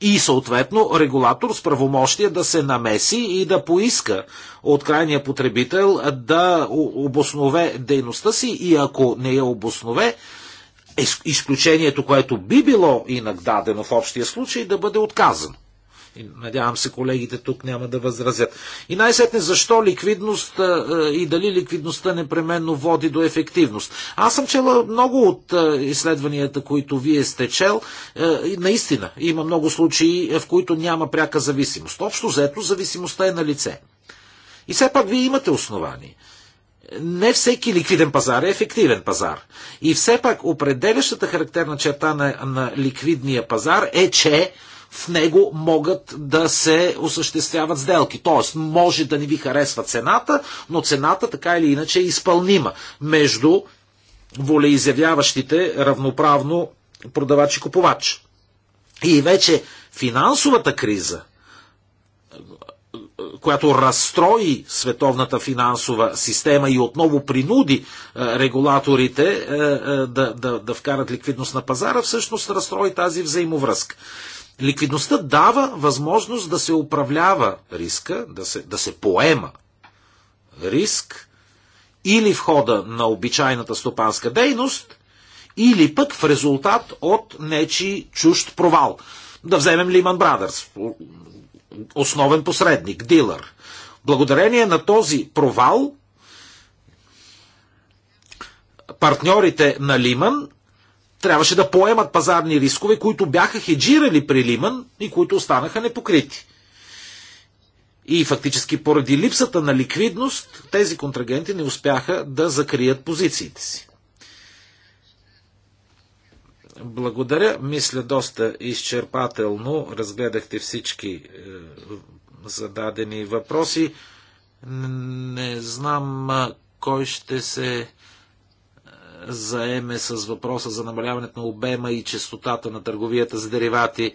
Speaker 1: И съответно регулатор с правомощие да се намеси и да поиска от крайния потребител да обоснове дейността си и ако не я обоснове, изключението, което би било инак дадено в общия случай, да бъде отказано. И надявам се, колегите тук няма да възразят. И най-сетне, защо ликвидност и дали ликвидността непременно води до ефективност? Аз съм чела много от изследванията, които вие сте чел. Наистина, има много случаи, в които няма пряка зависимост. Общо взето, зависимостта е на лице. И все пак вие имате основание не всеки ликвиден пазар е ефективен пазар. И все пак определящата характерна черта на, на ликвидния пазар е, че в него могат да се осъществяват сделки. Тоест, може да не ви харесва цената, но цената така или иначе е изпълнима между волеизявяващите равноправно продавач и купувач. И вече финансовата криза, която разстрои световната финансова система и отново принуди е, регулаторите е, е, да, да, да вкарат ликвидност на пазара, всъщност разстрои тази взаимовръзка. Ликвидността дава възможност да се управлява риска, да се, да се поема риск или в хода на обичайната стопанска дейност, или пък в резултат от нечи чужд провал. Да вземем Лиман Брадърс, основен посредник, дилър. Благодарение на този провал, партньорите на Лиман трябваше да поемат пазарни рискове, които бяха хеджирали при Лиман и които останаха непокрити. И фактически поради липсата на ликвидност, тези контрагенти не успяха да закрият позициите си. Благодаря. Мисля доста изчерпателно. Разгледахте всички е, зададени въпроси. Не знам кой ще се заеме с въпроса за намаляването на обема и частотата на търговията с деривати.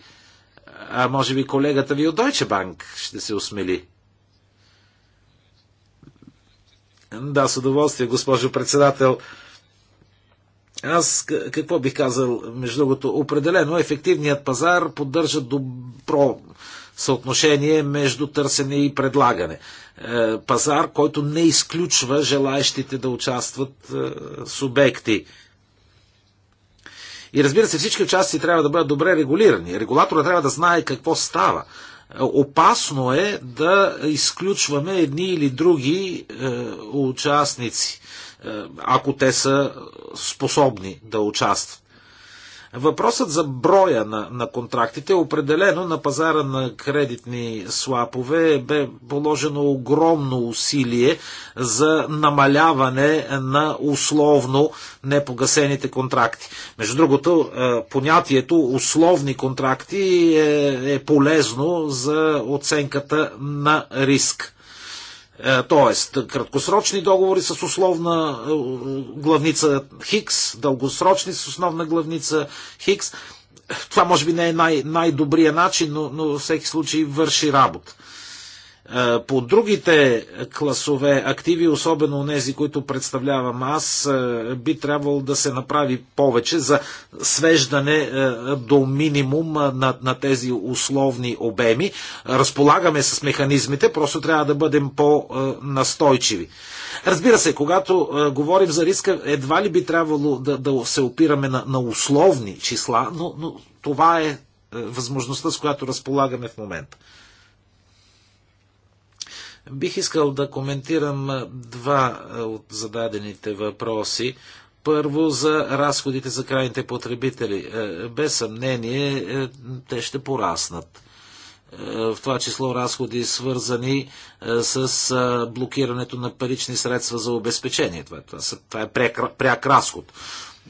Speaker 1: А може би колегата ви от Deutsche Bank ще се осмели. Да, с удоволствие, госпожо председател. Аз какво бих казал, между другото, определено ефективният пазар поддържа добро съотношение между търсене и предлагане. Е, пазар, който не изключва желаящите да участват е, субекти. И разбира се, всички участници трябва да бъдат добре регулирани. Регулатора трябва да знае какво става. Е, опасно е да изключваме едни или други участници, ако те са способни да участват. Въпросът за броя на, на контрактите, е определено на пазара на кредитни слапове, бе положено огромно усилие за намаляване на условно непогасените контракти. Между другото, е, понятието условни контракти е, е полезно за оценката на риск. Е, тоест, краткосрочни договори с условна е, главница Хикс, дългосрочни с основна главница Хикс. Е, това може би не е най- най-добрия начин, но, но във всеки случай върши работа. По другите класове активи, особено тези, които представлявам аз, би трябвало да се направи повече за свеждане до минимум на, на тези условни обеми. Разполагаме с механизмите, просто трябва да бъдем по-настойчиви. Разбира се, когато говорим за риска, едва ли би трябвало да, да се опираме на, на условни числа, но, но това е възможността, с която разполагаме в момента. Бих искал да коментирам два от зададените въпроси. Първо за разходите за крайните потребители. Без съмнение те ще пораснат. В това число разходи свързани с блокирането на парични средства за обезпечение. Това, това, това е пряк, пряк разход.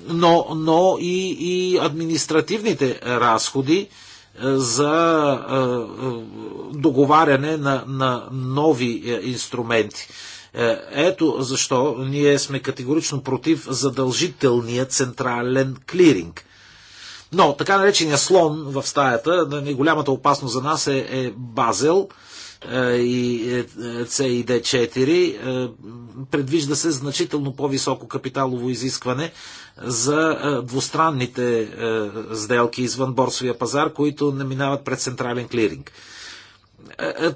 Speaker 1: Но, но и, и административните разходи за договаряне на, на нови е, инструменти. Е, ето защо ние сме категорично против задължителния централен клиринг. Но така наречения слон в стаята, голямата опасност за нас е, е Базел – и CID4, е, е, предвижда се значително по-високо капиталово изискване за е, двустранните сделки извън борсовия пазар, които не минават пред централен клиринг.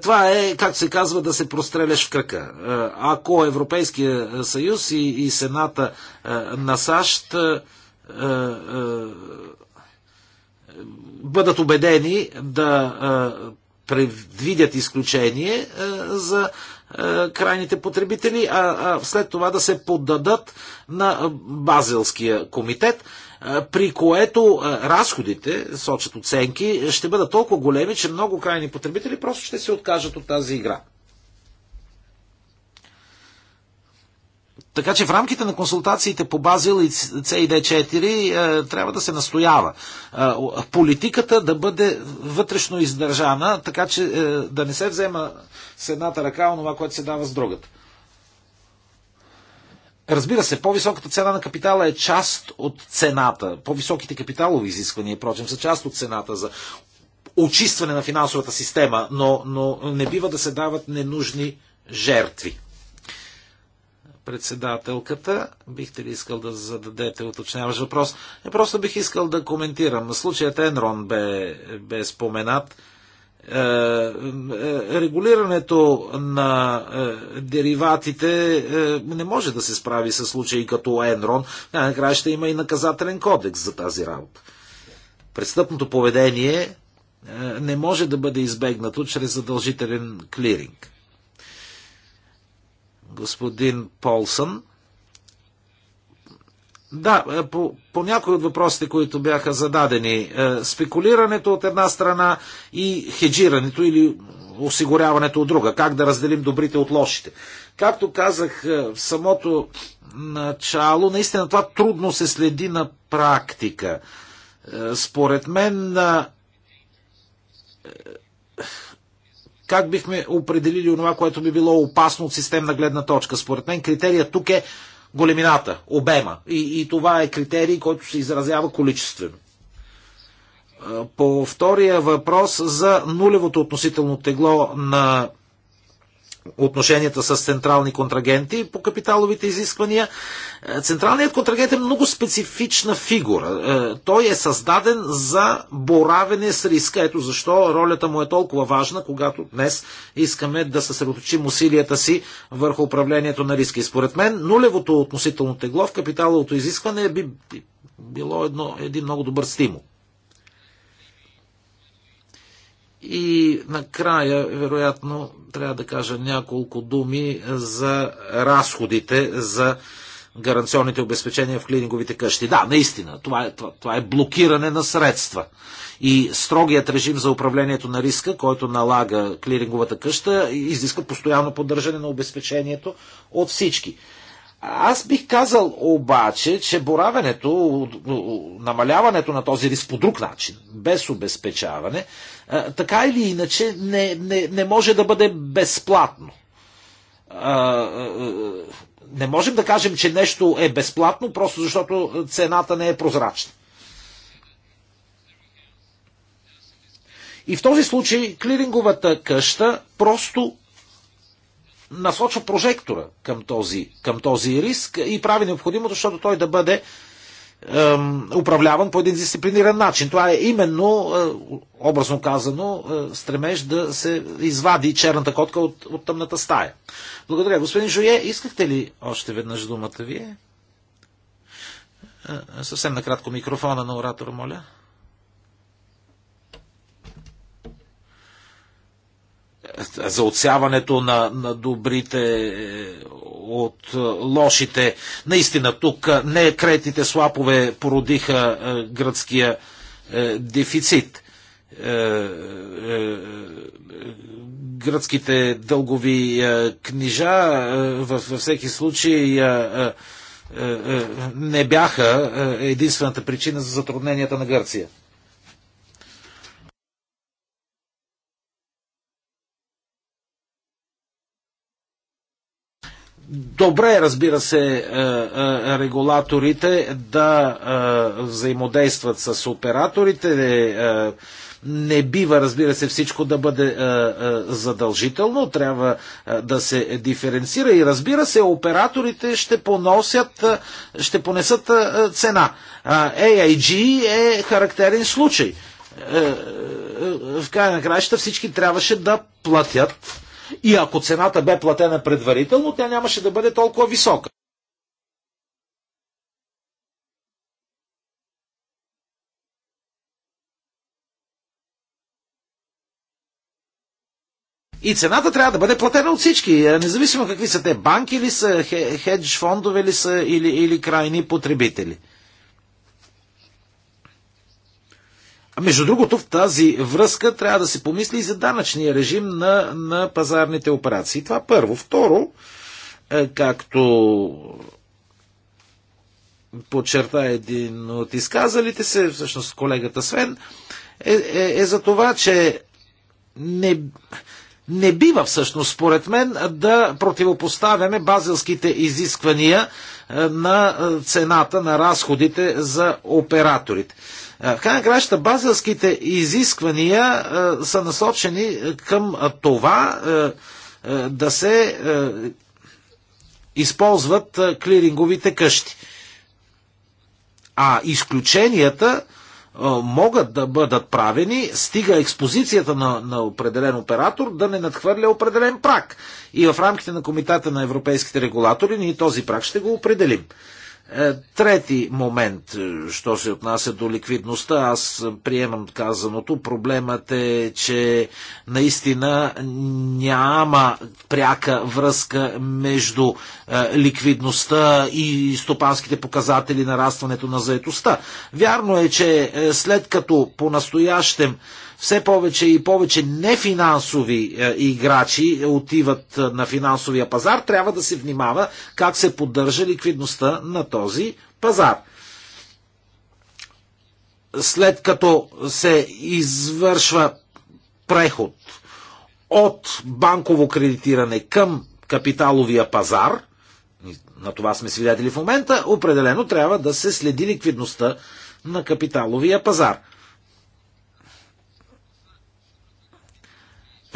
Speaker 1: Това е, както се казва, да се простреляш в кръка. Ако Европейския съюз и, и Сената на САЩ бъдат убедени да предвидят изключение е, за е, крайните потребители, а след това да се поддадат на Базелския комитет, е, при което разходите, сочат оценки, ще бъдат толкова големи, че много крайни потребители просто ще се откажат от тази игра. Така че в рамките на консултациите по Базил и CID4 е, трябва да се настоява е, политиката да бъде вътрешно издържана, така че е, да не се взема с едната ръка онова, което се дава с другата. Разбира се, по-високата цена на капитала е част от цената. По-високите капиталови изисквания, прочим, са част от цената за очистване на финансовата система, но, но не бива да се дават ненужни жертви. Председателката, бихте ли искал да зададете уточняваш въпрос? Не, просто бих искал да коментирам. Случаят Енрон бе, бе споменат. Е, е, регулирането на е, дериватите е, не може да се справи с случаи като Енрон. Накрая ще има и наказателен кодекс за тази работа. Престъпното поведение е, не може да бъде избегнато чрез задължителен клиринг господин Полсън. Да, е, по, по някои от въпросите, които бяха зададени, е, спекулирането от една страна и хеджирането или осигуряването от друга, как да разделим добрите от лошите. Както казах е, в самото начало, наистина това трудно се следи на практика. Според мен как бихме определили това, което би било опасно от системна гледна точка? Според мен критерия тук е големината, обема. И, и това е критерий, който се изразява количествено. По втория въпрос за нулевото относително тегло на отношенията с централни контрагенти по капиталовите изисквания. Е, централният контрагент е много специфична фигура. Е, той е създаден за боравене с риска. Ето защо ролята му е толкова важна, когато днес искаме да съсредоточим усилията си върху управлението на риска. И според мен нулевото относително тегло в капиталовото изискване би било едно, един много добър стимул. И накрая, вероятно, трябва да кажа няколко думи за разходите за гаранционните обезпечения в клининговите къщи. Да, наистина, това е, това, това е блокиране на средства. И строгият режим за управлението на риска, който налага клиринговата къща, изиска постоянно поддържане на обезпечението от всички. Аз бих казал обаче, че боравенето, намаляването на този риск по друг начин, без обезпечаване, така или иначе не, не, не може да бъде безплатно. Не можем да кажем, че нещо е безплатно, просто защото цената не е прозрачна. И в този случай клиринговата къща просто насочва прожектора към този, към този риск и прави необходимото, защото той да бъде управляван по един дисциплиниран начин. Това е именно, е, образно казано, е, стремеж да се извади черната котка от, от тъмната стая. Благодаря. Господин Жуе, искахте ли още веднъж думата вие? Е, съвсем накратко микрофона на оратора, моля. за отсяването на, на добрите е, от е, лошите. Наистина, тук е, не кретите слапове породиха гръцкия дефицит гръцките дългови книжа във всеки случай не бяха единствената причина за затрудненията на Гърция. Добре, разбира се, е, е, регулаторите да е, взаимодействат с операторите. Не бива, разбира се, всичко да бъде задължително. Трябва да се диференцира и разбира се, операторите ще поносят, ще понесат цена. AIG е характерен случай. В края на краища всички трябваше да платят и ако цената бе платена предварително, тя нямаше да бъде толкова висока. И цената трябва да бъде платена от всички, е, независимо какви са те, банки ли са, хедж фондове ли са или, или крайни потребители. Между другото, в тази връзка трябва да се помисли и за данъчния режим на, на пазарните операции. Това първо. Второ, е, както подчерта един от изказалите се, всъщност колегата Свен, е, е, е за това, че не, не бива всъщност, според мен, да противопоставяме базилските изисквания е, на е, цената на разходите за операторите. Е, в крайна краща базълските изисквания е, са насочени е, към това да се използват клиринговите къщи. А изключенията могат да бъдат правени, стига експозицията на, на определен оператор да не надхвърля определен прак. И в рамките на Комитета на европейските регулатори ние този прак ще го определим. Е, трети момент, е, що се отнася до ликвидността, аз приемам казаното. Проблемът е, че наистина няма пряка връзка между е, ликвидността и стопанските показатели на растването на заетостта. Вярно е, че след като по-настоящем все повече и повече нефинансови е, играчи отиват е, на финансовия пазар, трябва да се внимава как се поддържа ликвидността на този пазар. След като се извършва преход от банково кредитиране към капиталовия пазар, на това сме свидетели в момента, определено трябва да се следи ликвидността на капиталовия пазар.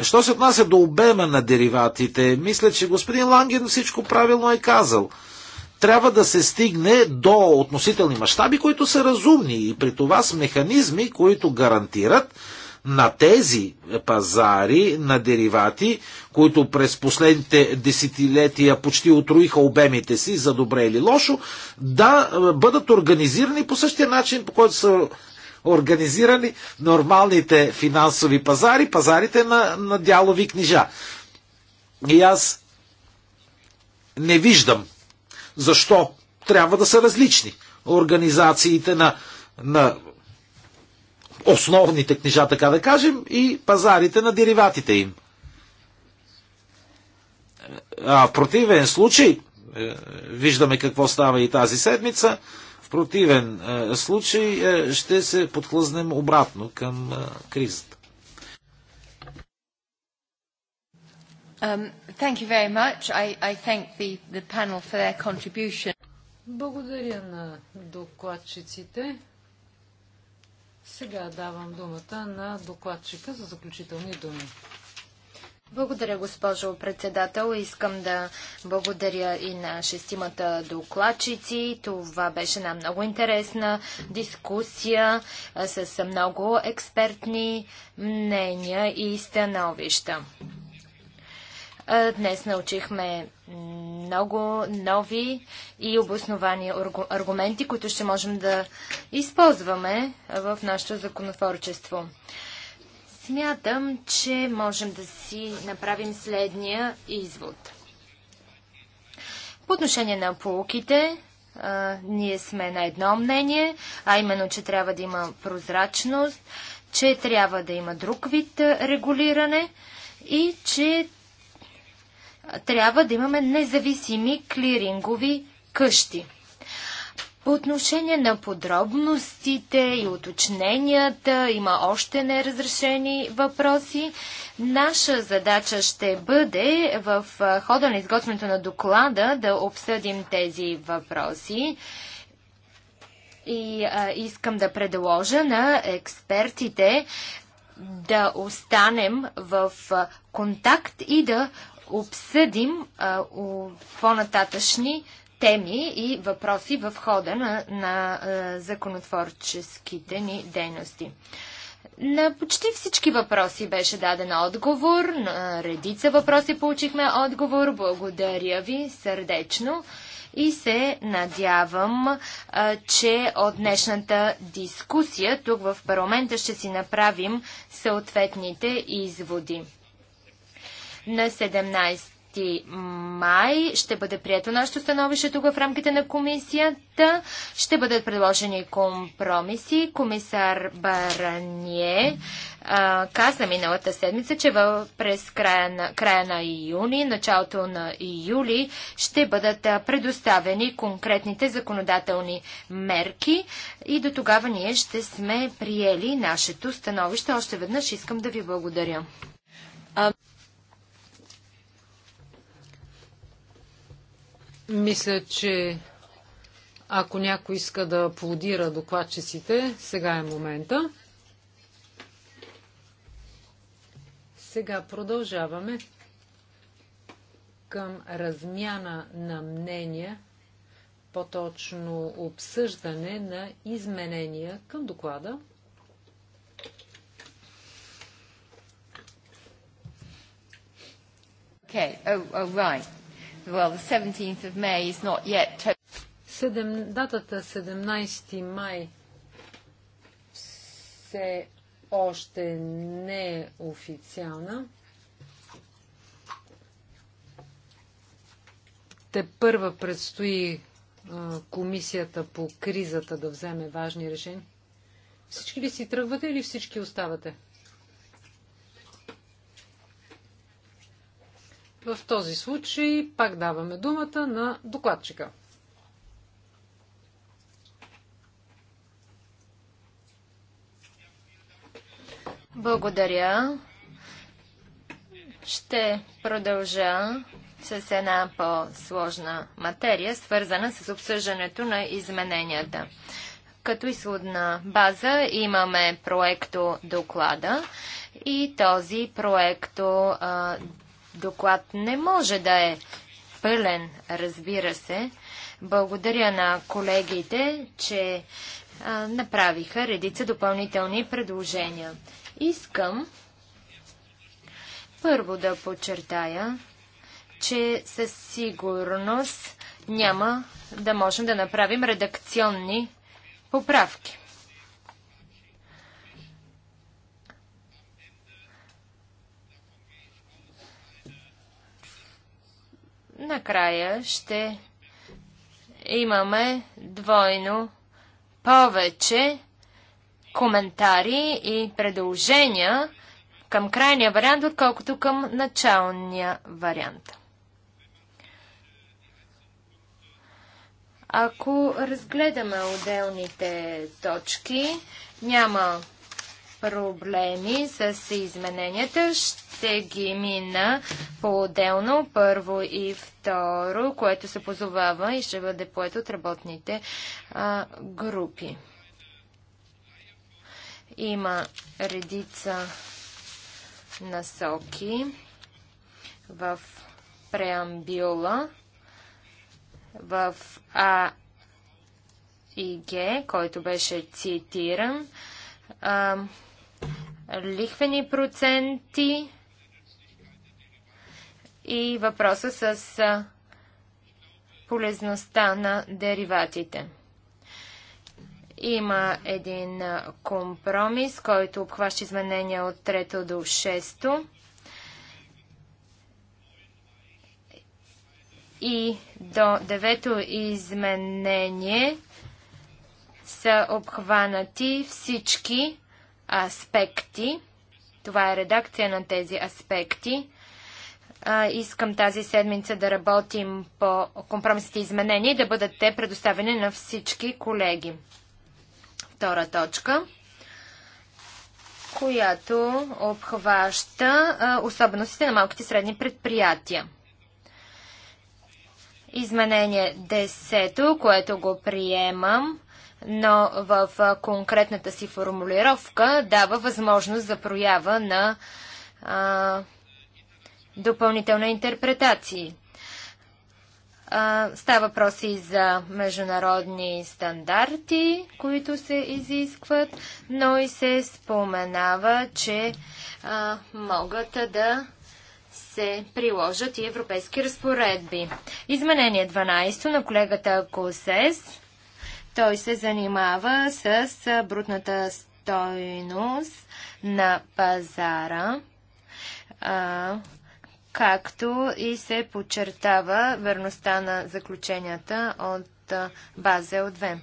Speaker 1: Що се отнася до обема на дериватите, мисля, че господин Ланген всичко правилно е казал. Трябва да се стигне до относителни мащаби, които са разумни и при това с механизми, които гарантират на тези пазари на деривати, които през последните десетилетия почти отруиха обемите си, за добре или лошо, да бъдат организирани по същия начин, по който са организирани нормалните финансови пазари, пазарите на, на дялови книжа. И аз не виждам защо трябва да са различни организациите на, на основните книжа, така да кажем, и пазарите на дериватите им. А в противен случай, е, виждаме какво става и тази седмица, противен е, случай е, ще се подхлъзнем обратно към е, кризата.
Speaker 2: Um,
Speaker 3: Благодаря на докладчиците. Сега давам думата на докладчика за заключителни думи.
Speaker 2: Благодаря, госпожо председател. Искам да благодаря и на шестимата докладчици. Това беше една много интересна дискусия с много експертни мнения и становища. Днес научихме много нови и обосновани аргументи, които ще можем да използваме в нашето законотворчество. Смятам, че можем да си направим следния извод. По отношение на полуките, ние сме на едно мнение, а именно, че трябва да има прозрачност, че трябва да има друг вид регулиране и че трябва да имаме независими клирингови къщи. По отношение на подробностите и уточненията има още неразрешени въпроси. Наша задача ще бъде в хода на изготвянето на доклада да обсъдим тези въпроси. И а, искам да предложа на експертите да останем в контакт и да обсъдим по-нататъчни въпроси теми и въпроси в хода на, на законотворческите ни дейности. На почти всички въпроси беше даден отговор, на редица въпроси получихме отговор. Благодаря ви сърдечно и се надявам, че от днешната дискусия тук в парламента ще си направим съответните изводи. На 17 13 май ще бъде прието нашето становище тук в рамките на комисията. Ще бъдат предложени компромиси. Комисар Баранье а, каза миналата седмица, че през края на, края на юни, началото на юли ще бъдат предоставени конкретните законодателни мерки и до тогава ние ще сме приели нашето становище. Още веднъж
Speaker 3: искам да ви благодаря. Мисля, че ако някой иска да аплодира докладчиците, сега е момента. Сега продължаваме към размяна на мнения, по-точно обсъждане на изменения към доклада. Okay. Oh, oh, right well, the 17th of May is not yet... Седем, датата 17 май все още не е официална. Те първа предстои а, комисията по кризата да вземе важни решения. Всички ли си тръгвате или всички оставате? В този случай пак даваме думата на докладчика.
Speaker 2: Благодаря. Ще продължа с една по-сложна материя, свързана с обсъждането на измененията. Като изходна база имаме проекто доклада и този проекто доклад не може да е пълен, разбира се. Благодаря на колегите, че а, направиха редица допълнителни предложения. Искам първо да подчертая, че със сигурност няма да можем да направим редакционни поправки. накрая ще имаме двойно повече коментари и предложения към крайния вариант, отколкото към началния вариант. Ако разгледаме отделните точки, няма проблеми с измененията. Ще ги мина по-отделно, първо и второ, което се позовава и ще бъде поет от работните а, групи. Има редица насоки в преамбюла, в А и Г, който беше цитиран. А, лихвени проценти и въпроса с полезността на дериватите. Има един компромис, който обхваща изменения от трето до шесто. и до девето изменение са обхванати всички аспекти. Това е редакция на тези аспекти. А, искам тази седмица да работим по компромисните изменения и да бъдат те предоставени на всички колеги. Втора точка която обхваща а, особеностите на малките и средни предприятия. Изменение 10, което го приемам, но в конкретната си формулировка дава възможност за проява на а, допълнителна интерпретации. А, става въпрос и за международни стандарти, които се изискват, но и се споменава, че а, могат да се приложат и европейски разпоредби. Изменение 12 на колегата Косес той се занимава с брутната стойност на пазара, а, както и се подчертава верността на заключенията от Базел 2.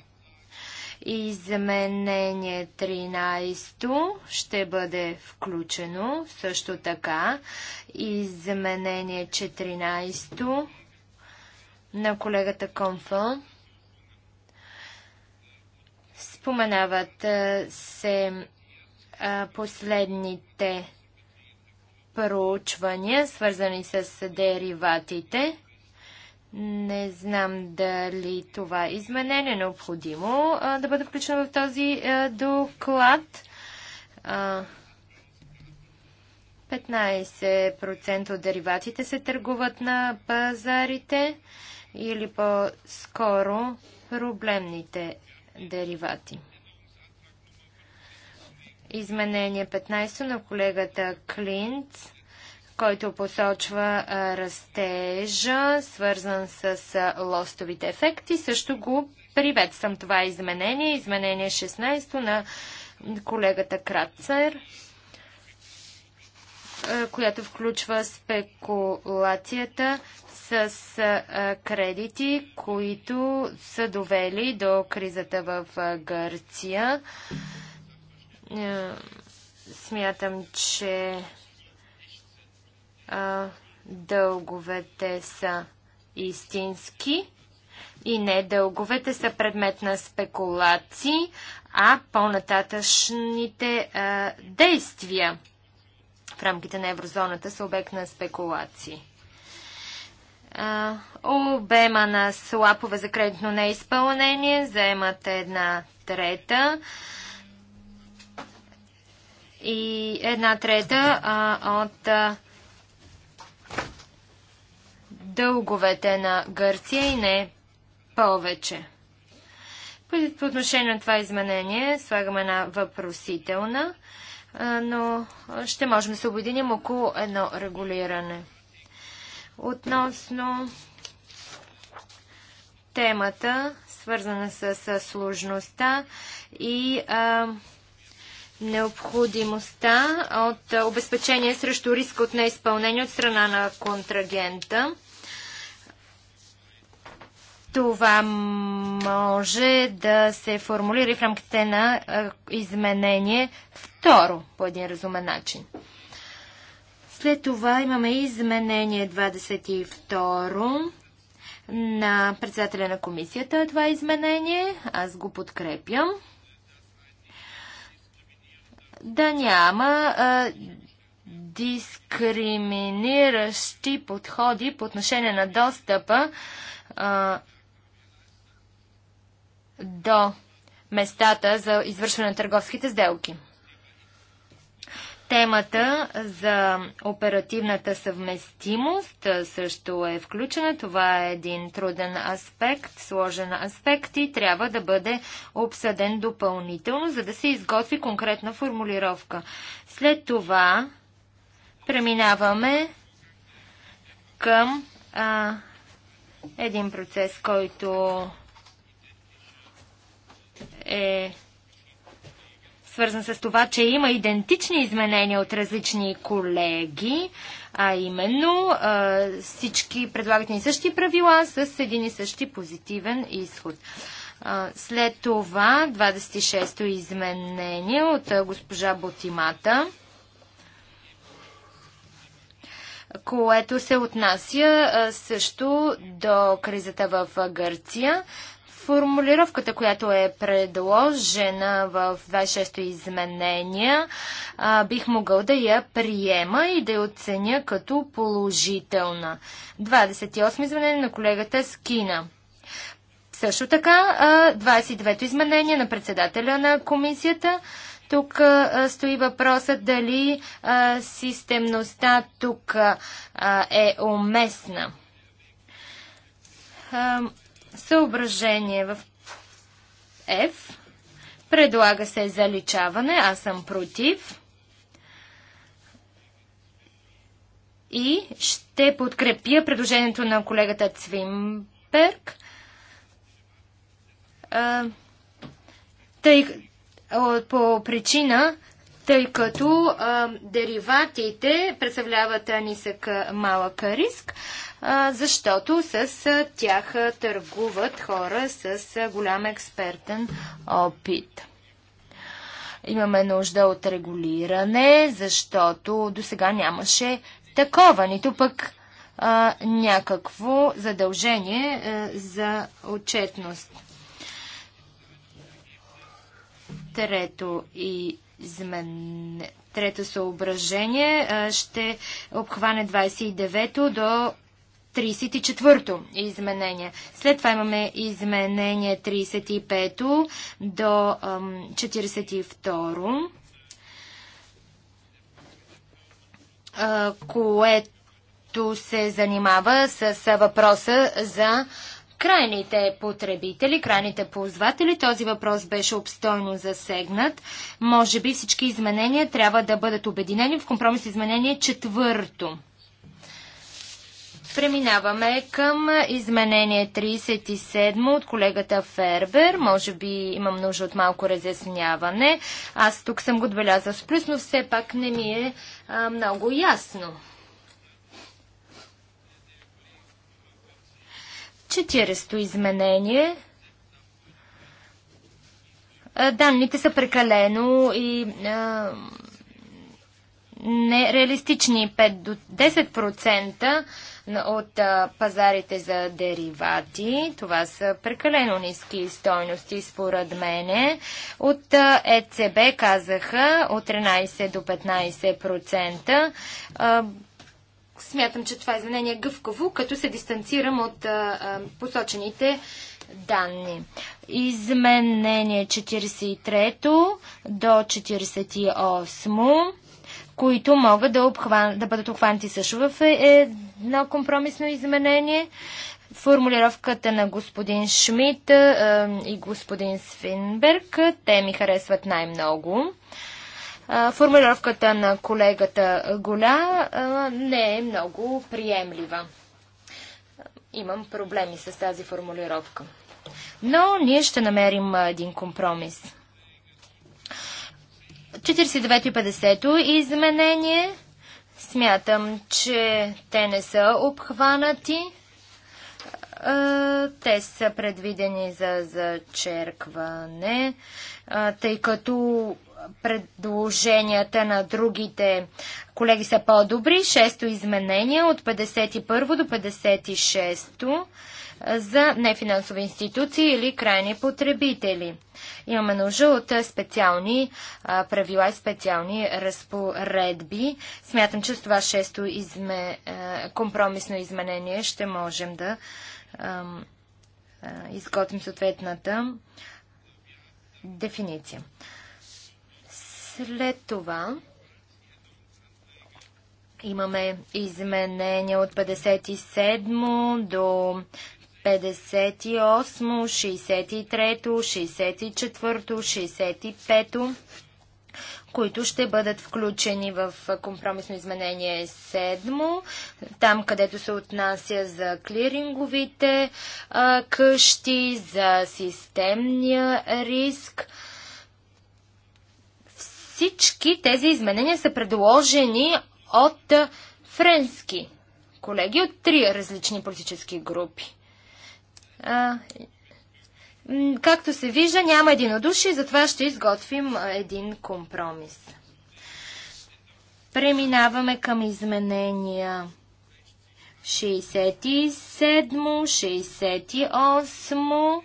Speaker 2: Изменение 13 ще бъде включено също така. Изменение 14 на колегата Комфъл Споменават се последните проучвания, свързани с дериватите. Не знам дали това изменение е необходимо да бъде включено в този доклад. 15% от дериватите се търгуват на пазарите или по-скоро проблемните деривати. Изменение 15 на колегата Клинц, който посочва растежа, свързан с лостовите ефекти. Също го приветствам това изменение. Изменение 16 на колегата Кратцер която включва спекулацията с кредити, които са довели до кризата в Гърция. Смятам, че дълговете са истински и не дълговете са предмет на спекулации, а по-нататъчните действия в рамките на еврозоната са обект на спекулации. обема на слапове за кредитно неизпълнение заемат една трета и една трета а, от а, дълговете на Гърция и не повече. По отношение на това изменение слагаме една въпросителна но ще можем да се обединим около едно регулиране. Относно темата, свързана с, сложността и необходимостта от обезпечение срещу риска от неизпълнение от страна на контрагента. Това може да се формулира в рамките на изменение в второ по един разумен начин. След това имаме изменение 22 на председателя на комисията. Това е изменение. Аз го подкрепям. Да няма а, дискриминиращи подходи по отношение на достъпа а, до местата за извършване на търговските сделки. Темата за оперативната съвместимост също е включена. Това е един труден аспект, сложен аспект и трябва да бъде обсъден допълнително, за да се изготви конкретна формулировка. След това преминаваме към а, един процес, който е свързан с това, че има идентични изменения от различни колеги, а именно всички предлагат ни същи правила с един и същи позитивен изход. След това 26-то изменение от госпожа Ботимата, което се отнася също до кризата в Гърция формулировката, която е предложена в 26-то изменение, бих могъл да я приема и да я оценя като положителна. 28 изменение на колегата Скина. Също така, 29-то изменение на председателя на комисията. Тук стои въпросът дали системността тук е уместна. Съображение в F. Предлага се заличаване. Аз съм против. И ще подкрепя предложението на колегата Цвимберг. Тъй, по причина, тъй като а, дериватите представляват нисък малък риск, а, защото с а, тях търгуват хора с а, голям експертен опит. Имаме нужда от регулиране, защото до сега нямаше такова, нито пък а, някакво задължение а, за отчетност. Трето и изменение. Трето съображение ще обхване 29-то до 34-то изменение. След това имаме изменение 35-то до 42 то което се занимава с въпроса за крайните потребители, крайните ползватели. Този въпрос беше обстойно засегнат. Може би всички изменения трябва да бъдат обединени в компромис изменение четвърто. Преминаваме към изменение 37 от колегата Фербер. Може би имам нужда от малко разясняване. Аз тук съм го отбелязал с плюс, но все пак не ми е а, много ясно. 40 изменение. Е, данните са прекалено и а, е, нереалистични 5 до 10% от а, е, пазарите за деривати. Това са прекалено ниски стойности, според мене. От а, ЕЦБ казаха от 13 до 15%. А, Смятам, че това изменение е гъвкаво, като се дистанцирам от а, посочените данни. Изменение 43 до 48 които могат да, обхван... да бъдат обхванати също в е, е, едно компромисно изменение. Формулировката на господин Шмидт и господин Свинберг, те ми харесват най-много. Формулировката на колегата Голя не е много приемлива. Имам проблеми с тази формулировка. Но ние ще намерим един компромис. 4950 изменение. Смятам, че те не са обхванати. Те са предвидени за зачеркване, тъй като предложенията на другите колеги са по-добри. Шесто изменение от 51 до 56 за нефинансови институции или крайни потребители. Имаме нужда от специални правила и специални разпоредби. Смятам, че с това шесто изме, компромисно изменение ще можем да изготвим съответната дефиниция. След това имаме изменения от 57 до 58, 63, 64, 65 които ще бъдат включени в компромисно изменение 7, там където се отнася за клиринговите а, къщи, за системния риск. Всички тези изменения са предложени от френски колеги от три различни политически групи. А, както се вижда, няма единодушие, затова ще изготвим един компромис. Преминаваме към изменения 67, 68,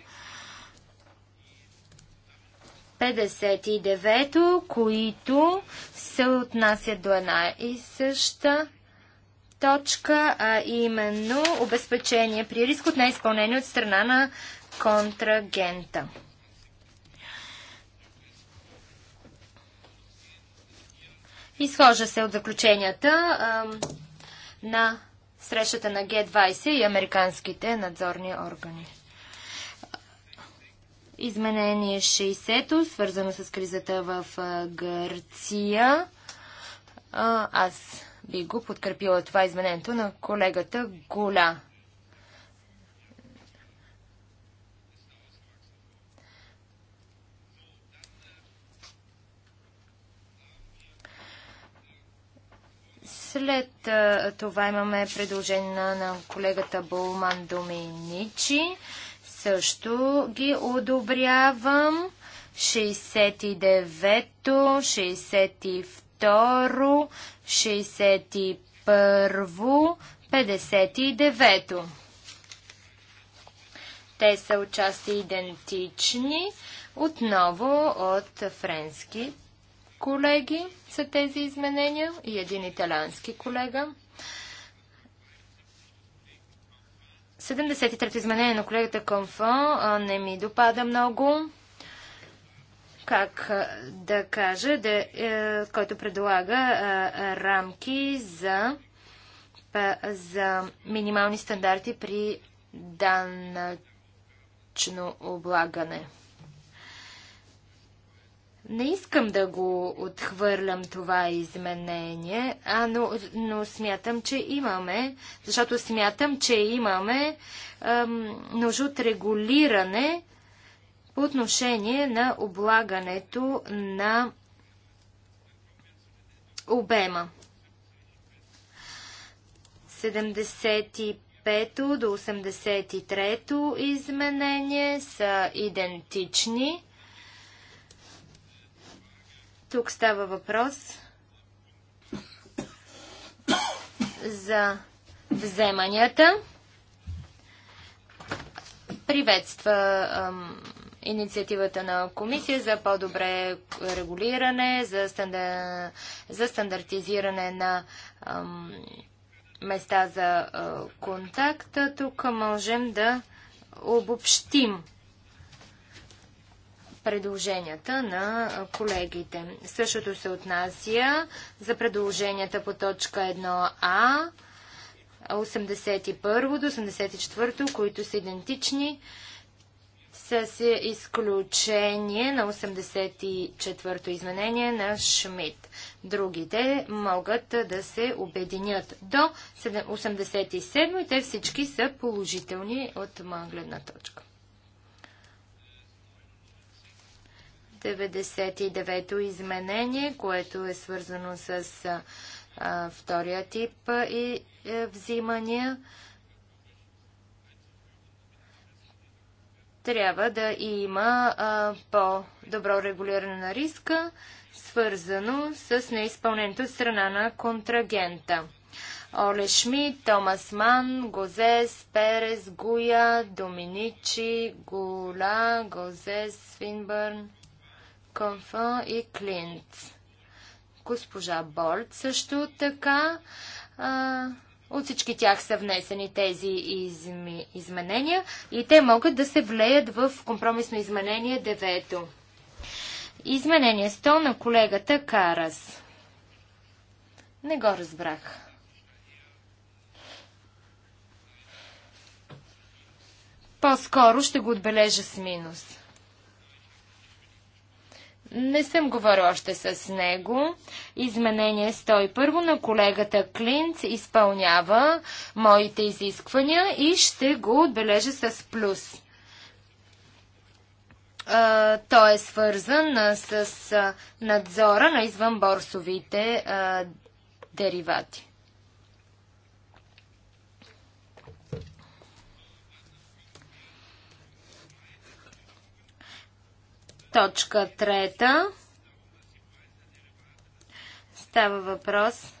Speaker 2: 59-то, които се отнасят до една и съща точка, а именно обезпечение при риск от неизпълнение от страна на контрагента. Изхожа се от заключенията а, на срещата на Г-20 и американските надзорни органи. Изменение 60-то, свързано с кризата в Гърция. Аз би го подкрепила това изменението на колегата Голя. След това имаме предложение на, на колегата Болман Доминичи също ги одобрявам. 69-то, 62-ро, 61 ро 59-то. Те са отчасти идентични. Отново от френски колеги са тези изменения и един италянски колега. 73-то изменение на колегата Конфо не ми допада много. Как да кажа, да, е, който предлага рамки за, за минимални стандарти при данъчно облагане. Не искам да го отхвърлям това изменение, а, но, но смятам, че имаме, защото смятам, че имаме нужда от регулиране по отношение на облагането на обема. 75 до 83 изменение са идентични тук става въпрос за вземанията. Приветства ам, инициативата на комисия за по-добре регулиране, за, стандар... за стандартизиране на ам, места за а, контакт. Тук можем да обобщим предложенията на колегите. Същото се отнася за предложенията по точка 1а, 81 до 84, които са идентични с изключение на 84-то изменение на Шмидт. Другите могат да се обединят до 87 и те всички са положителни от моя гледна точка. 99-то изменение, което е свързано с а, втория тип и е, взимания. Трябва да има по-добро регулиране на риска, свързано с неизпълнението от страна на контрагента. Оле Шмид, Томас Ман, Гозес, Перес, Гуя, Доминичи, Гула, Гозес, Свинбърн. Конфа и Клинт. Госпожа Борт също така. А, от всички тях са внесени тези изми, изменения и те могат да се влеят в компромисно изменение 9. Изменение 100 на колегата Карас. Не го разбрах. По-скоро ще го отбележа с минус. Не съм говорил още с него. Изменение 101 на колегата Клинц изпълнява моите изисквания и ще го отбележа с плюс. той е свързан с надзора на извънборсовите деривати. Точка трета. Става въпрос,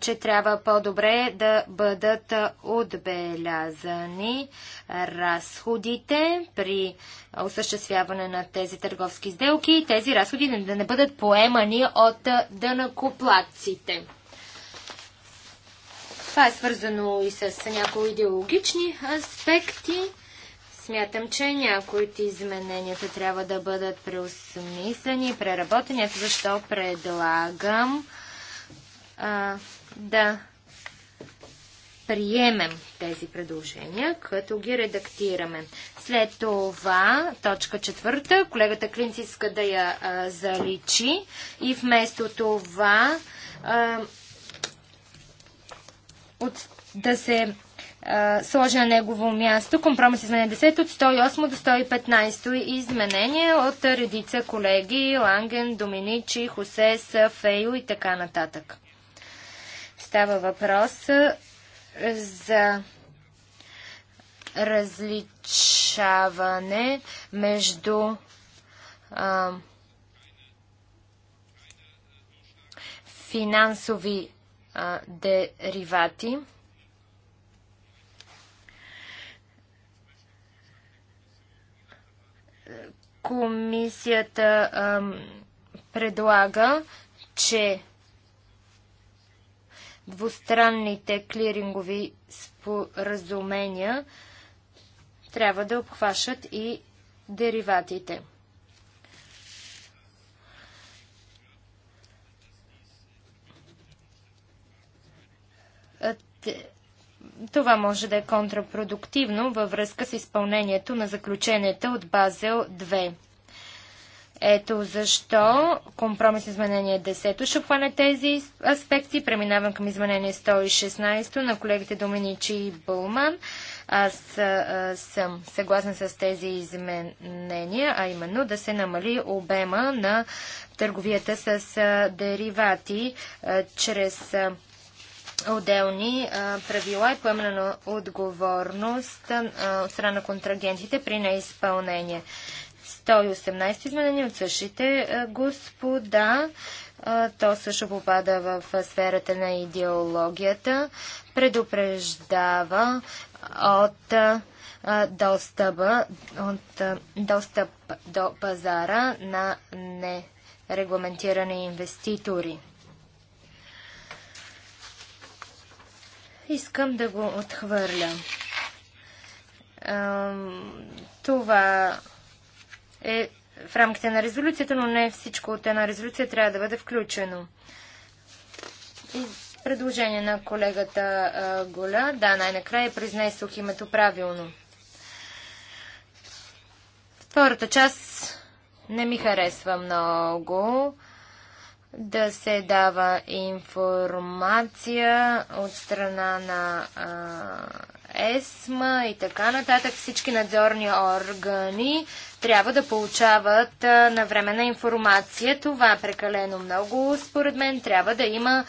Speaker 2: че трябва по-добре да бъдат отбелязани разходите при осъществяване на тези търговски сделки и тези разходи да не бъдат поемани от дънакоплаците. Това е свързано и с някои идеологични аспекти. Смятам, че някои от измененията трябва да бъдат преосмислени и преработени. Ето защо предлагам а, да приемем тези предложения, като ги редактираме. След това, точка четвърта, колегата Клинц иска да я а, заличи и вместо това а, от, да се сложи на негово място компромис изменение 10 от 108 до 115 изменение от редица колеги Ланген, Доминичи, Хосес, Фейо и така нататък. Става въпрос за различаване между а, финансови а, деривати – Комисията ам, предлага, че двустранните клирингови споразумения трябва да обхващат и дериватите. Те, това може да е контрапродуктивно във връзка с изпълнението на заключенията от Базел 2. Ето защо компромис изменение 10 ще хване тези аспекти. Преминавам към изменение 116 на колегите Доминичи и Булман. Аз а, съм съгласен с тези изменения, а именно да се намали обема на търговията с а, деривати а, чрез а, отделни правила и поемане на отговорност от страна на контрагентите при неизпълнение. 118 изменения от същите господа. То също попада в сферата на идеологията. Предупреждава от достъпа, от достъп до пазара на нерегламентирани инвеститори. искам да го отхвърля. Това е в рамките на резолюцията, но не всичко от една резолюция трябва да бъде включено. И предложение на колегата Голя. Да, най-накрая е произнесох името правилно. Втората част не ми харесва много да се дава информация от страна на а, ЕСМА и така нататък. Всички надзорни органи трябва да получават а, навременна информация. Това е прекалено много, според мен. Трябва да има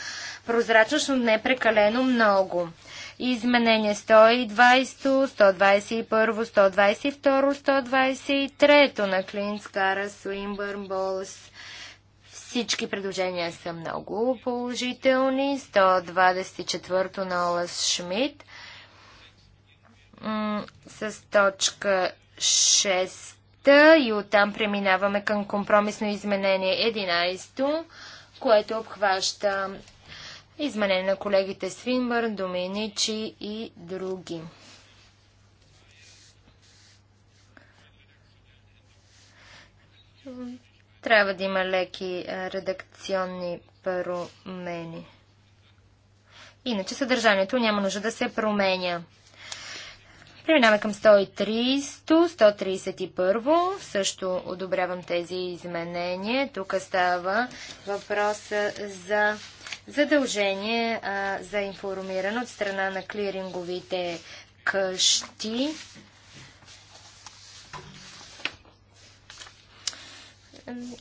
Speaker 2: прозрачност, но не прекалено много. Изменение 120, 121, 122, 123 на Клинскара, Суинбърн, Болс, всички предложения са много положителни. 124-то на Олас Шмидт с точка 6 и оттам преминаваме към компромисно изменение 11, то което обхваща изменение на колегите Свинбърн, Доминичи и други. Трябва да има леки е, редакционни промени. Иначе съдържанието няма нужда да се променя. Преминаваме към 130, 131. Също одобрявам тези изменения. Тук става въпрос за задължение а, за информиране от страна на клиринговите къщи.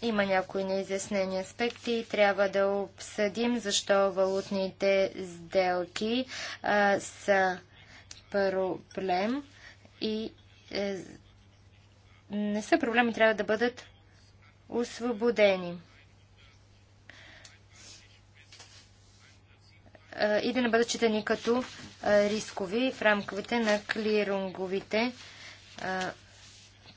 Speaker 2: Има някои неизяснени аспекти и трябва да обсъдим защо валутните сделки а, са проблем и е, не са проблеми, трябва да бъдат освободени. и да не бъдат читани като рискови в рамковите на клиронговите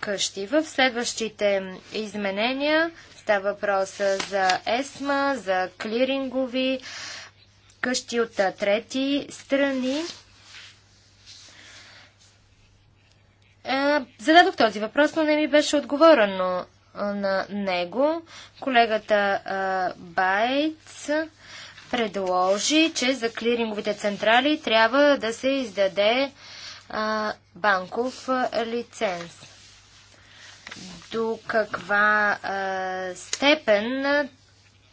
Speaker 2: къщи. В следващите изменения става въпрос за ЕСМА, за клирингови къщи от трети страни. Е, зададох този въпрос, но не ми беше отговорено на него. Колегата Байц предложи, че за клиринговите централи трябва да се издаде банков лиценз до каква степен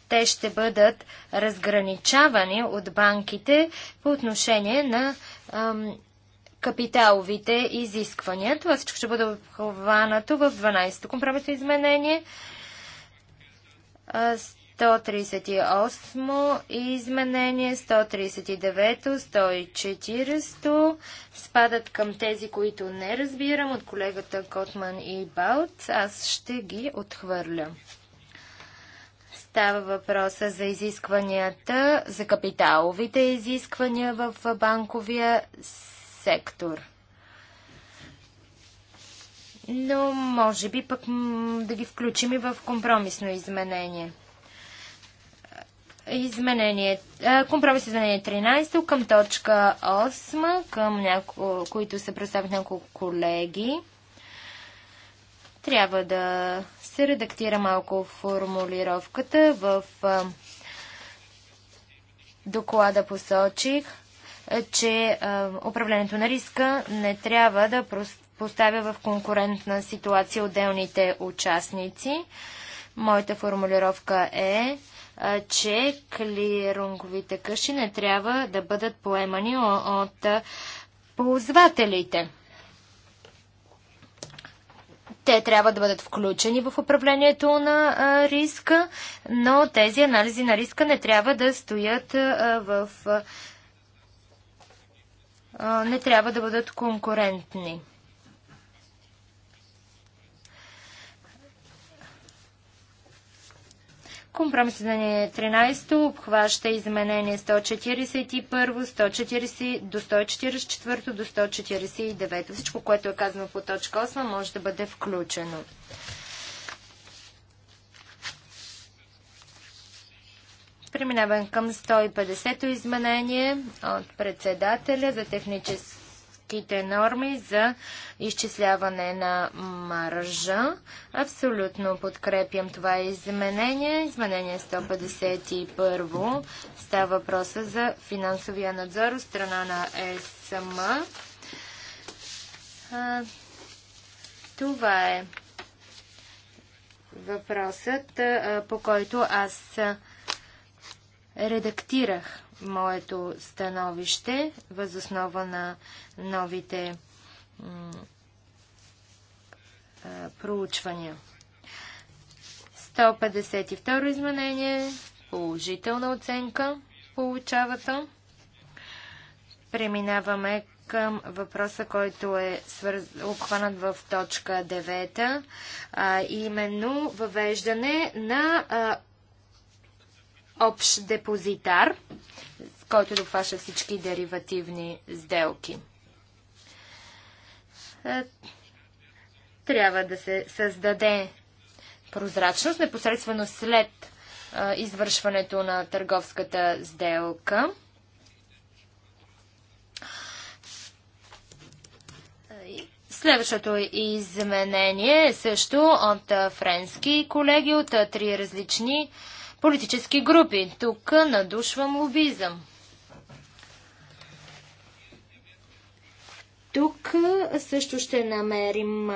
Speaker 2: те ще бъдат разграничавани от банките по отношение на капиталовите изисквания. Това всичко ще бъде обхванато в 12-то компромисно изменение. 138 изменение, 139, 140 спадат към тези, които не разбирам от колегата Котман и Балц. Аз ще ги отхвърля. Става въпроса за изискванията, за капиталовите изисквания в банковия сектор. Но може би пък да ги включим и в компромисно изменение. Изменение, компромис изменение 13 към точка 8, към няко, които се представят няколко колеги. Трябва да се редактира малко формулировката. В доклада посочих, че управлението на риска не трябва да поставя в конкурентна ситуация отделните участници. Моята формулировка е че клирунговите къщи не трябва да бъдат поемани от ползвателите. Те трябва да бъдат включени в управлението на риска, но тези анализи на риска не трябва да стоят в. не трябва да бъдат конкурентни. Компромис изменение 13 обхваща изменение 141, 140 до 144 до 149. Всичко, което е казано по точка 8, може да бъде включено. Преминавам към 150-то изменение от председателя за технически общите норми за изчисляване на маржа. Абсолютно подкрепям това изменение. Изменение 151 става въпроса за финансовия надзор от страна на ЕСМ. Това е въпросът, по който аз редактирах моето становище възоснова на новите проучвания. 152 изменение, положителна оценка получавата. Преминаваме към въпроса, който е свърз... обхванат в точка 9, а именно въвеждане на а, общ депозитар, който да обхваща всички деривативни сделки. Е, трябва да се създаде прозрачност непосредствено след е, извършването на търговската сделка. Следващото изменение е също от е, френски колеги от три различни политически групи. Тук надушвам лобизъм. Тук също ще намерим.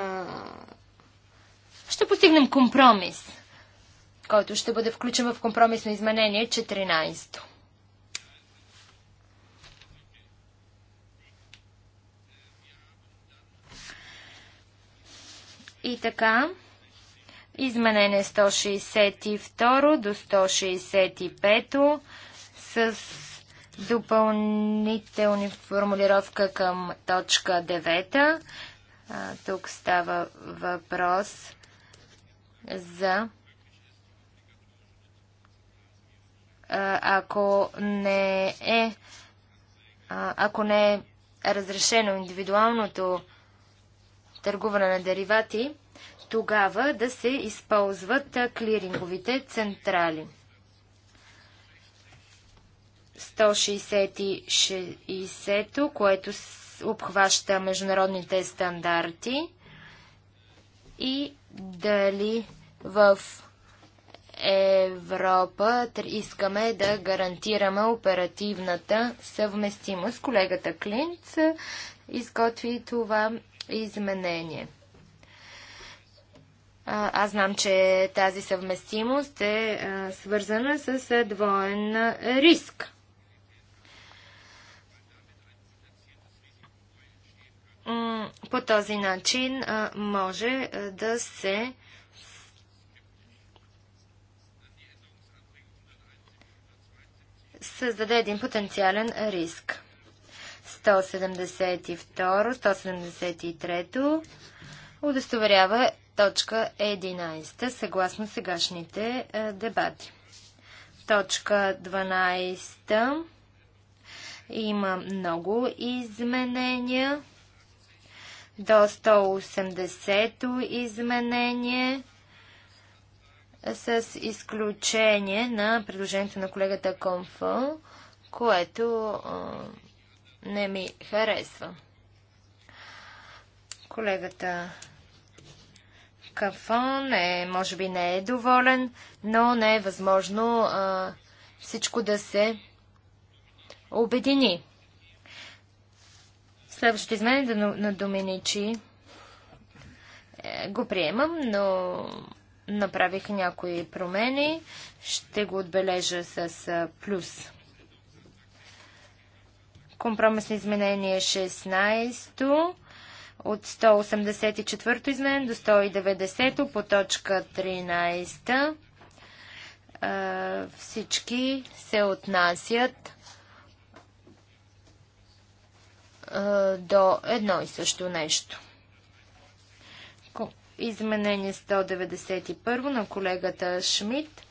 Speaker 2: Ще постигнем компромис, който ще бъде включен в компромисно изменение 14. И така. Изменение 162 до 165 с допълнителни формулировка към точка 9. А, тук става въпрос за ако не е ако не е разрешено индивидуалното търгуване на деривати, тогава да се използват клиринговите централи. 166, което обхваща международните стандарти и дали в Европа искаме да гарантираме оперативната съвместимост. Колегата Клинц изготви това изменение. Аз знам, че тази съвместимост е свързана с двоен риск. По този начин може да се създаде един потенциален риск. 172, 173 удостоверява Точка 11, съгласно сегашните е, дебати. Точка 12 има много изменения до 180-то изменение е, с изключение на предложението на колегата Конфа, което а, е, не ми харесва. Колегата Кафон не, може би не е доволен, но не е възможно а, всичко да се обедини. Следващото изменение на Доминичи е, го приемам, но направих някои промени. Ще го отбележа с а, плюс. Компромисно изменение 16 от 184 то изменен до 190 по точка 13 та всички се отнасят до едно и също нещо. Изменение 191 на колегата Шмидт.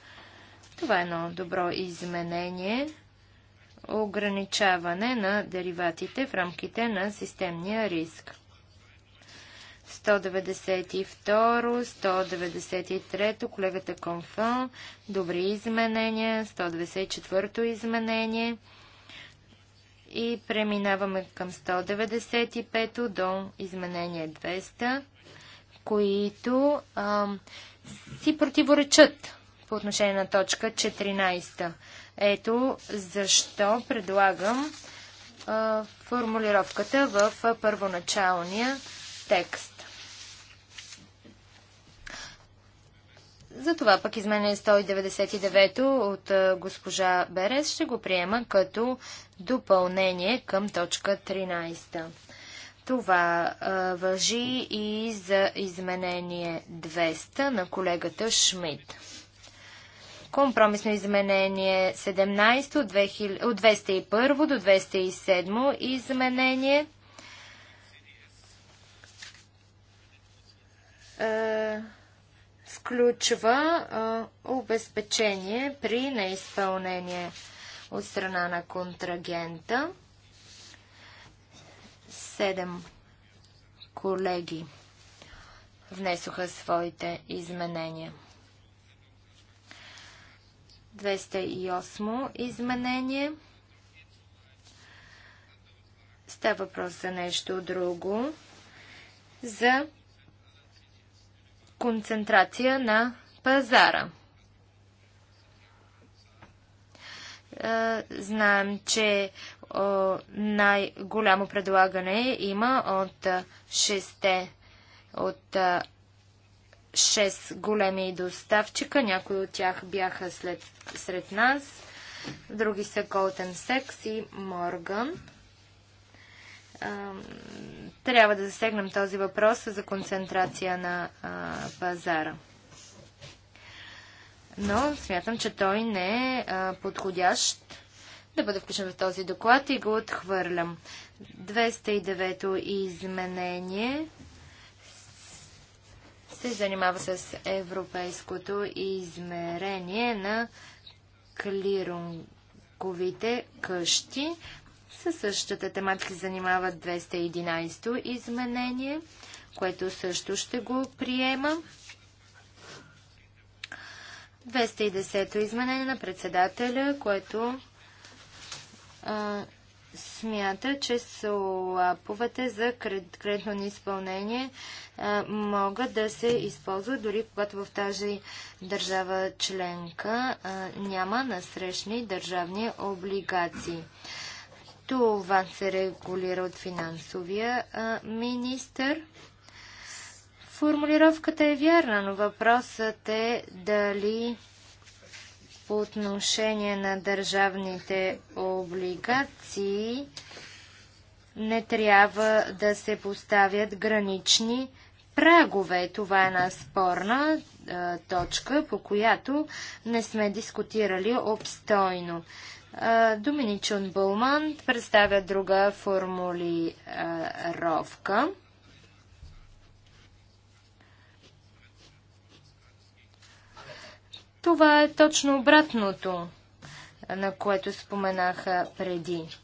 Speaker 2: Това е едно добро изменение. Ограничаване на дериватите в рамките на системния риск. 192, 193, колегата Конфан, добри изменения, 194 изменение и преминаваме към 195 до изменение 200, които а, си противоречат по отношение на точка 14. Ето защо предлагам а, формулировката в първоначалния текст. За това пък изменение 199 то от госпожа Берес ще го приема като допълнение към точка 13. Това а, въжи и за изменение 200 на колегата Шмидт. Компромисно изменение 17 от, 2000, от 201 до 207 изменение. А, включва а, обезпечение при неизпълнение от страна на контрагента. Седем колеги внесоха своите изменения. 208 изменение. Става въпрос за нещо друго. За концентрация на пазара. Е, знаем, че най-голямо предлагане има от 6 е, от 6 е, големи доставчика. Някои от тях бяха след, сред нас. Други са Golden Sex и Morgan трябва да засегнем този въпрос за концентрация на а, пазара. Но смятам, че той не е а, подходящ да бъде включен в този доклад и го отхвърлям. 209-то изменение се занимава с европейското измерение на клирунговите къщи. Със същата тематика занимава 211 то изменение, което също ще го приема. 210 то изменение на председателя, което а, смята, че слаповете за кредитно неизпълнение могат да се използват дори когато в тази държава членка а, няма насрещни държавни облигации. Това се регулира от финансовия а, министр. Формулировката е вярна, но въпросът е дали по отношение на държавните облигации не трябва да се поставят гранични прагове. Това е една спорна а, точка, по която не сме дискутирали обстойно. Доминичон Булман представя друга формулировка. Това е точно обратното, на което споменаха преди.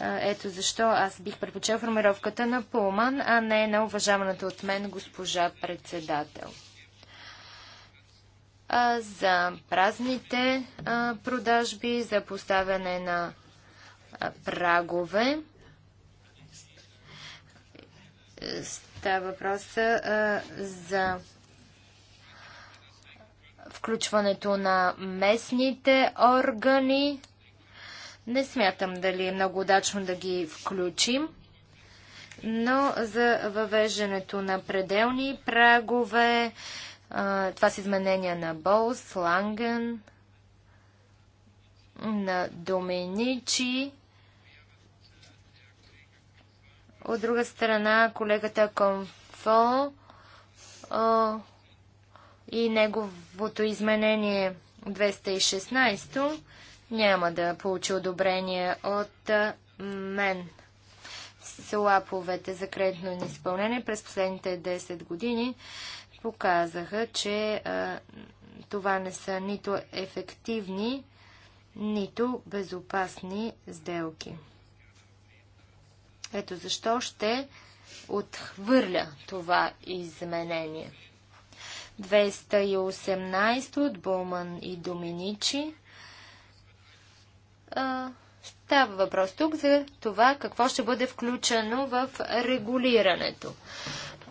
Speaker 2: Ето защо аз бих предпочел формировката на Пулман, а не на уважаваната от мен госпожа председател за празните продажби, за поставяне на прагове. Става въпрос за включването на местните органи. Не смятам дали е много удачно да ги включим, но за въвеждането на пределни прагове, това са изменения на Боус, Ланген, на Доменичи. От друга страна, колегата Комфо а, и неговото изменение 216 няма да получи одобрение от мен. Слаповете за кредитно изпълнение през последните 10 години показаха, че а, това не са нито ефективни, нито безопасни сделки. Ето защо ще отхвърля това изменение. 218 от Булман и Доминичи. А, става въпрос тук за това какво ще бъде включено в регулирането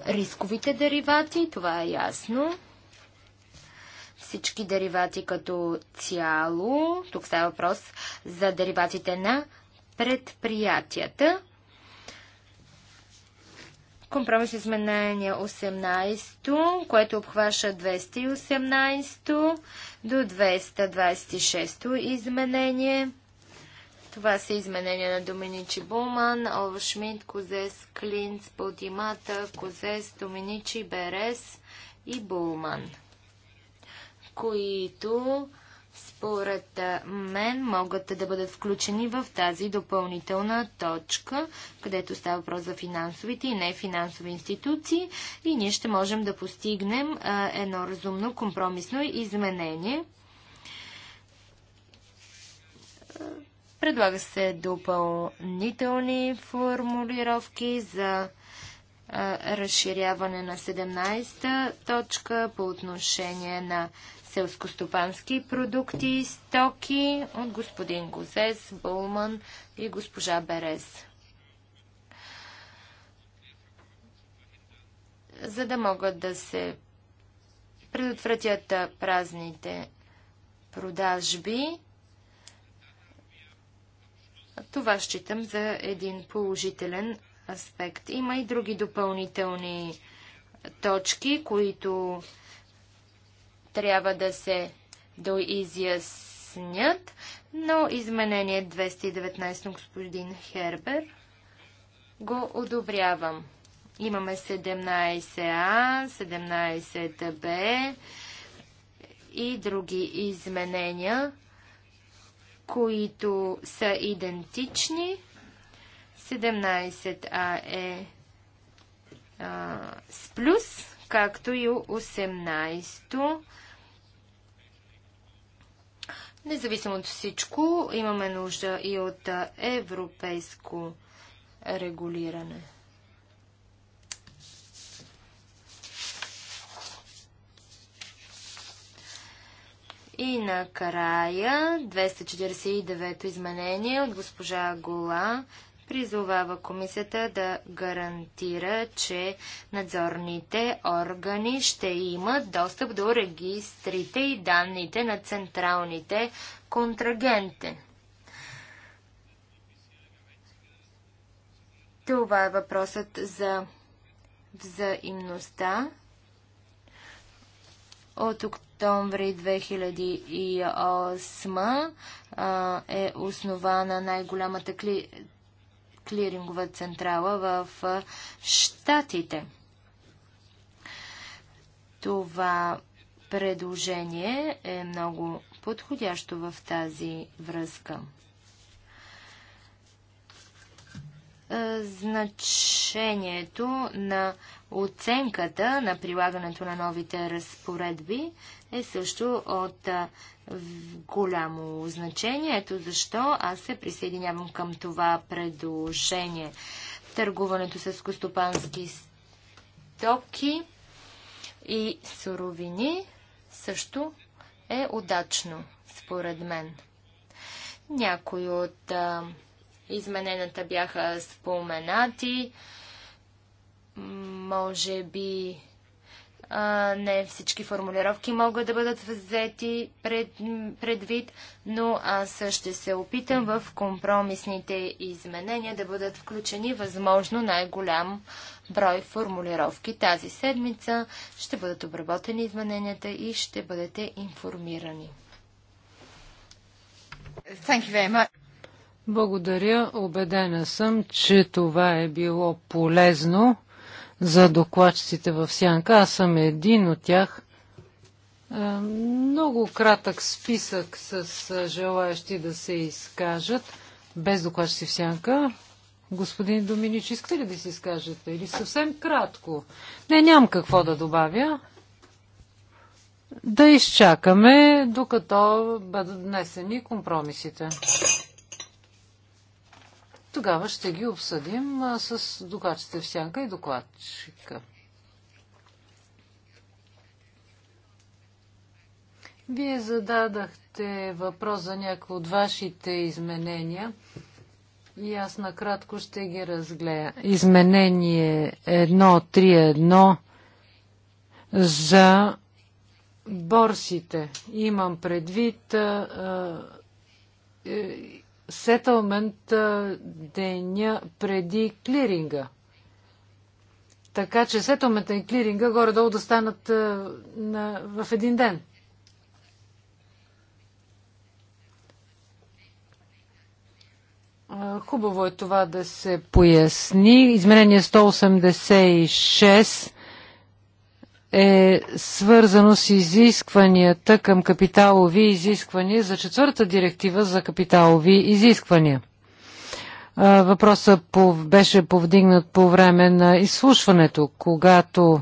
Speaker 2: рисковите деривати, това е ясно. Всички деривати като цяло, тук става въпрос за дериватите на предприятията. Компромис изменение 18, което обхваща 218 до 226 изменение. Това са изменения на Доминичи Булман, Олшмит, Козес, Клинц, Подимата, Козес, Доминичи, Берес и Булман, които според мен могат да бъдат включени в тази допълнителна точка, където става въпрос за финансовите и не финансови институции и ние ще можем да постигнем едно разумно компромисно изменение Предлага се допълнителни формулировки за а, разширяване на 17-та точка по отношение на селскостопански продукти, и стоки от господин Гозес, Булман и госпожа Берез. За да могат да се предотвратят празните продажби, това считам за един положителен аспект. Има и други допълнителни точки, които трябва да се доизяснят, но изменение 219 господин Хербер го одобрявам. Имаме 17А, 17Б и други изменения които са идентични. 17А е а, с плюс, както и 18 Независимо от всичко, имаме нужда и от европейско регулиране. И накрая 249 изменение от госпожа Гола призовава комисията да гарантира, че надзорните органи ще имат достъп до регистрите и данните на централните контрагенти. Това е въпросът за взаимността. От октомври 2008 е основана най-голямата кли... клирингова централа в Штатите. Това предложение е много подходящо в тази връзка. Значението на оценката на прилагането на новите разпоредби е също от голямо значение. Ето защо аз се присъединявам към това предложение. Търгуването с костопански стоки и суровини също е удачно, според мен. Някои от а, изменената бяха споменати. Може би а, не всички формулировки могат да бъдат взети пред, предвид, но аз ще се опитам в компромисните изменения да бъдат включени възможно най-голям брой формулировки. Тази седмица ще бъдат обработени измененията и ще бъдете информирани.
Speaker 1: Thank you very much.
Speaker 3: Благодаря. Обедена съм, че това е било полезно за докладчиците в Сянка. Аз съм един от тях. Е, много кратък списък с е, желаящи да се изкажат, без докладчици в Сянка. Господин Доминич, искате ли да си изкажете? Или съвсем кратко? Не, нямам какво да добавя. Да изчакаме, докато бъдат внесени компромисите. Тогава ще ги обсъдим с докладчите в сянка и докладчика. Вие зададахте въпрос за някои от вашите изменения и аз накратко ще ги разгледа. Изменение 1.3.1 за борсите. Имам предвид а, а, е, сетълмент деня преди клиринга. Така че сетълмента и клиринга горе-долу да станат на, в един ден. Хубаво е това да се поясни. Изменение 186 е свързано с изискванията към капиталови изисквания за четвърта директива за капиталови изисквания. Въпросът беше повдигнат по време на изслушването, когато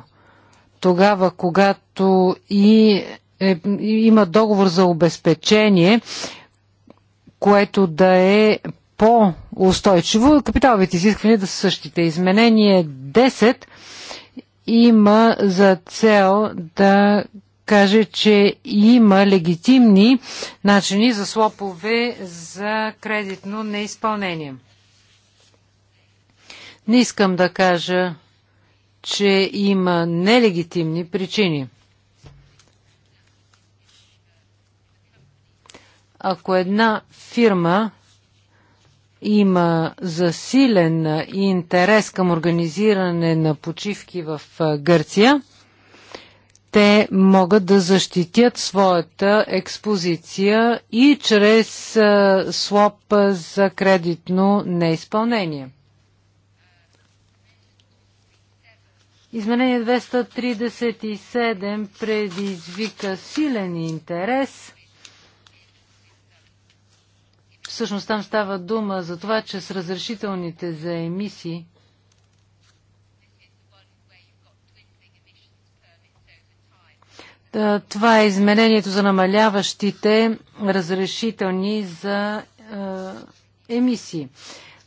Speaker 3: тогава, когато и е, има договор за обезпечение, което да е по-устойчиво, капиталовите изисквания да са същите. Изменение 10 има за цел да каже, че има легитимни начини за слопове за кредитно неизпълнение. Не искам да кажа, че има нелегитимни причини. Ако една фирма има засилен интерес към организиране на почивки в Гърция. Те могат да защитят своята експозиция и чрез слоп за кредитно неизпълнение. Изменение 237 предизвика силен интерес Всъщност там става дума за това, че с разрешителните за емисии Това е изменението за намаляващите разрешителни за е, емисии.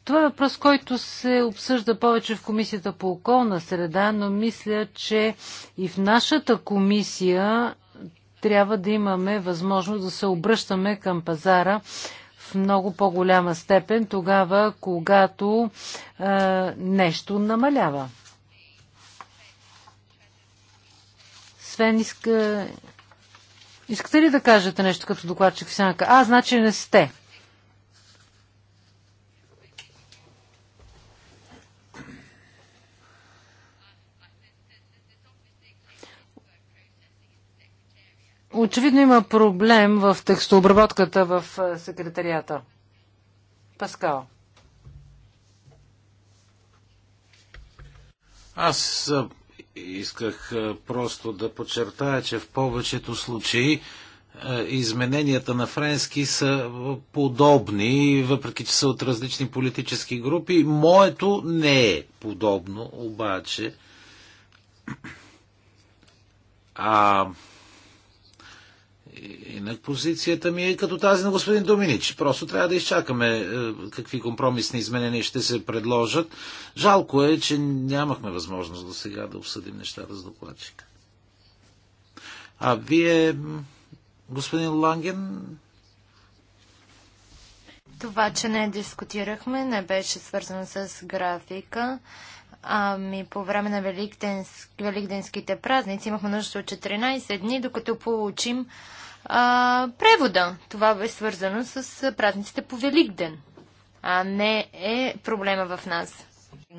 Speaker 3: Това е въпрос, който се обсъжда повече в Комисията по околна среда, но мисля, че и в нашата комисия трябва да имаме възможност да се обръщаме към пазара много по-голяма степен тогава, когато а, нещо намалява. Свен, иска... искате ли да кажете нещо като докладчик в сянка? А, значи не сте. Очевидно има проблем в текстообработката в е, секретарията. Паскал.
Speaker 1: Аз исках просто да подчертая, че в повечето случаи измененията на френски са подобни, въпреки че са от различни политически групи. Моето не е подобно, обаче. А, Инак позицията ми е като тази на господин Доминич. Просто трябва да изчакаме е, какви компромисни изменения ще се предложат. Жалко е, че нямахме възможност до сега да обсъдим нещата с докладчика. А вие, господин Ланген,
Speaker 2: това, че не дискутирахме, не беше свързано с графика. Ами, по време на великденс... Великденските празници имахме нужда от 14 дни, докато получим а, превода. Това е свързано с празниците по Велик ден, а не е проблема в нас.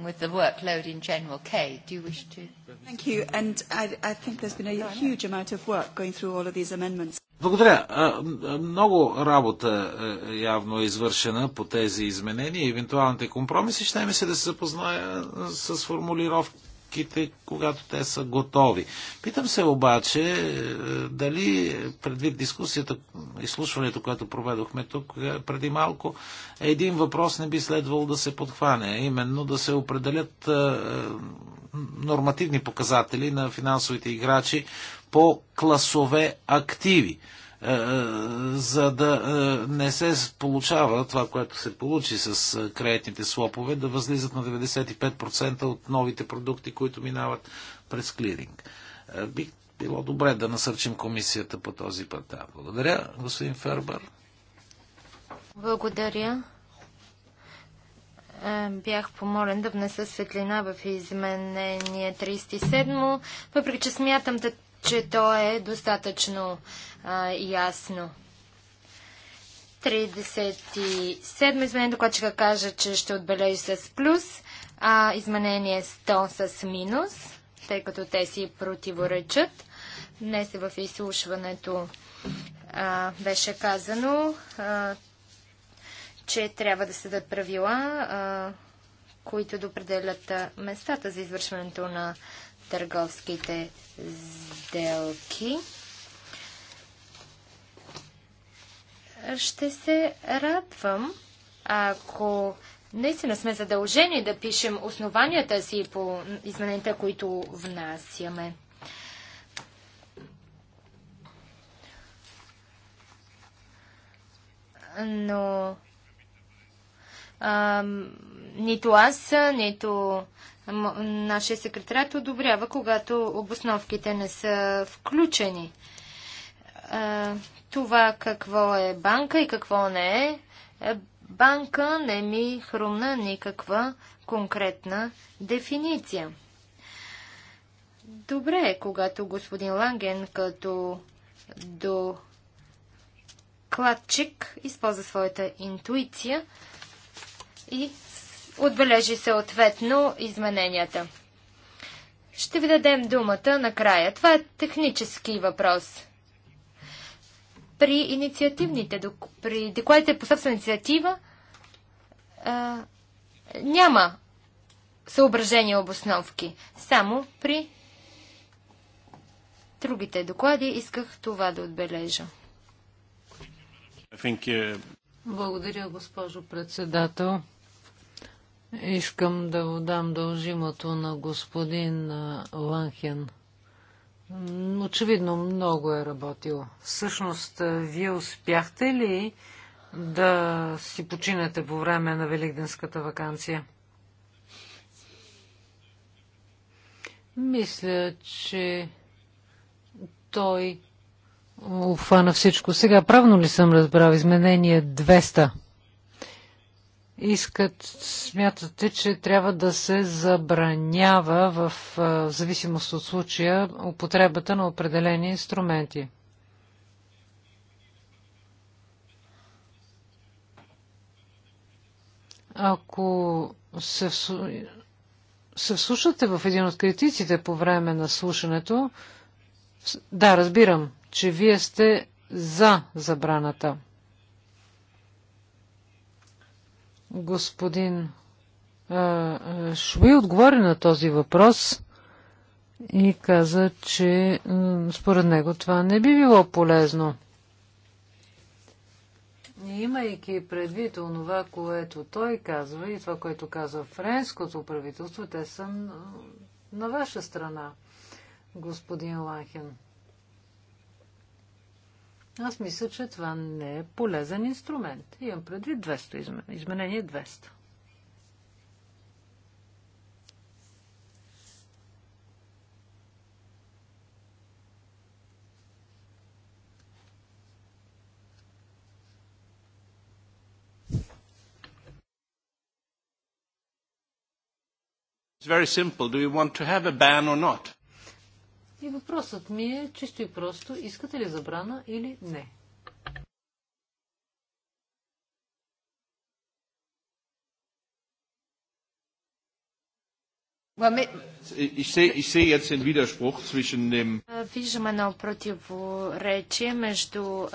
Speaker 2: With the workload in general, Kay, do you wish to? Thank you, and
Speaker 3: I, I think there's been a huge amount of work going through all of these amendments.
Speaker 1: Благодаря. Много работа явно е извършена по тези изменения и евентуалните компромиси. Ще ми се да се запозная с формулировките мерките, когато те са готови. Питам се обаче е, дали предвид дискусията, изслушването, което проведохме тук е, преди малко, един въпрос не би следвал да се подхване, именно да се определят е, нормативни показатели на финансовите играчи по класове активи е, е, за да е, не се получава това, което се получи с кредитните слопове, да възлизат на 95% от новите продукти, които минават през клиринг. Бих било добре да насърчим комисията по този път. Да, благодаря, господин Фербър.
Speaker 2: Благодаря. Бях помолен да внеса светлина в изменение 37, въпреки че смятам, че то е достатъчно а, ясно. 37 изменение докладчика кажа, че ще отбележи с плюс, а изменение 100 с минус, тъй като те си противоречат. Днес е в изслушването а, беше казано, а, че трябва да се дадат правила, а, които допределят местата за извършването на търговските сделки. Ще се радвам, ако наистина сме задължени да пишем основанията си по измененията, които внасяме. Но нито аз, нито нашия секретарят одобрява, когато обосновките не са включени. А, това какво е банка и какво не е, е, банка не ми хрумна никаква конкретна дефиниция. Добре е, когато господин Ланген като докладчик, използва своята интуиция, и отбележи съответно измененията. Ще ви дадем думата накрая. Това е технически въпрос. При инициативните, при декларите по собствена инициатива а, няма съображения обосновки. Само при другите доклади исках това да отбележа.
Speaker 3: Благодаря, госпожо председател. Искам да отдам дължимото на господин Ланхен. Очевидно много е работил. Всъщност, вие успяхте ли да си починете по време на великденската вакансия? Мисля, че той обхвана всичко. Сега правно ли съм разбрал? Изменение 200 искат, смятате, че трябва да се забранява в, в зависимост от случая употребата на определени инструменти. Ако се, се вслушате в един от критиците по време на слушането, да, разбирам, че вие сте за забраната. господин Шуи отговори на този въпрос и каза, че според него това не би било полезно. Имайки предвид това, което той казва и това, което казва френското правителство, те са на ваша страна, господин Лахен. Аз мисля, че това не е полезен инструмент. Имам предвид 200 изменение 200.
Speaker 1: very simple. Do you want to have a ban or not?
Speaker 3: И въпросът ми е чисто и е просто, искате ли забрана или не?
Speaker 2: Виждам едно противоречие между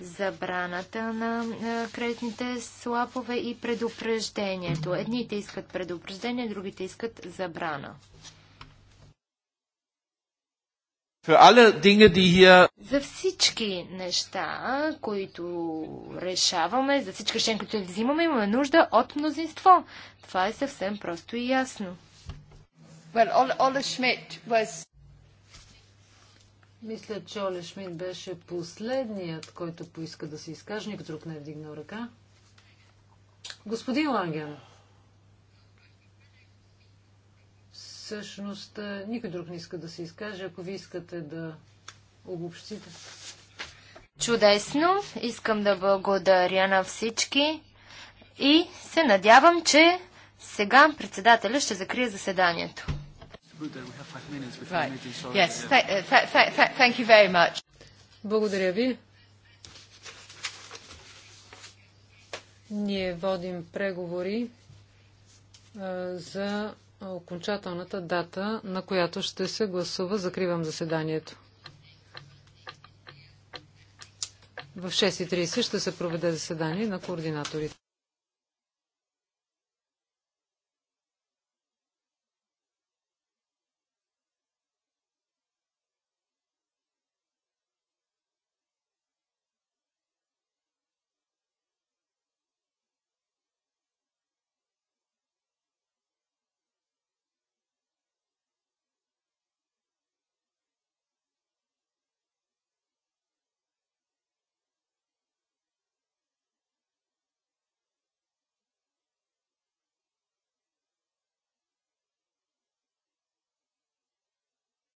Speaker 2: забраната на кредитните слапове и предупреждението. Едните искат предупреждение, другите искат забрана.
Speaker 1: За
Speaker 2: всички неща, които решаваме, за всички решения, които взимаме, имаме нужда от мнозинство. Това е съвсем
Speaker 3: просто и ясно. Well, Ole was... Мисля, че Оле Шмидт беше последният, който поиска да се изкаже. Никой друг не е вдигнал ръка. Господин Ланген. Всъщност, никой друг не иска да се изкаже. Ако ви искате да обобщите.
Speaker 2: Чудесно! Искам да благодаря на всички и се надявам, че сега председателя ще закрие заседанието.
Speaker 3: Благодаря ви. Ние водим преговори за окончателната дата, на която ще се гласува. Закривам заседанието. В 6.30 ще се проведе заседание на координаторите.